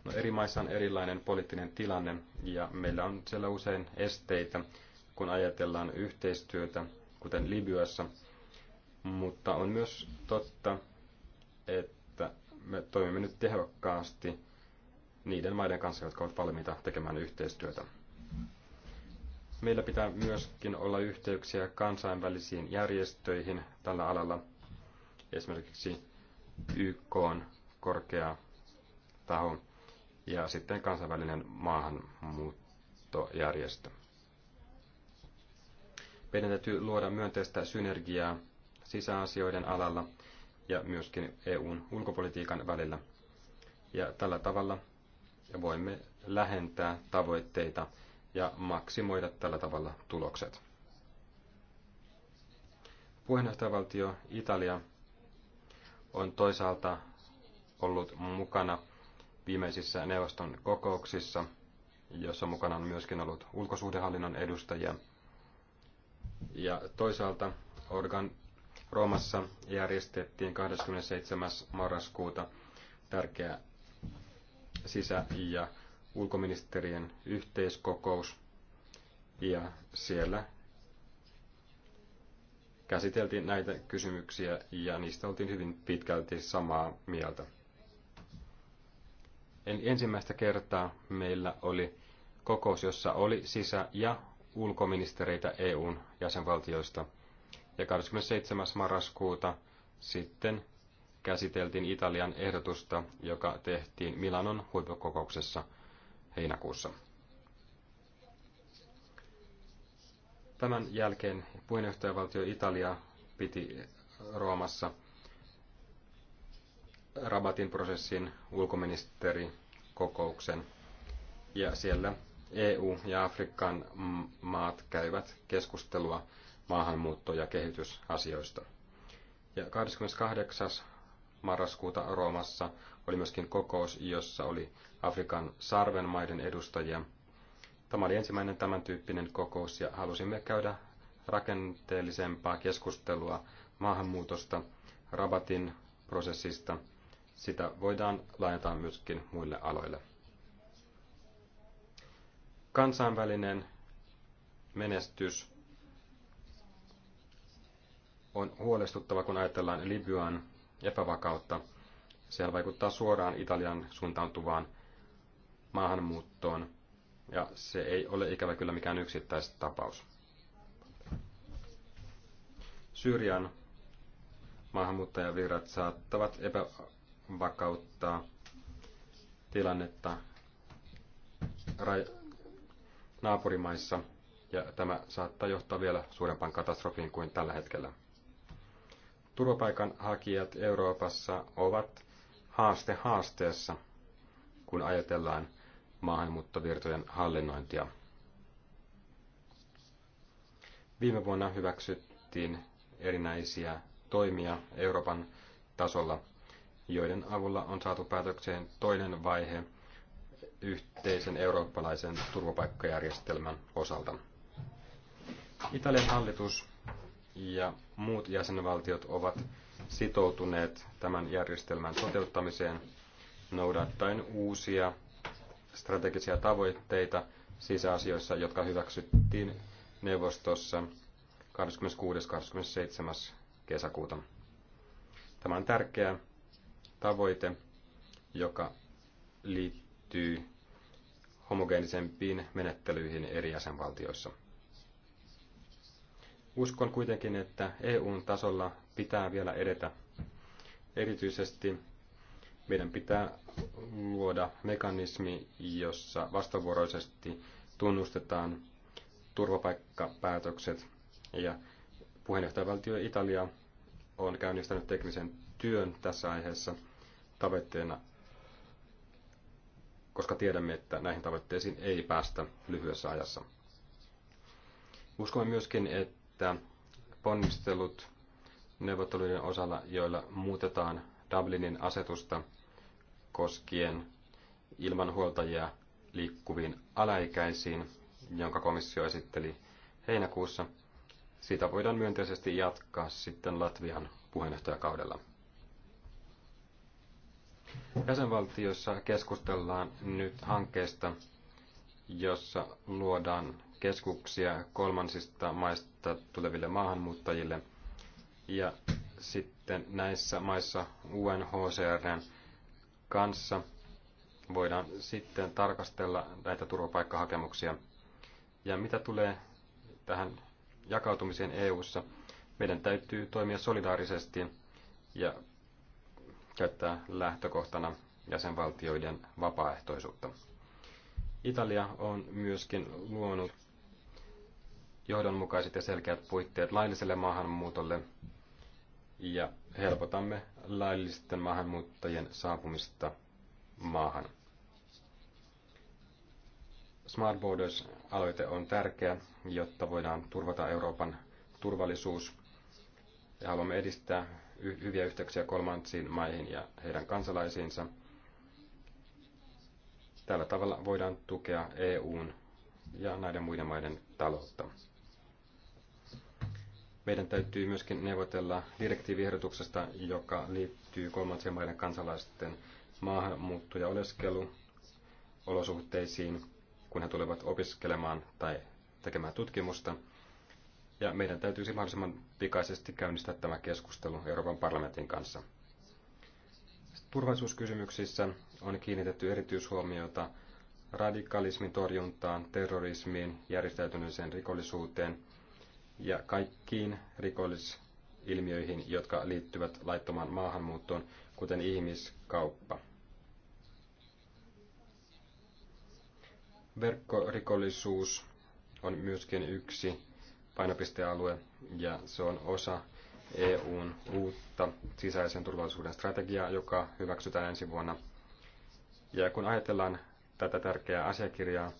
No, eri maissa on erilainen poliittinen tilanne ja meillä on siellä usein esteitä, kun ajatellaan yhteistyötä, kuten Libyassa – mutta on myös totta, että me toimimme nyt tehokkaasti niiden maiden kanssa, jotka ovat valmiita tekemään yhteistyötä. Meillä pitää myöskin olla yhteyksiä kansainvälisiin järjestöihin tällä alalla, esimerkiksi YK on korkea taho ja sitten kansainvälinen maahanmuuttojärjestö. Meidän täytyy luoda myönteistä synergiaa sisäasioiden alalla ja myöskin EUn ulkopolitiikan välillä. Ja tällä tavalla voimme lähentää tavoitteita ja maksimoida tällä tavalla tulokset. Puheenjohtajavaltio Italia on toisaalta ollut mukana viimeisissä neuvoston kokouksissa, jossa mukana on myöskin ollut ulkosuhdehallinnon edustajia. Ja toisaalta organ, Roomassa järjestettiin 27. marraskuuta tärkeä sisä- ja ulkoministerien yhteiskokous. Ja siellä käsiteltiin näitä kysymyksiä ja niistä oltiin hyvin pitkälti samaa mieltä. Eli ensimmäistä kertaa meillä oli kokous, jossa oli sisä- ja ulkoministereitä EUn jäsenvaltioista – ja 27. marraskuuta sitten käsiteltiin Italian ehdotusta, joka tehtiin Milanon huippukokouksessa heinäkuussa. Tämän jälkeen puheenjohtajavaltio Italia piti Roomassa Rabatin prosessin ulkoministerikokouksen. Ja siellä EU ja Afrikan maat käyvät keskustelua maahanmuutto- ja kehitysasioista. Ja 28. marraskuuta Roomassa oli myöskin kokous, jossa oli Afrikan sarven maiden edustajia. Tämä oli ensimmäinen tämän tyyppinen kokous ja halusimme käydä rakenteellisempaa keskustelua maahanmuutosta, rabatin prosessista. Sitä voidaan laajentaa myöskin muille aloille. Kansainvälinen menestys on huolestuttava, kun ajatellaan Libyan epävakautta. Siellä vaikuttaa suoraan Italian suuntautuvaan maahanmuuttoon, ja se ei ole ikävä kyllä mikään tapaus. Syyrian maahanmuuttajavirrat saattavat epävakauttaa tilannetta naapurimaissa, ja tämä saattaa johtaa vielä suurempaan katastrofiin kuin tällä hetkellä. Turvapaikanhakijat Euroopassa ovat haaste haasteessa, kun ajatellaan maahanmuuttovirtojen hallinnointia. Viime vuonna hyväksyttiin erinäisiä toimia Euroopan tasolla, joiden avulla on saatu päätökseen toinen vaihe yhteisen eurooppalaisen turvapaikkajärjestelmän osalta. Italian hallitus ja muut jäsenvaltiot ovat sitoutuneet tämän järjestelmän toteuttamiseen noudattaen uusia strategisia tavoitteita sisäasioissa, jotka hyväksyttiin neuvostossa 26.–27. kesäkuuta. Tämä on tärkeä tavoite, joka liittyy homogeenisempiin menettelyihin eri jäsenvaltioissa. Uskon kuitenkin, että EUn tasolla pitää vielä edetä. Erityisesti meidän pitää luoda mekanismi, jossa vastavuoroisesti tunnustetaan turvapaikkapäätökset. Ja puheenjohtajavaltio Italia on käynnistänyt teknisen työn tässä aiheessa tavoitteena, koska tiedämme, että näihin tavoitteisiin ei päästä lyhyessä ajassa. Uskomme myöskin, että että ponnistelut neuvotteluiden osalla, joilla muutetaan Dublinin asetusta koskien ilman huoltajia liikkuviin alaikäisiin, jonka komissio esitteli heinäkuussa. Siitä voidaan myönteisesti jatkaa sitten Latvian puheenjohtajakaudella. Jäsenvaltioissa keskustellaan nyt hankkeesta, jossa luodaan keskuksia kolmansista maista tuleville maahanmuuttajille. Ja sitten näissä maissa UNHCRn kanssa voidaan sitten tarkastella näitä turvapaikkahakemuksia. Ja mitä tulee tähän jakautumiseen EU:ssa, meidän täytyy toimia solidaarisesti ja käyttää lähtökohtana jäsenvaltioiden vapaaehtoisuutta. Italia on myöskin luonut johdonmukaiset ja selkeät puitteet lailliselle maahanmuutolle ja helpotamme laillisten maahanmuuttajien saapumista maahan. Smart Borders-aloite on tärkeä, jotta voidaan turvata Euroopan turvallisuus ja haluamme edistää hyviä yhteyksiä kolmansiin maihin ja heidän kansalaisiinsa. Tällä tavalla voidaan tukea EUn ja näiden muiden maiden taloutta. Meidän täytyy myöskin neuvotella direktiiviehdotuksesta, joka liittyy kolmansien maiden kansalaisten maahanmuutto- ja oleskeluolosuhteisiin, kun he tulevat opiskelemaan tai tekemään tutkimusta. Ja meidän täytyisi mahdollisimman pikaisesti käynnistää tämä keskustelu Euroopan parlamentin kanssa. Turvallisuuskysymyksissä on kiinnitetty erityishuomiota radikalismin torjuntaan, terrorismiin, järjestäytyneeseen rikollisuuteen – ja kaikkiin rikollisilmiöihin, jotka liittyvät laittomaan maahanmuuttoon, kuten ihmiskauppa. Verkkorikollisuus on myöskin yksi painopistealue ja se on osa EUn uutta sisäisen turvallisuuden strategiaa, joka hyväksytään ensi vuonna. Ja kun ajatellaan tätä tärkeää asiakirjaa,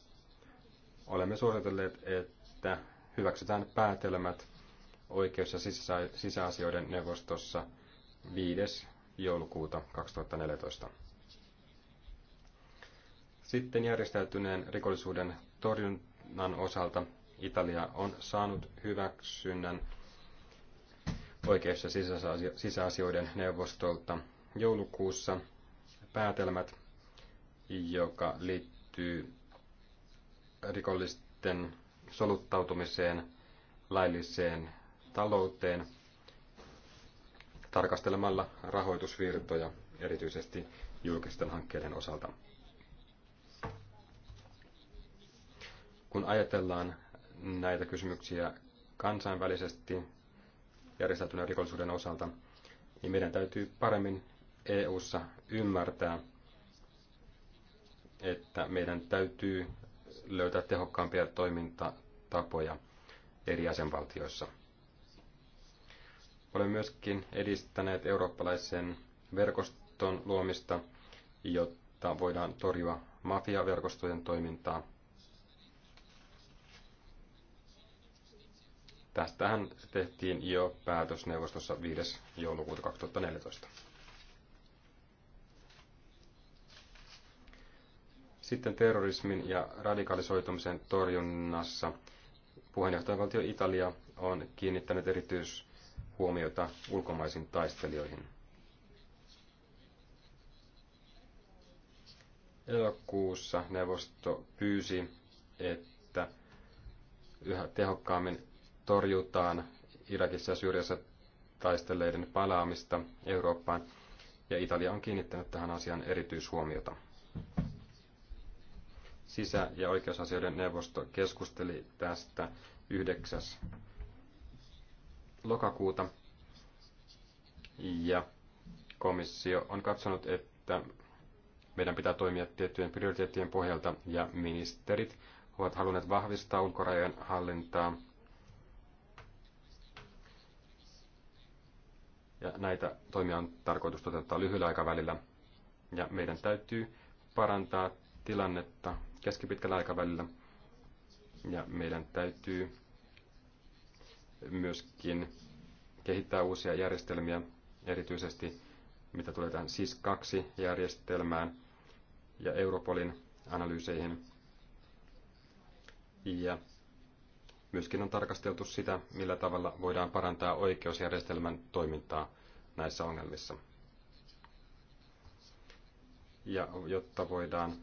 olemme suositelleet, että hyväksytään päätelmät oikeus- ja sisä- sisäasioiden neuvostossa 5. joulukuuta 2014. Sitten järjestäytyneen rikollisuuden torjunnan osalta Italia on saanut hyväksynnän oikeus- ja sisäasioiden neuvostolta joulukuussa päätelmät, joka liittyy rikollisten soluttautumiseen, lailliseen talouteen, tarkastelemalla rahoitusvirtoja erityisesti julkisten hankkeiden osalta. Kun ajatellaan näitä kysymyksiä kansainvälisesti järjestäytyneen rikollisuuden osalta, niin meidän täytyy paremmin EU:ssa ymmärtää, että meidän täytyy löytää tehokkaampia toimintatapoja eri jäsenvaltioissa. Olemme myöskin edistäneet eurooppalaisen verkoston luomista, jotta voidaan torjua mafiaverkostojen toimintaa. Tästähän tehtiin jo päätösneuvostossa 5. joulukuuta 2014. Sitten terrorismin ja radikalisoitumisen torjunnassa puheenjohtajavaltio Italia on kiinnittänyt erityishuomiota ulkomaisiin taistelijoihin. Elokuussa neuvosto pyysi, että yhä tehokkaammin torjutaan Irakissa ja Syyriassa taisteleiden palaamista Eurooppaan, ja Italia on kiinnittänyt tähän asiaan erityishuomiota sisä- ja oikeusasioiden neuvosto keskusteli tästä 9. lokakuuta. Ja komissio on katsonut, että meidän pitää toimia tiettyjen prioriteettien pohjalta ja ministerit ovat halunneet vahvistaa ulkorajojen hallintaa. Ja näitä toimia on tarkoitus toteuttaa lyhyellä aikavälillä. Ja meidän täytyy parantaa tilannetta keskipitkällä aikavälillä. Ja meidän täytyy myöskin kehittää uusia järjestelmiä, erityisesti mitä tulee tähän SIS-2-järjestelmään ja Europolin analyyseihin. Ja myöskin on tarkasteltu sitä, millä tavalla voidaan parantaa oikeusjärjestelmän toimintaa näissä ongelmissa. Ja jotta voidaan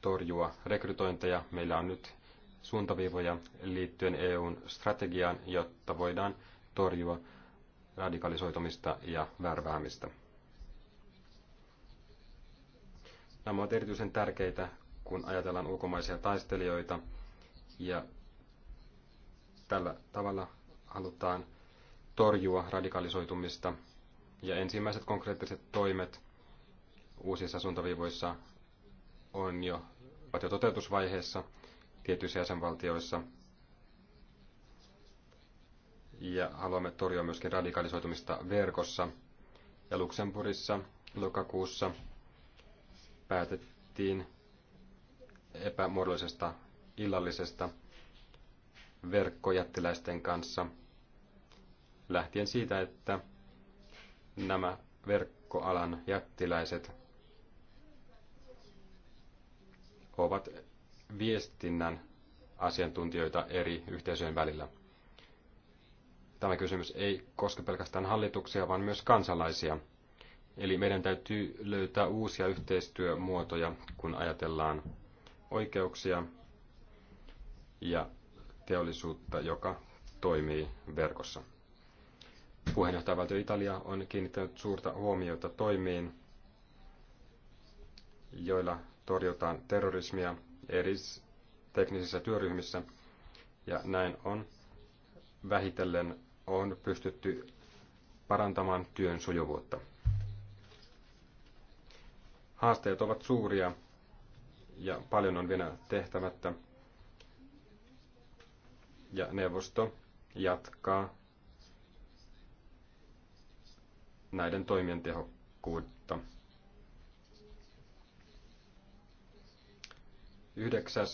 torjua rekrytointeja. Meillä on nyt suuntaviivoja liittyen EUn strategiaan, jotta voidaan torjua radikalisoitumista ja värväämistä. Nämä ovat erityisen tärkeitä, kun ajatellaan ulkomaisia taistelijoita, ja tällä tavalla halutaan torjua radikalisoitumista. Ja ensimmäiset konkreettiset toimet uusissa suuntaviivoissa on jo, ovat jo toteutusvaiheessa tietyissä jäsenvaltioissa. Ja haluamme torjua myöskin radikalisoitumista verkossa. Ja Luxemburgissa lokakuussa päätettiin epämuodollisesta illallisesta verkkojättiläisten kanssa lähtien siitä, että nämä verkkoalan jättiläiset ovat viestinnän asiantuntijoita eri yhteisöjen välillä. Tämä kysymys ei koske pelkästään hallituksia, vaan myös kansalaisia. Eli meidän täytyy löytää uusia yhteistyömuotoja, kun ajatellaan oikeuksia ja teollisuutta, joka toimii verkossa. Puheenjohtajavaltio Italia on kiinnittänyt suurta huomiota toimiin, joilla torjutaan terrorismia eri teknisissä työryhmissä. Ja näin on vähitellen on pystytty parantamaan työn sujuvuutta. Haasteet ovat suuria ja paljon on vielä tehtämättä. Ja neuvosto jatkaa näiden toimien tehokkuutta 9.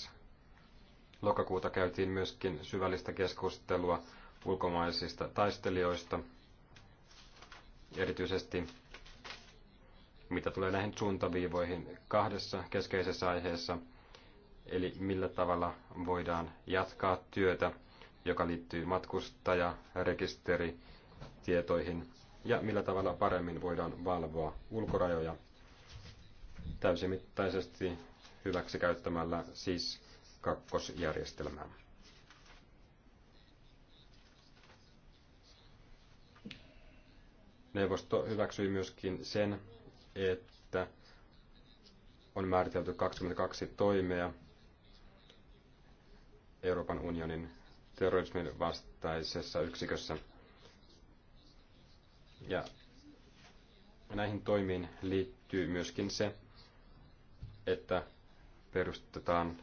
lokakuuta käytiin myöskin syvällistä keskustelua ulkomaisista taistelijoista, erityisesti mitä tulee näihin suuntaviivoihin kahdessa keskeisessä aiheessa, eli millä tavalla voidaan jatkaa työtä, joka liittyy matkustajarekisteritietoihin, ja millä tavalla paremmin voidaan valvoa ulkorajoja täysimittaisesti hyväksi käyttämällä siis kakkosjärjestelmää. Neuvosto hyväksyi myöskin sen, että on määritelty 22 toimea Euroopan unionin terrorismin vastaisessa yksikössä. Ja näihin toimiin liittyy myöskin se, että perustetaan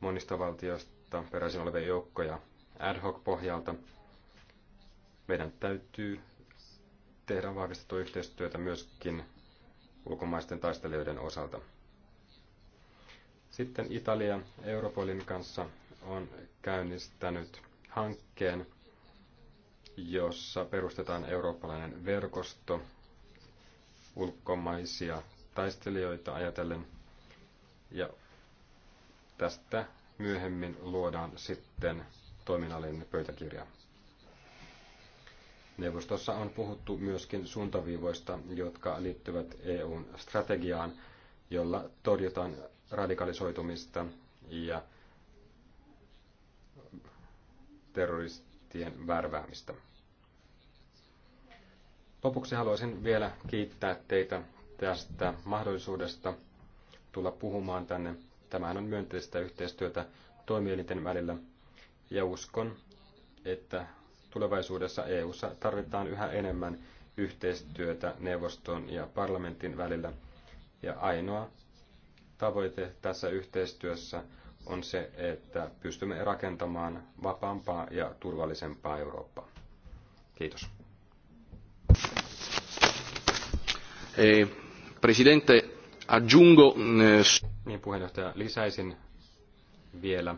monista valtioista peräisin olevia joukkoja ad hoc pohjalta. Meidän täytyy tehdä vahvistettua yhteistyötä myöskin ulkomaisten taistelijoiden osalta. Sitten Italia Europolin kanssa on käynnistänyt hankkeen, jossa perustetaan eurooppalainen verkosto ulkomaisia taistelijoita ajatellen – ja tästä myöhemmin luodaan sitten toiminnallinen pöytäkirja. Neuvostossa on puhuttu myöskin suuntaviivoista, jotka liittyvät EUn strategiaan, jolla torjutaan radikalisoitumista ja terroristien värväämistä. Lopuksi haluaisin vielä kiittää teitä tästä mahdollisuudesta – tulla puhumaan tänne. Tämähän on myönteistä yhteistyötä toimielinten välillä ja uskon, että tulevaisuudessa EU:ssa tarvitaan yhä enemmän yhteistyötä neuvoston ja parlamentin välillä. Ja ainoa tavoite tässä yhteistyössä on se, että pystymme rakentamaan vapaampaa ja turvallisempaa Eurooppaa. Kiitos. Eh, Presidente, Aggiungo... Mm, eh, niin puheenjohtaja, lisäisin vielä,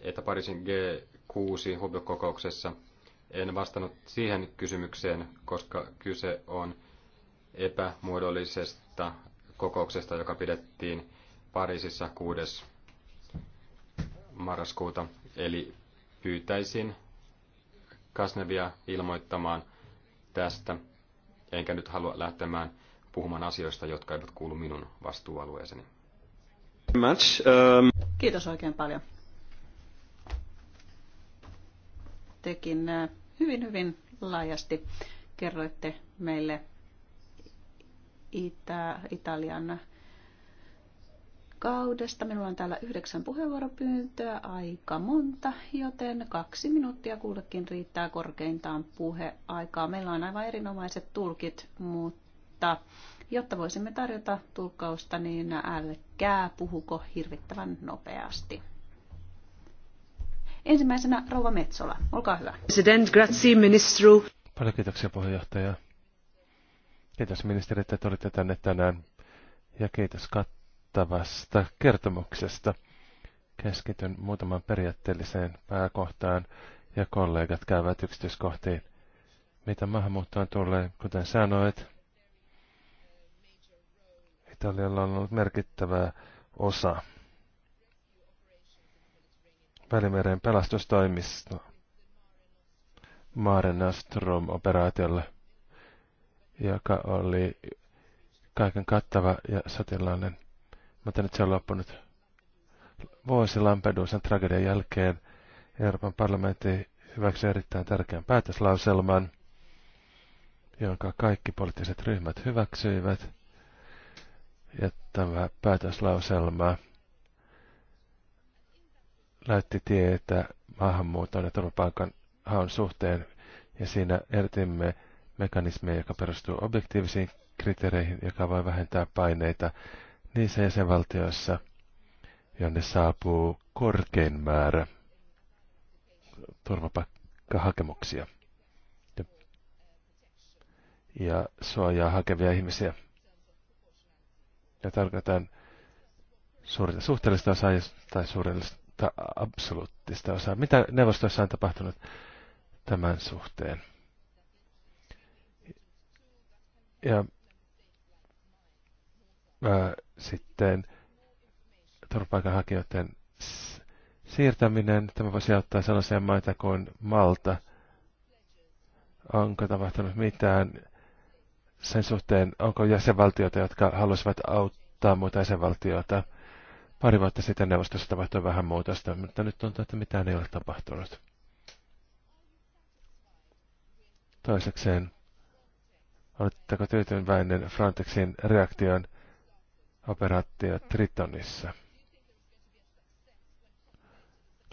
että Pariisin G6 hubiokokouksessa en vastannut siihen kysymykseen, koska kyse on epämuodollisesta kokouksesta, joka pidettiin Pariisissa 6. marraskuuta. Eli pyytäisin Kasnevia ilmoittamaan tästä, enkä nyt halua lähtemään puhumaan asioista, jotka eivät kuulu minun vastuualueeseeni. Um, Kiitos oikein paljon. Tekin äh, hyvin, hyvin laajasti kerroitte meille Itä, Italian kaudesta. Minulla on täällä yhdeksän puheenvuoropyyntöä, aika monta, joten kaksi minuuttia kullekin riittää korkeintaan puheaikaa. Meillä on aivan erinomaiset tulkit, mutta mutta jotta voisimme tarjota tulkkausta, niin älkää puhuko hirvittävän nopeasti. Ensimmäisenä Rouva Metsola, olkaa hyvä. President, grazie, ministru. Paljon kiitoksia puheenjohtaja. Kiitos ministeri, että tulitte tänne tänään ja kiitos kattavasta kertomuksesta. Keskityn muutaman periaatteelliseen pääkohtaan ja kollegat käyvät yksityiskohtiin. Mitä maahanmuuttoon tulee, kuten sanoit, Italialla on ollut merkittävä osa Välimeren pelastustoimista Mare Nostrum-operaatiolle, joka oli kaiken kattava ja sotilainen. Mutta nyt se on loppunut vuosi Lampedusan tragedian jälkeen. Euroopan parlamentti hyväksyi erittäin tärkeän päätöslauselman, jonka kaikki poliittiset ryhmät hyväksyivät – ja tämä päätöslauselma lähti tietä maahanmuuton ja turvapaikan haun suhteen, ja siinä eritimme mekanismeja, joka perustuu objektiivisiin kriteereihin, joka voi vähentää paineita niissä jäsenvaltioissa, jonne saapuu korkein määrä turvapaikkahakemuksia ja suojaa hakevia ihmisiä. Ja tarkoitan suurta suhteellista osaa tai suurellista absoluuttista osaa. Mitä neuvostossa on tapahtunut tämän suhteen? Ja ää, sitten turvapaikanhakijoiden siirtäminen. Tämä voisi auttaa sellaisia maita kuin Malta. Onko tapahtunut mitään sen suhteen, onko jäsenvaltioita, jotka haluaisivat auttaa muita jäsenvaltioita. Pari vuotta sitten neuvostossa tapahtui vähän muutosta, mutta nyt tuntuu, että mitään ei ole tapahtunut. Toisekseen, oletteko tyytyväinen Frontexin reaktion operaatio Tritonissa?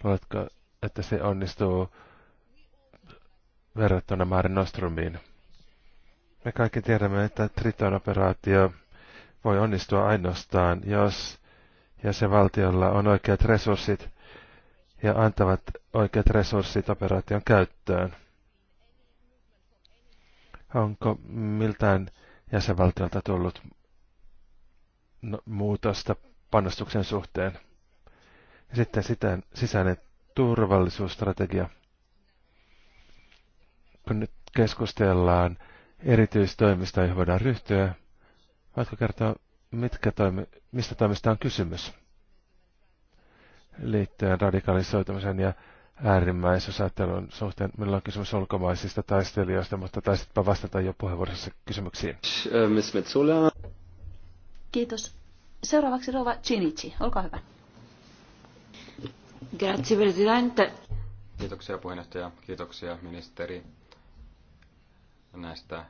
Luuletko, että se onnistuu verrattuna Maaren Nostrumiin? Me kaikki tiedämme, että Triton-operaatio voi onnistua ainoastaan, jos jäsenvaltiolla on oikeat resurssit ja antavat oikeat resurssit operaation käyttöön. Onko miltään jäsenvaltiolta tullut no, muutosta panostuksen suhteen? Ja sitten siten sisäinen turvallisuusstrategia. Kun nyt keskustellaan erityistoimista, joihin voidaan ryhtyä. Voitko kertoa, mitkä toimi, mistä toimista on kysymys liittyen radikalisoitumisen ja äärimmäisosaattelun suhteen? Meillä on kysymys ulkomaisista taistelijoista, mutta taisitpa vastata jo puheenvuorossa kysymyksiin. Äh, Kiitos. Seuraavaksi Rova Chinichi, olkaa hyvä. Grazie, Presidente. Kiitoksia puheenjohtaja, kiitoksia ministeri näistä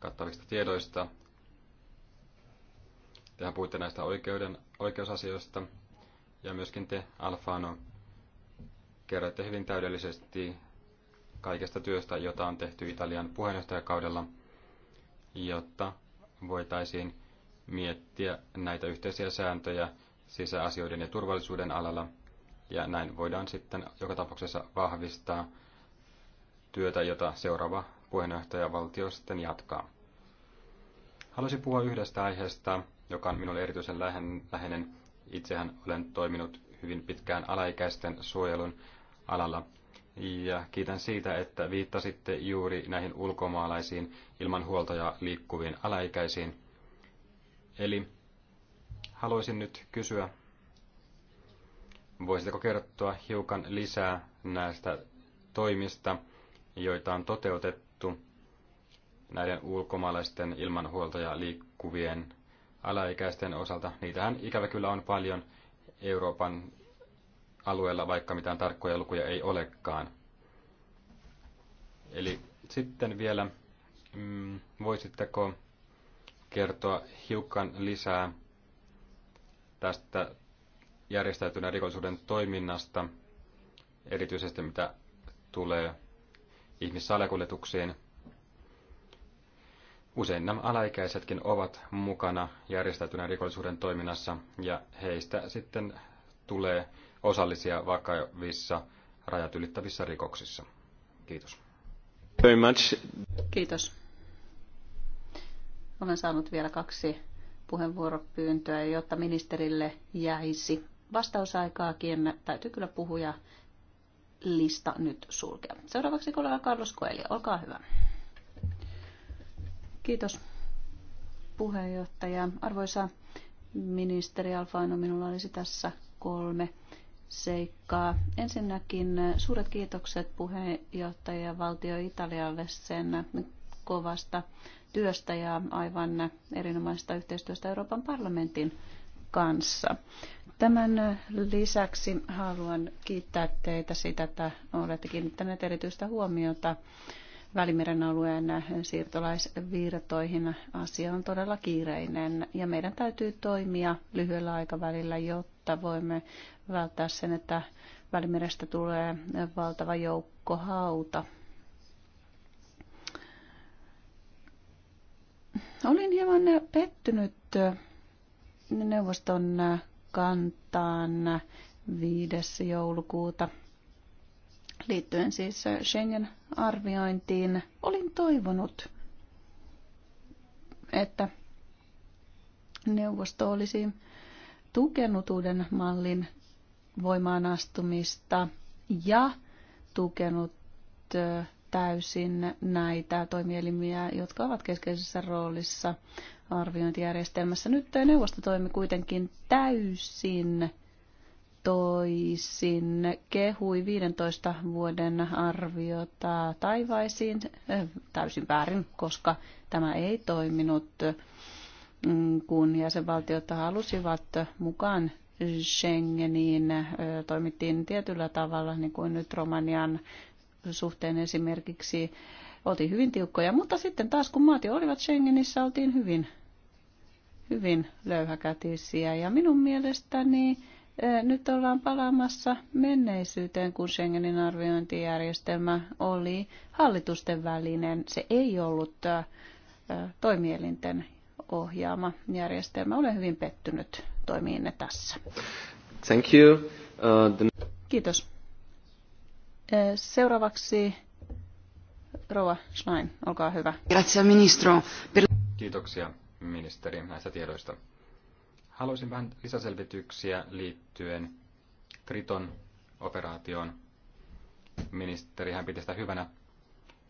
kattavista tiedoista. Tehän puhuitte näistä oikeuden, oikeusasioista ja myöskin te, Alfano, kerroitte hyvin täydellisesti kaikesta työstä, jota on tehty Italian puheenjohtajakaudella, jotta voitaisiin miettiä näitä yhteisiä sääntöjä sisäasioiden ja turvallisuuden alalla, ja näin voidaan sitten joka tapauksessa vahvistaa työtä, jota seuraava puheenjohtajavaltio sitten jatkaa. Haluaisin puhua yhdestä aiheesta, joka on minulle erityisen läheinen. Itsehän olen toiminut hyvin pitkään alaikäisten suojelun alalla. Ja kiitän siitä, että viittasitte juuri näihin ulkomaalaisiin ilman huoltoja liikkuviin alaikäisiin. Eli haluaisin nyt kysyä, voisitteko kertoa hiukan lisää näistä toimista, joita on toteutettu? katettu näiden ulkomaalaisten ilmanhuoltoja liikkuvien alaikäisten osalta. Niitähän ikävä kyllä on paljon Euroopan alueella, vaikka mitään tarkkoja lukuja ei olekaan. Eli sitten vielä, mm, voisitteko kertoa hiukan lisää tästä järjestäytyneen rikollisuuden toiminnasta, erityisesti mitä tulee ihmissalakuljetuksiin. Usein nämä alaikäisetkin ovat mukana järjestäytyneen rikollisuuden toiminnassa ja heistä sitten tulee osallisia vakavissa rajat ylittävissä rikoksissa. Kiitos. Very much. Kiitos. Olen saanut vielä kaksi puheenvuoropyyntöä, jotta ministerille jäisi vastausaikaakin. Täytyy kyllä puhuja lista nyt sulkea. Seuraavaksi kollega Carlos Koeli, olkaa hyvä. Kiitos puheenjohtaja. Arvoisa ministeri Alfaino, minulla olisi tässä kolme seikkaa. Ensinnäkin suuret kiitokset puheenjohtaja valtio Italialle sen kovasta työstä ja aivan erinomaisesta yhteistyöstä Euroopan parlamentin kanssa. Tämän lisäksi haluan kiittää teitä siitä, että olette kiinnittäneet erityistä huomiota Välimeren alueen siirtolaisvirtoihin. Asia on todella kiireinen ja meidän täytyy toimia lyhyellä aikavälillä, jotta voimme välttää sen, että Välimerestä tulee valtava joukko hauta. Olin hieman pettynyt neuvoston kantaan 5. joulukuuta liittyen siis Schengen-arviointiin. Olin toivonut, että neuvosto olisi tukenut uuden mallin voimaan astumista ja tukenut täysin näitä toimielimiä, jotka ovat keskeisessä roolissa arviointijärjestelmässä. Nyt neuvosto toimi kuitenkin täysin toisin, kehui 15 vuoden arviota taivaisiin eh, täysin väärin, koska tämä ei toiminut, mm, kun jäsenvaltiot halusivat mukaan Schengeniin. Eh, toimittiin tietyllä tavalla, niin kuin nyt Romanian suhteen esimerkiksi eh, oltiin hyvin tiukkoja, mutta sitten taas kun maat jo olivat Schengenissä, oltiin hyvin hyvin löyhäkätisiä. Ja minun mielestäni eh, nyt ollaan palaamassa menneisyyteen, kun Schengenin arviointijärjestelmä oli hallitusten välinen. Se ei ollut eh, toimielinten ohjaama järjestelmä. Olen hyvin pettynyt toimiinne tässä. Thank you. Uh, the... Kiitos. Eh, seuraavaksi Rova Schlein, olkaa hyvä. Grazie, ministro. Kiitoksia ministeri näistä tiedoista. Haluaisin vähän lisäselvityksiä liittyen Triton operaatioon. Ministeri hän piti sitä hyvänä.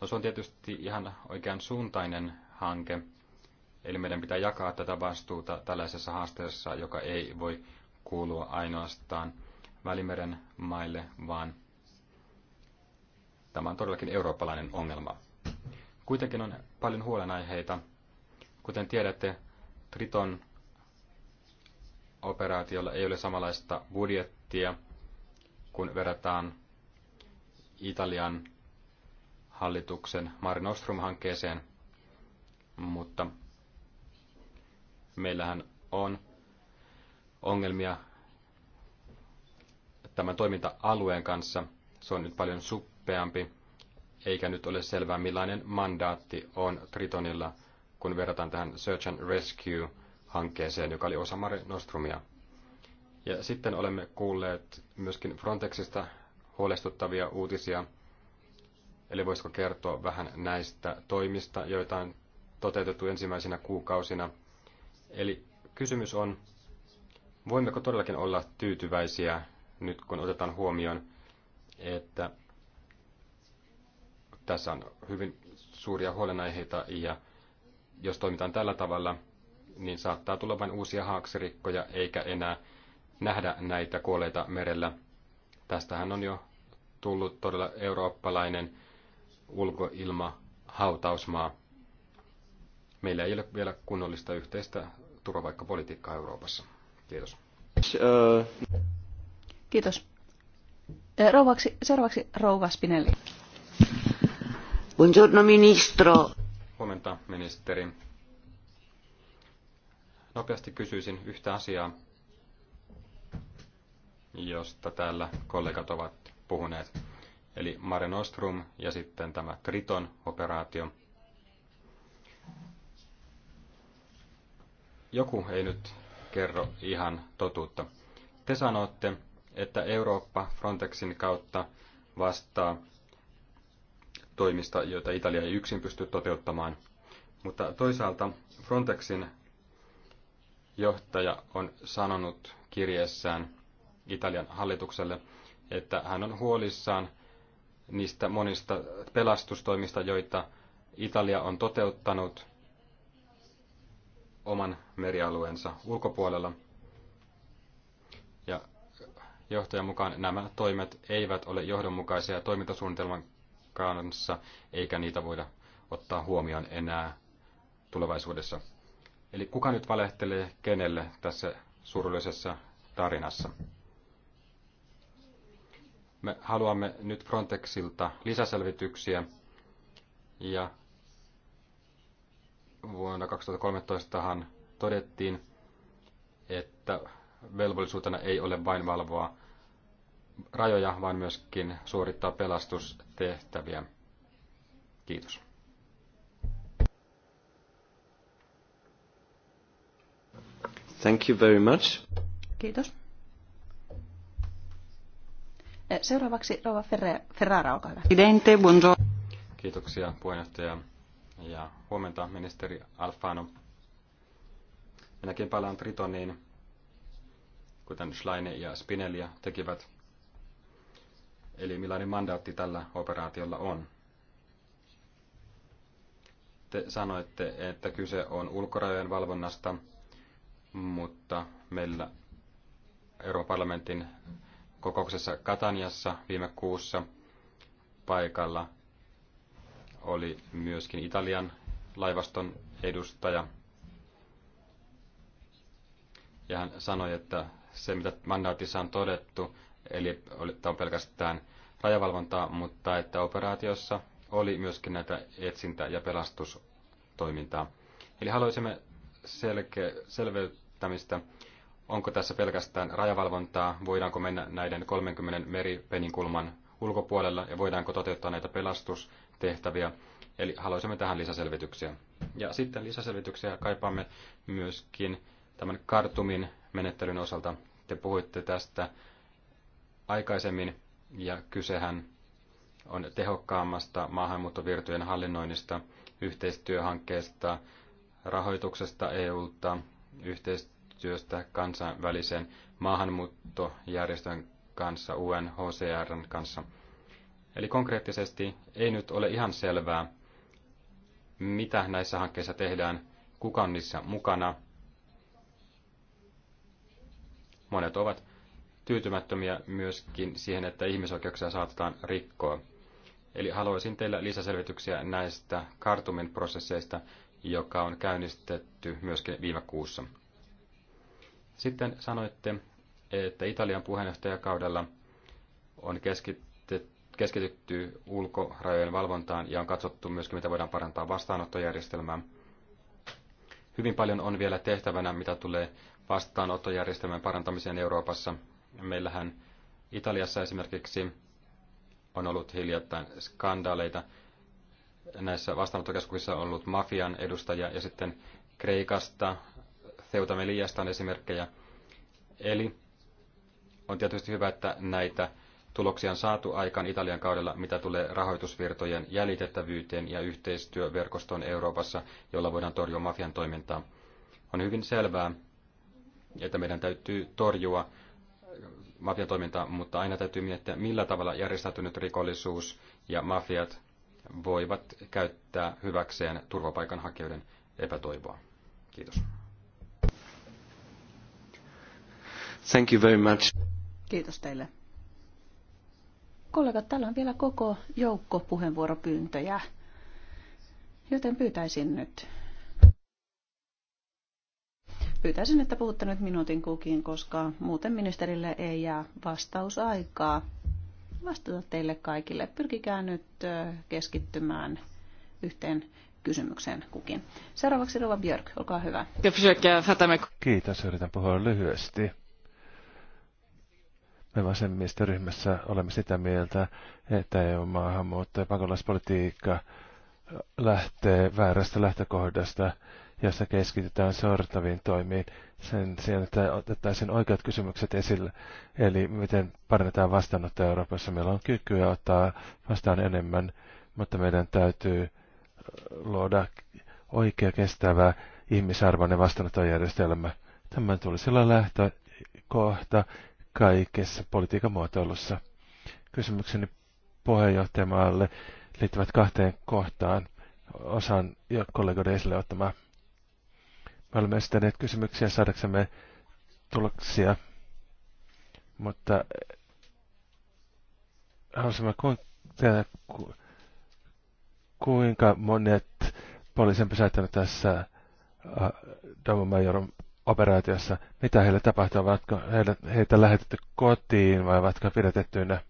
No se on tietysti ihan oikean suuntainen hanke, eli meidän pitää jakaa tätä vastuuta tällaisessa haasteessa, joka ei voi kuulua ainoastaan Välimeren maille, vaan tämä on todellakin eurooppalainen ongelma. Kuitenkin on paljon huolenaiheita Kuten tiedätte, Triton operaatiolla ei ole samanlaista budjettia, kun verrataan Italian hallituksen Mari Nostrum-hankkeeseen, mutta meillähän on ongelmia tämän toiminta-alueen kanssa. Se on nyt paljon suppeampi, eikä nyt ole selvää millainen mandaatti on Tritonilla – kun verrataan tähän Search and Rescue-hankkeeseen, joka oli osa Mare Nostrumia. Ja sitten olemme kuulleet myöskin Frontexista huolestuttavia uutisia. Eli voisiko kertoa vähän näistä toimista, joita on toteutettu ensimmäisinä kuukausina. Eli kysymys on, voimmeko todellakin olla tyytyväisiä nyt kun otetaan huomioon, että tässä on hyvin suuria huolenaiheita ja jos toimitaan tällä tavalla, niin saattaa tulla vain uusia haaksirikkoja, eikä enää nähdä näitä kuoleita merellä. Tästähän on jo tullut todella eurooppalainen ulkoilma hautausmaa. Meillä ei ole vielä kunnollista yhteistä turvapaikkapolitiikkaa Euroopassa. Kiitos. Kiitos. Eh, rouvaksi, seuraavaksi rouva Spinelli. Buongiorno ministro. Huomenta, ministeri. Nopeasti kysyisin yhtä asiaa, josta täällä kollegat ovat puhuneet. Eli Mare Nostrum ja sitten tämä Triton-operaatio. Joku ei nyt kerro ihan totuutta. Te sanotte, että Eurooppa Frontexin kautta vastaa toimista, joita Italia ei yksin pysty toteuttamaan. Mutta toisaalta Frontexin johtaja on sanonut kirjeessään Italian hallitukselle, että hän on huolissaan niistä monista pelastustoimista, joita Italia on toteuttanut oman merialueensa ulkopuolella. Ja johtajan mukaan nämä toimet eivät ole johdonmukaisia toimintasuunnitelman kanssa, eikä niitä voida ottaa huomioon enää tulevaisuudessa. Eli kuka nyt valehtelee kenelle tässä surullisessa tarinassa? Me haluamme nyt Frontexilta lisäselvityksiä ja vuonna 2013 todettiin, että velvollisuutena ei ole vain valvoa rajoja, vaan myöskin suorittaa pelastustehtäviä. Kiitos. Thank you very much. Kiitos. Eh, seuraavaksi Rova Ferrara, olkaa hyvä. Presidente, buongiorno. Kiitoksia puheenjohtaja ja huomenta ministeri Alfano. Minäkin palaan Tritoniin, kuten Schleine ja Spinelli tekivät eli millainen mandaatti tällä operaatiolla on. Te sanoitte, että kyse on ulkorajojen valvonnasta, mutta meillä Euroopan parlamentin kokouksessa Kataniassa viime kuussa paikalla oli myöskin Italian laivaston edustaja. Ja hän sanoi, että se mitä mandaatissa on todettu, eli tämä on pelkästään rajavalvontaa, mutta että operaatiossa oli myöskin näitä etsintä- ja pelastustoimintaa. Eli haluaisimme selke- selveyttämistä, onko tässä pelkästään rajavalvontaa, voidaanko mennä näiden 30 meripeninkulman ulkopuolella ja voidaanko toteuttaa näitä pelastustehtäviä. Eli haluaisimme tähän lisäselvityksiä. Ja sitten lisäselvityksiä kaipaamme myöskin tämän kartumin menettelyn osalta. Te puhuitte tästä aikaisemmin, ja kysehän on tehokkaammasta maahanmuuttovirtojen hallinnoinnista, yhteistyöhankkeesta, rahoituksesta EUlta, yhteistyöstä kansainvälisen maahanmuuttojärjestön kanssa, UNHCRn kanssa. Eli konkreettisesti ei nyt ole ihan selvää, mitä näissä hankkeissa tehdään, kuka on niissä mukana. Monet ovat tyytymättömiä myöskin siihen, että ihmisoikeuksia saatetaan rikkoa. Eli haluaisin teillä lisäselvityksiä näistä kartumin prosesseista, joka on käynnistetty myöskin viime kuussa. Sitten sanoitte, että Italian puheenjohtajakaudella on keskitytty ulkorajojen valvontaan ja on katsottu myöskin, mitä voidaan parantaa vastaanottojärjestelmää. Hyvin paljon on vielä tehtävänä, mitä tulee vastaanottojärjestelmän parantamiseen Euroopassa, Meillähän Italiassa esimerkiksi on ollut hiljattain skandaaleita. Näissä vastaanottokeskuksissa on ollut mafian edustajia ja sitten Kreikasta, Theutameliasta on esimerkkejä. Eli on tietysti hyvä, että näitä tuloksia on saatu aikaan Italian kaudella, mitä tulee rahoitusvirtojen jäljitettävyyteen ja yhteistyöverkostoon Euroopassa, jolla voidaan torjua mafian toimintaa. On hyvin selvää, että meidän täytyy torjua mafiatoiminta, toimintaa, mutta aina täytyy miettiä, millä tavalla järjestäytynyt rikollisuus ja mafiat voivat käyttää hyväkseen turvapaikanhakijoiden epätoivoa. Kiitos. Thank you very much. Kiitos teille. Kollegat, täällä on vielä koko joukko puheenvuoropyyntöjä, joten pyytäisin nyt Pyytäisin, että puhutte nyt minuutin kukin, koska muuten ministerille ei jää vastausaikaa vastata teille kaikille. Pyrkikää nyt keskittymään yhteen kysymykseen kukin. Seuraavaksi Rova Björk, olkaa hyvä. Kiitos, yritän puhua lyhyesti. Me vasemmistoryhmässä olemme sitä mieltä, että EU-maahanmuutto ja pakolaispolitiikka lähtee väärästä lähtökohdasta – jossa keskitytään sortaviin toimiin sen sijaan, että otettaisiin oikeat kysymykset esille. Eli miten parannetaan vastaanottoa Euroopassa. Meillä on kykyä ottaa vastaan enemmän, mutta meidän täytyy luoda oikea, kestävä, ihmisarvoinen vastaanottojärjestelmä. Tämän tulisi olla lähtökohta kaikessa politiikan muotoilussa. Kysymykseni puheenjohtajamaalle liittyvät kahteen kohtaan osan kollegoiden esille ottamaan. Me olemme esittäneet kysymyksiä saadaksemme tuloksia, mutta eh, haluaisimme tietää, kuinka monet poliisin pysäyttäneet tässä eh, Davomajoron operaatiossa, mitä heille tapahtuu, ovatko heille, heitä lähetetty kotiin vai ovatko pidätettyinä.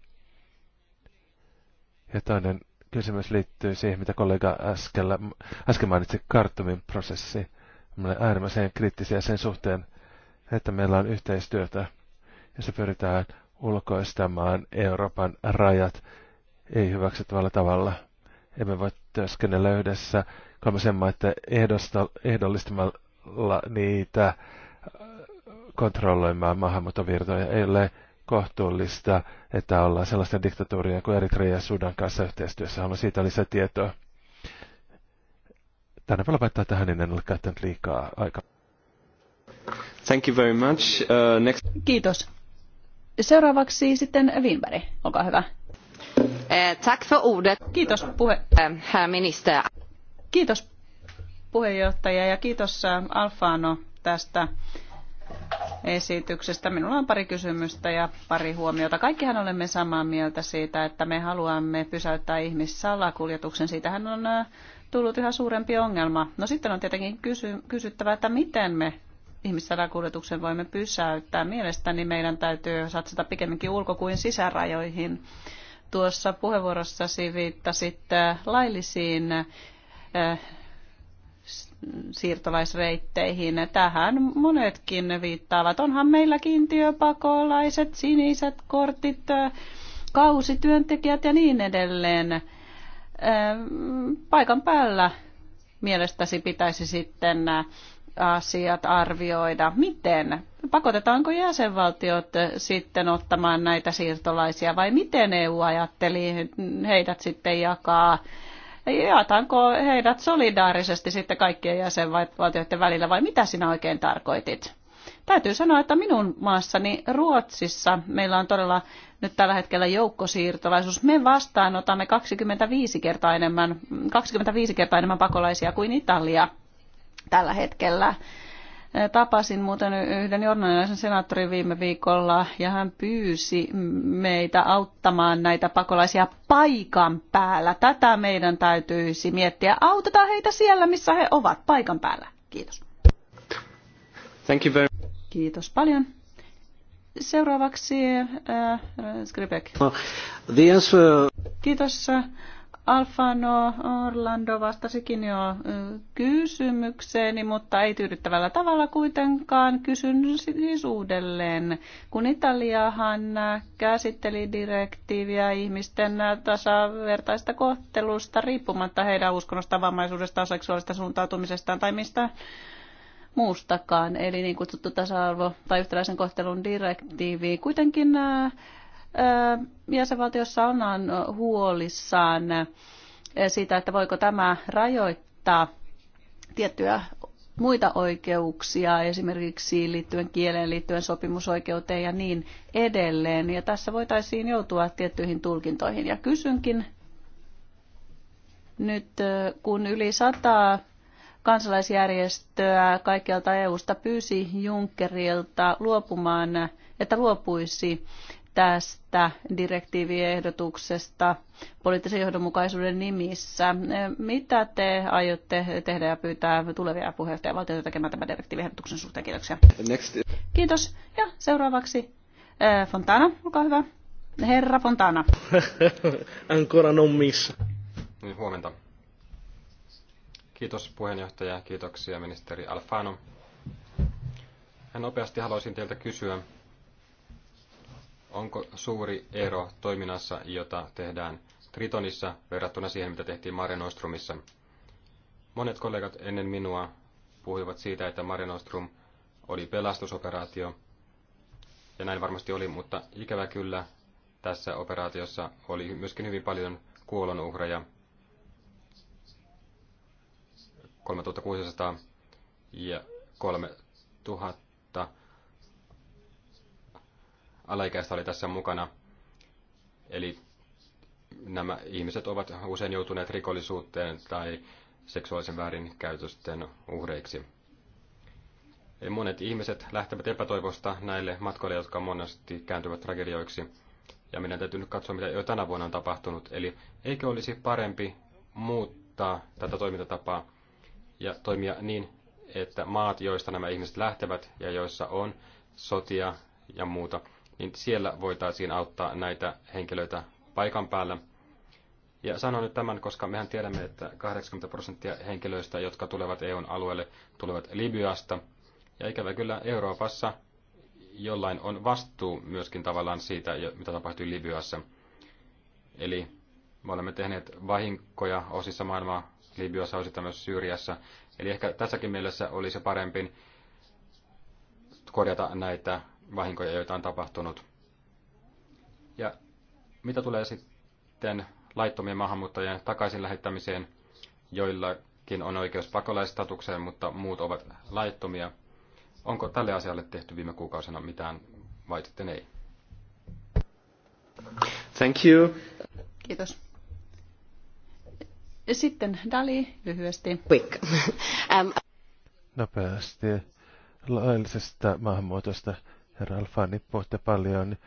Ja toinen kysymys liittyy siihen, mitä kollega äsken, äsken mainitsi Kartumin prosessi olemme äärimmäisen kriittisiä sen suhteen, että meillä on yhteistyötä, ja se pyritään ulkoistamaan Euroopan rajat ei hyväksyttävällä tavalla. Emme voi työskennellä yhdessä kolmasen maiden ehdollistamalla niitä äh, kontrolloimaan maahanmuuttovirtoja. Ei ole kohtuullista, että ollaan sellaisten diktatuurien kuin Eritrea ja Sudan kanssa yhteistyössä. Haluan siitä lisätietoa tänä voi lopettaa tähän, niin en ole käyttänyt liikaa aikaa. Thank you very much. Uh, next. Kiitos. Seuraavaksi sitten Winberg, olkaa hyvä. Eh, tack för ordet. Kiitos puhe... Eh, herr minister. Kiitos puheenjohtaja ja kiitos eh, Alfano tästä esityksestä. Minulla on pari kysymystä ja pari huomiota. Kaikkihan olemme samaa mieltä siitä, että me haluamme pysäyttää ihmissalakuljetuksen. Siitähän on äh, tullut yhä suurempi ongelma. No sitten on tietenkin kysy- kysyttävä, että miten me ihmissalakuljetuksen voimme pysäyttää. Mielestäni meidän täytyy satsata pikemminkin ulko- kuin sisärajoihin. Tuossa puheenvuorossasi viittasit laillisiin äh, siirtolaisreitteihin. Tähän monetkin viittaavat. Onhan meillä työpakolaiset, siniset kortit, kausityöntekijät ja niin edelleen. Paikan päällä mielestäsi pitäisi sitten asiat arvioida. Miten? Pakotetaanko jäsenvaltiot sitten ottamaan näitä siirtolaisia vai miten EU ajatteli heidät sitten jakaa jaetaanko heidät solidaarisesti sitten kaikkien jäsenvaltioiden välillä vai mitä sinä oikein tarkoitit? Täytyy sanoa, että minun maassani Ruotsissa meillä on todella nyt tällä hetkellä joukkosiirtolaisuus. Me vastaanotamme 25 kertaa enemmän, 25 kertaa enemmän pakolaisia kuin Italia tällä hetkellä. Tapasin muuten yhden jordanilaisen senaattorin viime viikolla ja hän pyysi meitä auttamaan näitä pakolaisia paikan päällä. Tätä meidän täytyisi miettiä. Autetaan heitä siellä, missä he ovat, paikan päällä. Kiitos. Thank you very... Kiitos paljon. Seuraavaksi äh, Skripek. The answer... Kiitos. Alfano Orlando vastasikin jo kysymykseeni, mutta ei tyydyttävällä tavalla kuitenkaan. Kysyn siis uudelleen. Kun Italiahan käsitteli direktiiviä ihmisten tasavertaista kohtelusta riippumatta heidän uskonnosta, vammaisuudestaan, seksuaalista suuntautumisestaan tai mistä muustakaan, eli niin kutsuttu tasa-arvo- tai yhtäläisen kohtelun direktiivi. Kuitenkin jäsenvaltiossa ollaan huolissaan siitä, että voiko tämä rajoittaa tiettyjä muita oikeuksia, esimerkiksi liittyen kieleen, liittyen sopimusoikeuteen ja niin edelleen. Ja tässä voitaisiin joutua tiettyihin tulkintoihin. Ja kysynkin nyt, kun yli sata kansalaisjärjestöä kaikkialta EU-sta pyysi Junckerilta luopumaan, että luopuisi tästä direktiiviehdotuksesta poliittisen johdonmukaisuuden nimissä. Mitä te aiotte tehdä ja pyytää tulevia puheenjohtajavaltioita tekemään tämän direktiiviehdotuksen suhteen? Kiitoksia. Next. Kiitos. Ja seuraavaksi eh, Fontana, olkaa hyvä. Herra Fontana. [LAUGHS] Ancora non miss. Niin, huomenta. Kiitos puheenjohtaja, kiitoksia ministeri Alfano. Hän nopeasti haluaisin teiltä kysyä, Onko suuri ero toiminnassa, jota tehdään Tritonissa verrattuna siihen, mitä tehtiin Mare Nostrumissa? Monet kollegat ennen minua puhuivat siitä, että Mare Nostrum oli pelastusoperaatio, ja näin varmasti oli, mutta ikävä kyllä tässä operaatiossa oli myöskin hyvin paljon kuolonuhreja, 3600 ja 3000 alaikäistä oli tässä mukana. Eli nämä ihmiset ovat usein joutuneet rikollisuuteen tai seksuaalisen väärinkäytösten uhreiksi. Eli monet ihmiset lähtevät epätoivosta näille matkoille, jotka monesti kääntyvät tragedioiksi. Ja meidän täytyy nyt katsoa, mitä jo tänä vuonna on tapahtunut. Eli eikö olisi parempi muuttaa tätä toimintatapaa ja toimia niin, että maat, joista nämä ihmiset lähtevät ja joissa on sotia ja muuta, niin siellä voitaisiin auttaa näitä henkilöitä paikan päällä. Ja sanon nyt tämän, koska mehän tiedämme, että 80 prosenttia henkilöistä, jotka tulevat EUn alueelle, tulevat Libyasta. Ja ikävä kyllä Euroopassa jollain on vastuu myöskin tavallaan siitä, mitä tapahtui Libyassa. Eli me olemme tehneet vahinkoja osissa maailmaa, Libyassa, osittain myös Syyriassa. Eli ehkä tässäkin mielessä olisi parempi korjata näitä vahinkoja, joita on tapahtunut. Ja mitä tulee sitten laittomien maahanmuuttajien takaisin lähettämiseen, joillakin on oikeus pakolaistatukseen, mutta muut ovat laittomia. Onko tälle asialle tehty viime kuukausina mitään vai sitten ei? Thank you. Kiitos. Sitten Dali lyhyesti. Quick. [LAUGHS] um... Nopeasti laillisesta maahanmuutosta Herra Alfani, puhutte paljon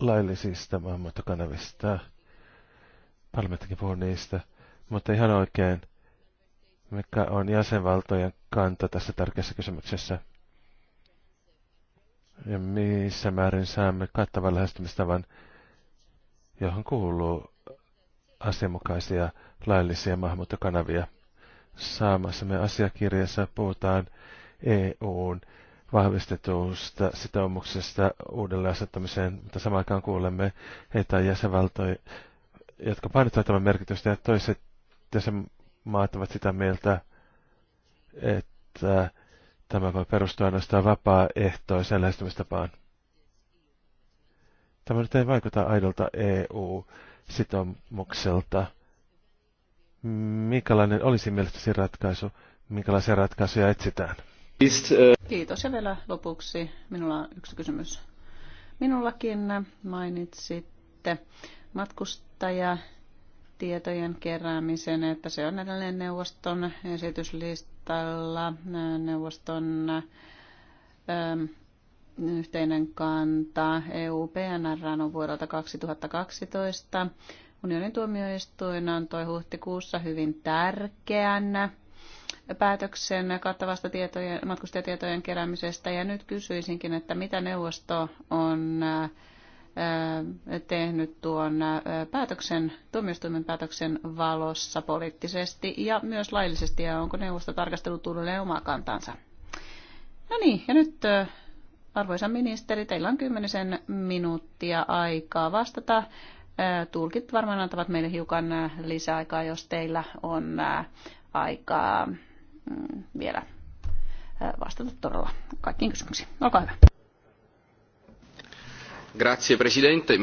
laillisista maahanmuuttokanavista. Palmettikin puhuu niistä. Mutta ihan oikein, mikä on jäsenvaltojen kanta tässä tärkeässä kysymyksessä? Ja missä määrin saamme kattavan lähestymistavan, johon kuuluu asianmukaisia laillisia maahanmuuttokanavia. Saamassamme asiakirjassa puhutaan EUn vahvistetusta sitoumuksesta uudelleen asettamiseen, mutta samaan aikaan kuulemme heitä jäsenvaltoja, jotka painottavat tämän merkitystä, ja toiset jäsenmaat ovat sitä mieltä, että tämä voi perustua ainoastaan vapaaehtoiseen lähestymistapaan. Tämä nyt ei vaikuta aidolta EU-sitomukselta. Minkälainen olisi mielestäsi ratkaisu? Minkälaisia ratkaisuja etsitään? Äh, Kiitos ja vielä lopuksi. Minulla on yksi kysymys. Minullakin mainitsitte matkustajatietojen keräämisen, että se on edelleen neuvoston esityslistalla, äh, neuvoston ähm, yhteinen kanta EU-PNR on vuodelta 2012. Unionin tuomioistuin antoi huhtikuussa hyvin tärkeänä päätöksen kattavasta tietojen, matkustajatietojen keräämisestä. Ja nyt kysyisinkin, että mitä neuvosto on äh, tehnyt tuon äh, päätöksen, tuomioistuimen päätöksen valossa poliittisesti ja myös laillisesti, ja onko neuvosto tarkastellut uudelleen omaa kantansa. No niin, ja nyt äh, arvoisa ministeri, teillä on kymmenisen minuuttia aikaa vastata. Tulkit varmaan antavat meille hiukan lisäaikaa, jos teillä on aikaa Mm, vielä vastata todella kaikkiin kysymyksiin. Olkaa hyvä. Grazie, presidente.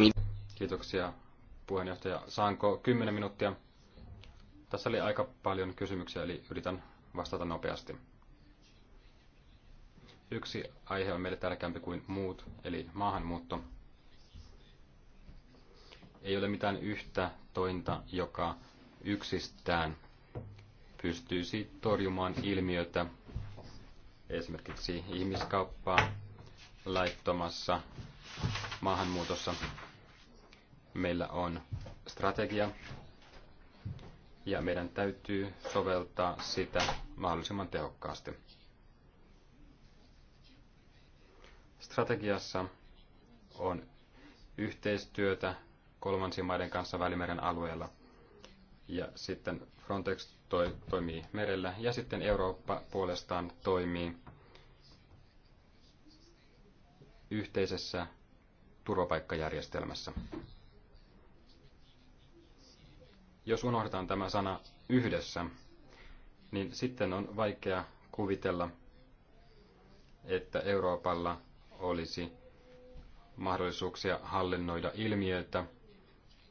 Kiitoksia, puheenjohtaja. Saanko 10 minuuttia? Tässä oli aika paljon kysymyksiä, eli yritän vastata nopeasti. Yksi aihe on meille tärkeämpi kuin muut, eli maahanmuutto. Ei ole mitään yhtä tointa, joka yksistään pystyisi torjumaan ilmiötä, esimerkiksi ihmiskauppaa laittomassa maahanmuutossa. Meillä on strategia ja meidän täytyy soveltaa sitä mahdollisimman tehokkaasti. Strategiassa on yhteistyötä kolmansien maiden kanssa Välimeren alueella. Ja sitten Frontex toi, toimii merellä ja sitten Eurooppa puolestaan toimii yhteisessä turvapaikkajärjestelmässä. Jos unohdetaan tämä sana yhdessä, niin sitten on vaikea kuvitella, että Euroopalla olisi mahdollisuuksia hallinnoida ilmiötä,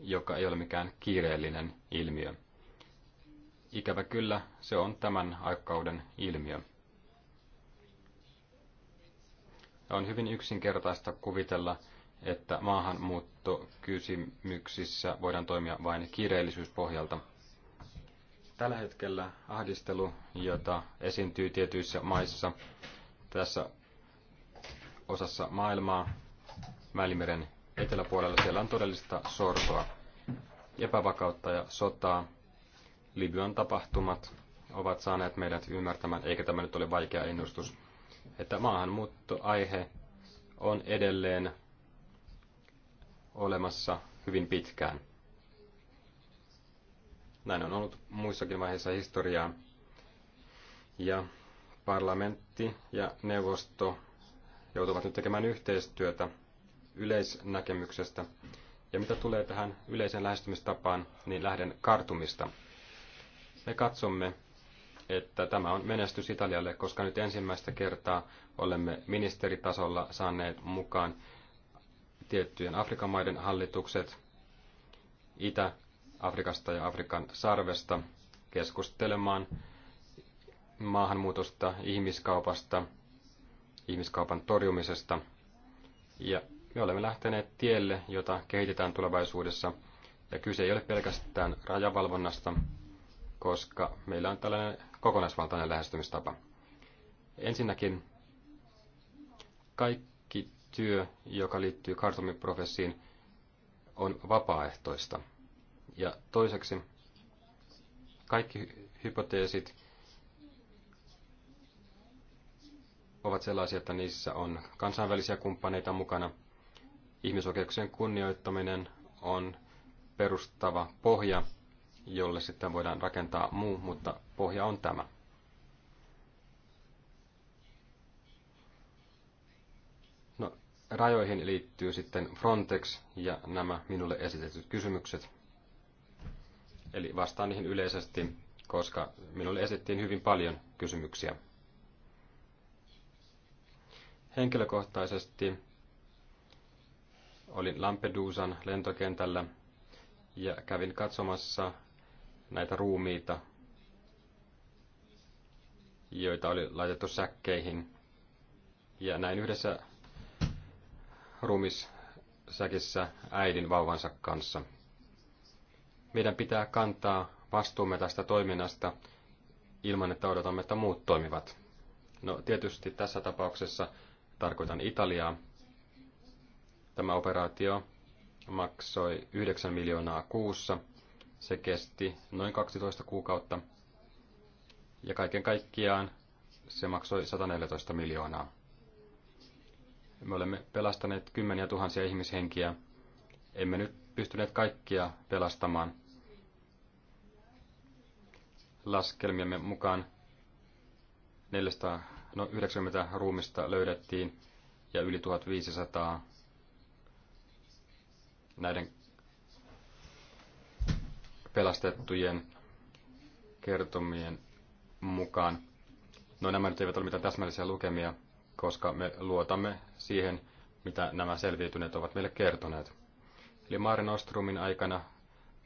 joka ei ole mikään kiireellinen ilmiö. Ikävä kyllä, se on tämän aikakauden ilmiö. On hyvin yksinkertaista kuvitella, että maahanmuuttokysymyksissä voidaan toimia vain kiireellisyyspohjalta. Tällä hetkellä ahdistelu, jota esiintyy tietyissä maissa tässä osassa maailmaa, Välimeren eteläpuolella, siellä on todellista sortoa, epävakautta ja sotaa, Libyan tapahtumat ovat saaneet meidät ymmärtämään, eikä tämä nyt ole vaikea ennustus, että maahanmuuttoaihe on edelleen olemassa hyvin pitkään. Näin on ollut muissakin vaiheissa historiaa. Ja parlamentti ja neuvosto joutuvat nyt tekemään yhteistyötä yleisnäkemyksestä. Ja mitä tulee tähän yleiseen lähestymistapaan, niin lähden kartumista. Me katsomme, että tämä on menestys Italialle, koska nyt ensimmäistä kertaa olemme ministeritasolla saaneet mukaan tiettyjen Afrikan maiden hallitukset Itä-Afrikasta ja Afrikan sarvesta keskustelemaan maahanmuutosta, ihmiskaupasta, ihmiskaupan torjumisesta. Ja me olemme lähteneet tielle, jota kehitetään tulevaisuudessa. Ja kyse ei ole pelkästään rajavalvonnasta, koska meillä on tällainen kokonaisvaltainen lähestymistapa. Ensinnäkin kaikki työ, joka liittyy kartomin professiin, on vapaaehtoista. Ja toiseksi kaikki hypoteesit ovat sellaisia, että niissä on kansainvälisiä kumppaneita mukana. Ihmisoikeuksien kunnioittaminen on perustava pohja jolle sitten voidaan rakentaa muu, mutta pohja on tämä. No, rajoihin liittyy sitten Frontex ja nämä minulle esitetyt kysymykset. Eli vastaan niihin yleisesti, koska minulle esitettiin hyvin paljon kysymyksiä. Henkilökohtaisesti olin Lampedusan lentokentällä ja kävin katsomassa näitä ruumiita, joita oli laitettu säkkeihin. Ja näin yhdessä ruumissäkissä äidin vauvansa kanssa. Meidän pitää kantaa vastuumme tästä toiminnasta ilman, että odotamme, että muut toimivat. No tietysti tässä tapauksessa tarkoitan Italiaa. Tämä operaatio maksoi 9 miljoonaa kuussa – se kesti noin 12 kuukautta ja kaiken kaikkiaan se maksoi 114 miljoonaa. Me olemme pelastaneet kymmeniä tuhansia ihmishenkiä. Emme nyt pystyneet kaikkia pelastamaan. Laskelmiemme mukaan 490 no ruumista löydettiin ja yli 1500 näiden pelastettujen kertomien mukaan. No nämä nyt eivät ole mitään täsmällisiä lukemia, koska me luotamme siihen, mitä nämä selviytyneet ovat meille kertoneet. Eli Maaren Ostrumin aikana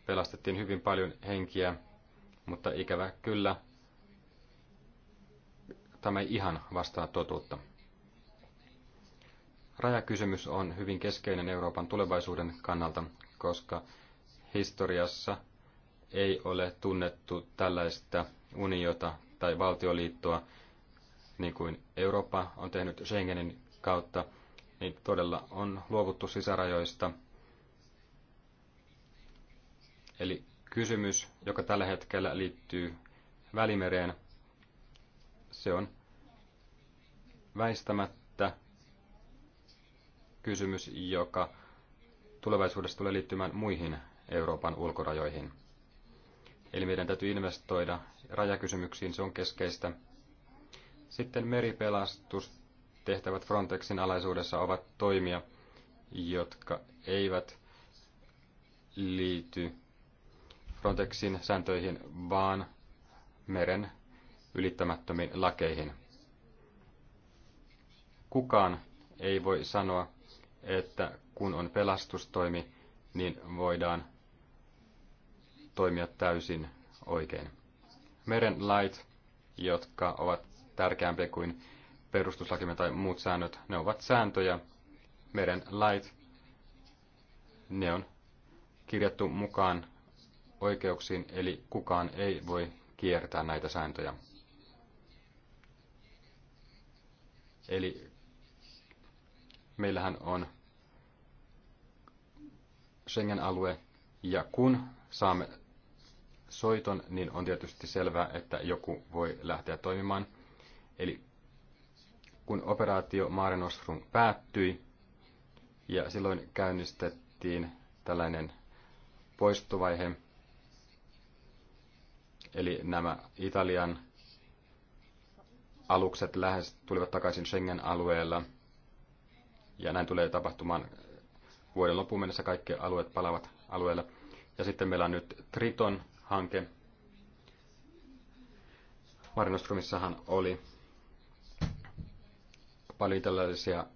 pelastettiin hyvin paljon henkiä, mutta ikävä kyllä tämä ei ihan vastaa totuutta. Rajakysymys on hyvin keskeinen Euroopan tulevaisuuden kannalta, koska historiassa – ei ole tunnettu tällaista uniota tai valtioliittoa, niin kuin Eurooppa on tehnyt Schengenin kautta, niin todella on luovuttu sisärajoista. Eli kysymys, joka tällä hetkellä liittyy Välimereen, se on väistämättä kysymys, joka tulevaisuudessa tulee liittymään muihin Euroopan ulkorajoihin. Eli meidän täytyy investoida rajakysymyksiin, se on keskeistä. Sitten meripelastustehtävät Frontexin alaisuudessa ovat toimia, jotka eivät liity Frontexin sääntöihin, vaan meren ylittämättömiin lakeihin. Kukaan ei voi sanoa, että kun on pelastustoimi, niin voidaan toimia täysin oikein. Meren lait, jotka ovat tärkeämpiä kuin perustuslakimme tai muut säännöt, ne ovat sääntöjä. Meren lait, ne on kirjattu mukaan oikeuksiin, eli kukaan ei voi kiertää näitä sääntöjä. Eli meillähän on Schengen-alue, ja kun saamme soiton, niin on tietysti selvää, että joku voi lähteä toimimaan. Eli kun operaatio Mare Nostrum päättyi, ja silloin käynnistettiin tällainen poistuvaihe, eli nämä Italian alukset lähes tulivat takaisin Schengen-alueella, ja näin tulee tapahtumaan vuoden loppuun mennessä kaikki alueet palavat alueella. Ja sitten meillä on nyt Triton hanke. Marinostrumissahan oli paljon tällaisia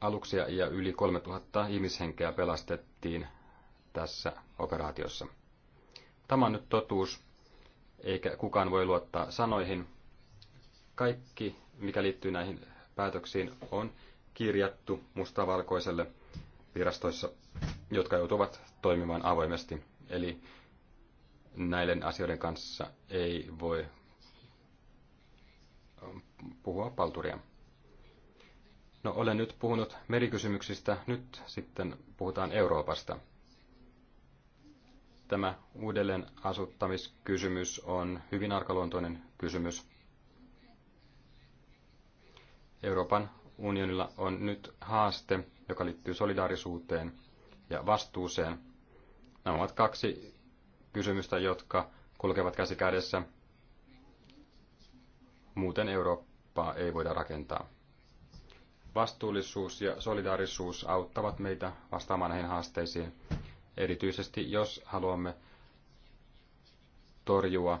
aluksia ja yli 3000 ihmishenkeä pelastettiin tässä operaatiossa. Tämä on nyt totuus, eikä kukaan voi luottaa sanoihin. Kaikki, mikä liittyy näihin päätöksiin, on kirjattu mustavalkoiselle virastoissa, jotka joutuvat toimimaan avoimesti. Eli näiden asioiden kanssa ei voi puhua palturia. No olen nyt puhunut merikysymyksistä, nyt sitten puhutaan Euroopasta. Tämä uudelleen asuttamiskysymys on hyvin arkaluontoinen kysymys. Euroopan unionilla on nyt haaste, joka liittyy solidaarisuuteen ja vastuuseen – Nämä ovat kaksi kysymystä, jotka kulkevat käsi kädessä. Muuten Eurooppaa ei voida rakentaa. Vastuullisuus ja solidaarisuus auttavat meitä vastaamaan näihin haasteisiin, erityisesti jos haluamme torjua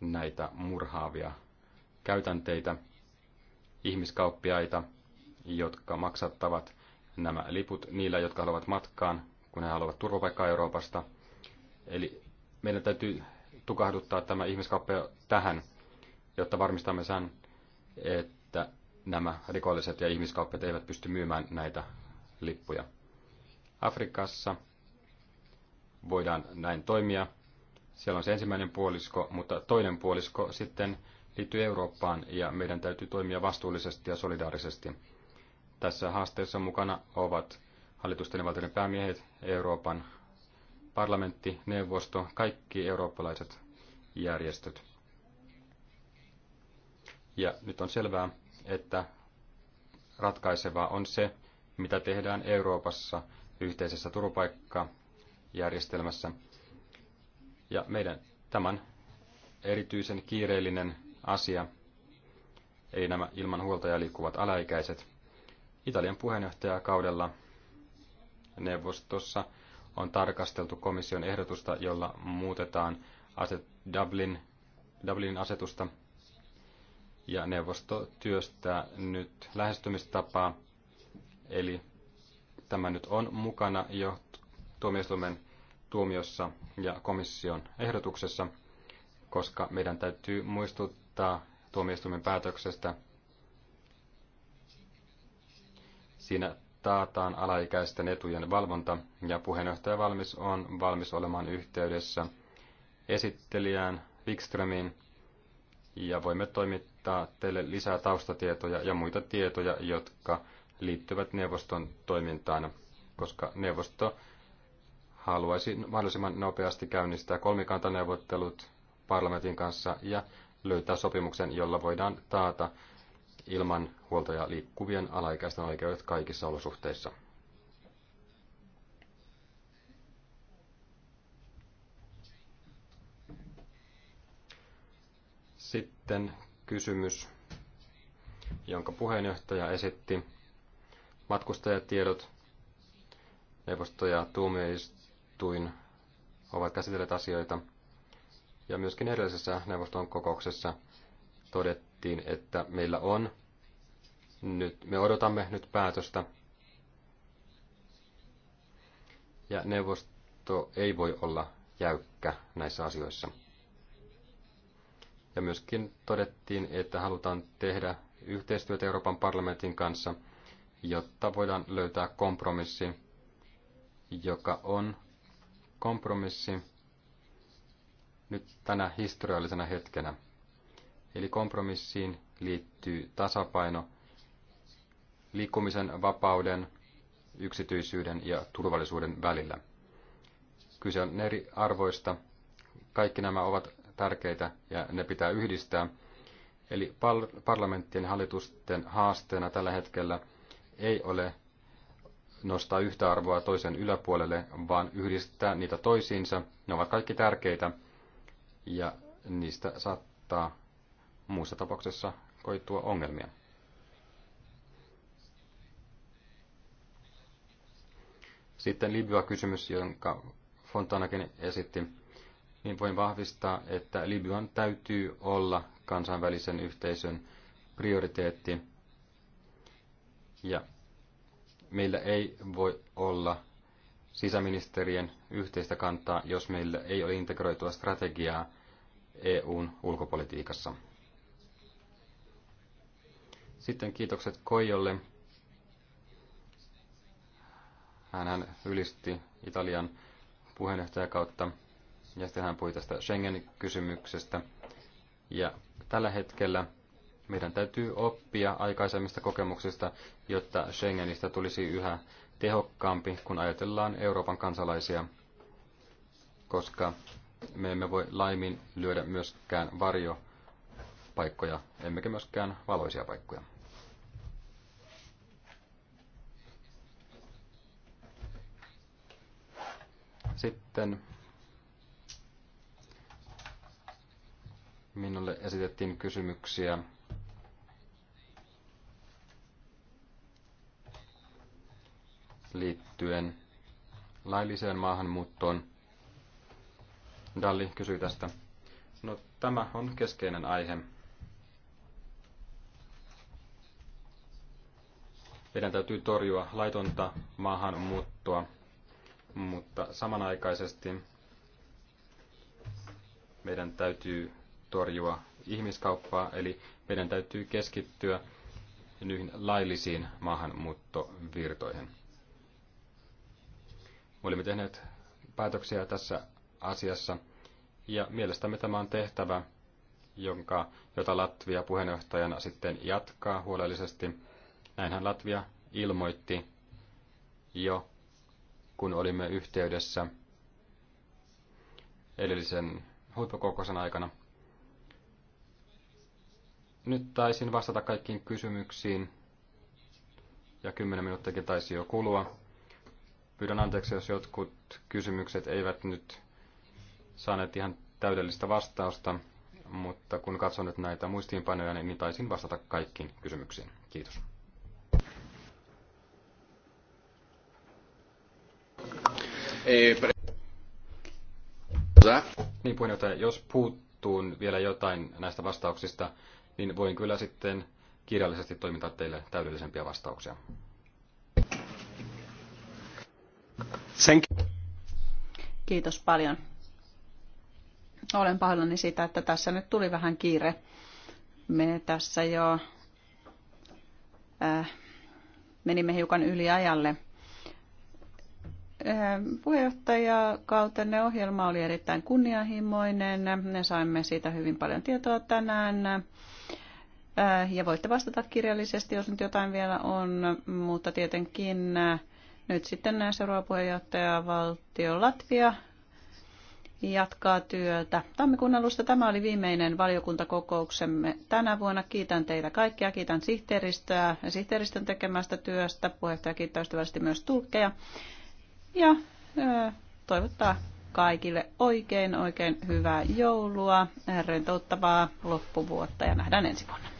näitä murhaavia käytänteitä, ihmiskauppiaita, jotka maksattavat nämä liput niillä, jotka haluavat matkaan, kun he haluavat turvapaikkaa Euroopasta. Eli meidän täytyy tukahduttaa tämä ihmiskauppa jo tähän, jotta varmistamme sen, että nämä rikolliset ja ihmiskauppiat eivät pysty myymään näitä lippuja. Afrikassa voidaan näin toimia. Siellä on se ensimmäinen puolisko, mutta toinen puolisko sitten liittyy Eurooppaan ja meidän täytyy toimia vastuullisesti ja solidaarisesti. Tässä haasteessa mukana ovat hallitusten ja valtioiden päämiehet, Euroopan parlamentti, neuvosto, kaikki eurooppalaiset järjestöt. Ja nyt on selvää, että ratkaisevaa on se, mitä tehdään Euroopassa yhteisessä turvapaikkajärjestelmässä. Ja meidän tämän erityisen kiireellinen asia, ei nämä ilman huoltajaa liikkuvat alaikäiset – Italian puheenjohtajakaudella neuvostossa on tarkasteltu komission ehdotusta, jolla muutetaan aset Dublin, Dublinin asetusta. Ja neuvosto työstää nyt lähestymistapaa, eli tämä nyt on mukana jo tuomioistuimen tuomiossa ja komission ehdotuksessa, koska meidän täytyy muistuttaa tuomioistuimen päätöksestä – Siinä taataan alaikäisten etujen valvonta ja puheenjohtaja valmis on valmis olemaan yhteydessä esittelijään Wikströmiin ja voimme toimittaa teille lisää taustatietoja ja muita tietoja, jotka liittyvät neuvoston toimintaan, koska neuvosto haluaisi mahdollisimman nopeasti käynnistää kolmikantaneuvottelut parlamentin kanssa ja löytää sopimuksen, jolla voidaan taata ilman huoltajaa liikkuvien alaikäisten oikeudet kaikissa olosuhteissa. Sitten kysymys, jonka puheenjohtaja esitti. Matkustajatiedot, neuvosto ja tuomioistuin ovat käsitelleet asioita. Ja myöskin edellisessä neuvoston kokouksessa todettiin, todettiin, että meillä on nyt, me odotamme nyt päätöstä. Ja neuvosto ei voi olla jäykkä näissä asioissa. Ja myöskin todettiin, että halutaan tehdä yhteistyötä Euroopan parlamentin kanssa, jotta voidaan löytää kompromissi, joka on kompromissi nyt tänä historiallisena hetkenä. Eli kompromissiin liittyy tasapaino liikkumisen vapauden, yksityisyyden ja turvallisuuden välillä. Kyse on eri arvoista. Kaikki nämä ovat tärkeitä ja ne pitää yhdistää. Eli parlamenttien hallitusten haasteena tällä hetkellä ei ole nostaa yhtä arvoa toisen yläpuolelle, vaan yhdistää niitä toisiinsa. Ne ovat kaikki tärkeitä ja niistä saattaa Muussa tapauksessa koitua ongelmia. Sitten Libya-kysymys, jonka Fontanakin esitti, niin voin vahvistaa, että Libyan täytyy olla kansainvälisen yhteisön prioriteetti. Ja meillä ei voi olla sisäministerien yhteistä kantaa, jos meillä ei ole integroitua strategiaa EUn ulkopolitiikassa. Sitten kiitokset Koijolle. Hän ylisti Italian puheenjohtajakautta ja sitten hän puhui tästä Schengen-kysymyksestä. Ja tällä hetkellä meidän täytyy oppia aikaisemmista kokemuksista, jotta Schengenistä tulisi yhä tehokkaampi, kun ajatellaan Euroopan kansalaisia, koska me emme voi laimin lyödä myöskään varjopaikkoja, emmekä myöskään valoisia paikkoja. Sitten minulle esitettiin kysymyksiä liittyen lailliseen maahanmuuttoon. Dalli kysyi tästä. No, tämä on keskeinen aihe. Meidän täytyy torjua laitonta maahanmuuttoa mutta samanaikaisesti meidän täytyy torjua ihmiskauppaa, eli meidän täytyy keskittyä niihin laillisiin maahanmuuttovirtoihin. Me olimme tehneet päätöksiä tässä asiassa, ja mielestämme tämä on tehtävä, jonka, jota Latvia puheenjohtajana sitten jatkaa huolellisesti. Näinhän Latvia ilmoitti jo kun olimme yhteydessä edellisen huippukokoisen aikana. Nyt taisin vastata kaikkiin kysymyksiin ja kymmenen minuuttakin taisi jo kulua. Pyydän anteeksi, jos jotkut kysymykset eivät nyt saaneet ihan täydellistä vastausta, mutta kun katson nyt näitä muistiinpanoja, niin taisin vastata kaikkiin kysymyksiin. Kiitos. Niin puheenjohtaja, jos puuttuu vielä jotain näistä vastauksista, niin voin kyllä sitten kirjallisesti toimittaa teille täydellisempiä vastauksia. Thank you. Kiitos paljon. Olen pahoillani siitä, että tässä nyt tuli vähän kiire. Me tässä jo äh, menimme hiukan yliajalle. ajalle. Ehm, puheenjohtajakautenne ohjelma oli erittäin kunnianhimoinen. Me saimme siitä hyvin paljon tietoa tänään. Ehm, ja voitte vastata kirjallisesti, jos nyt jotain vielä on, mutta tietenkin eh, nyt sitten seuraava puheenjohtaja valtio Latvia jatkaa työtä. Tammikuun alusta tämä oli viimeinen valiokuntakokouksemme tänä vuonna. Kiitän teitä kaikkia, kiitän sihteeristöä ja sihteeristön tekemästä työstä. Puheenjohtaja kiittää ystävällisesti myös tulkkeja ja toivottaa kaikille oikein oikein hyvää joulua, rentouttavaa loppuvuotta ja nähdään ensi vuonna.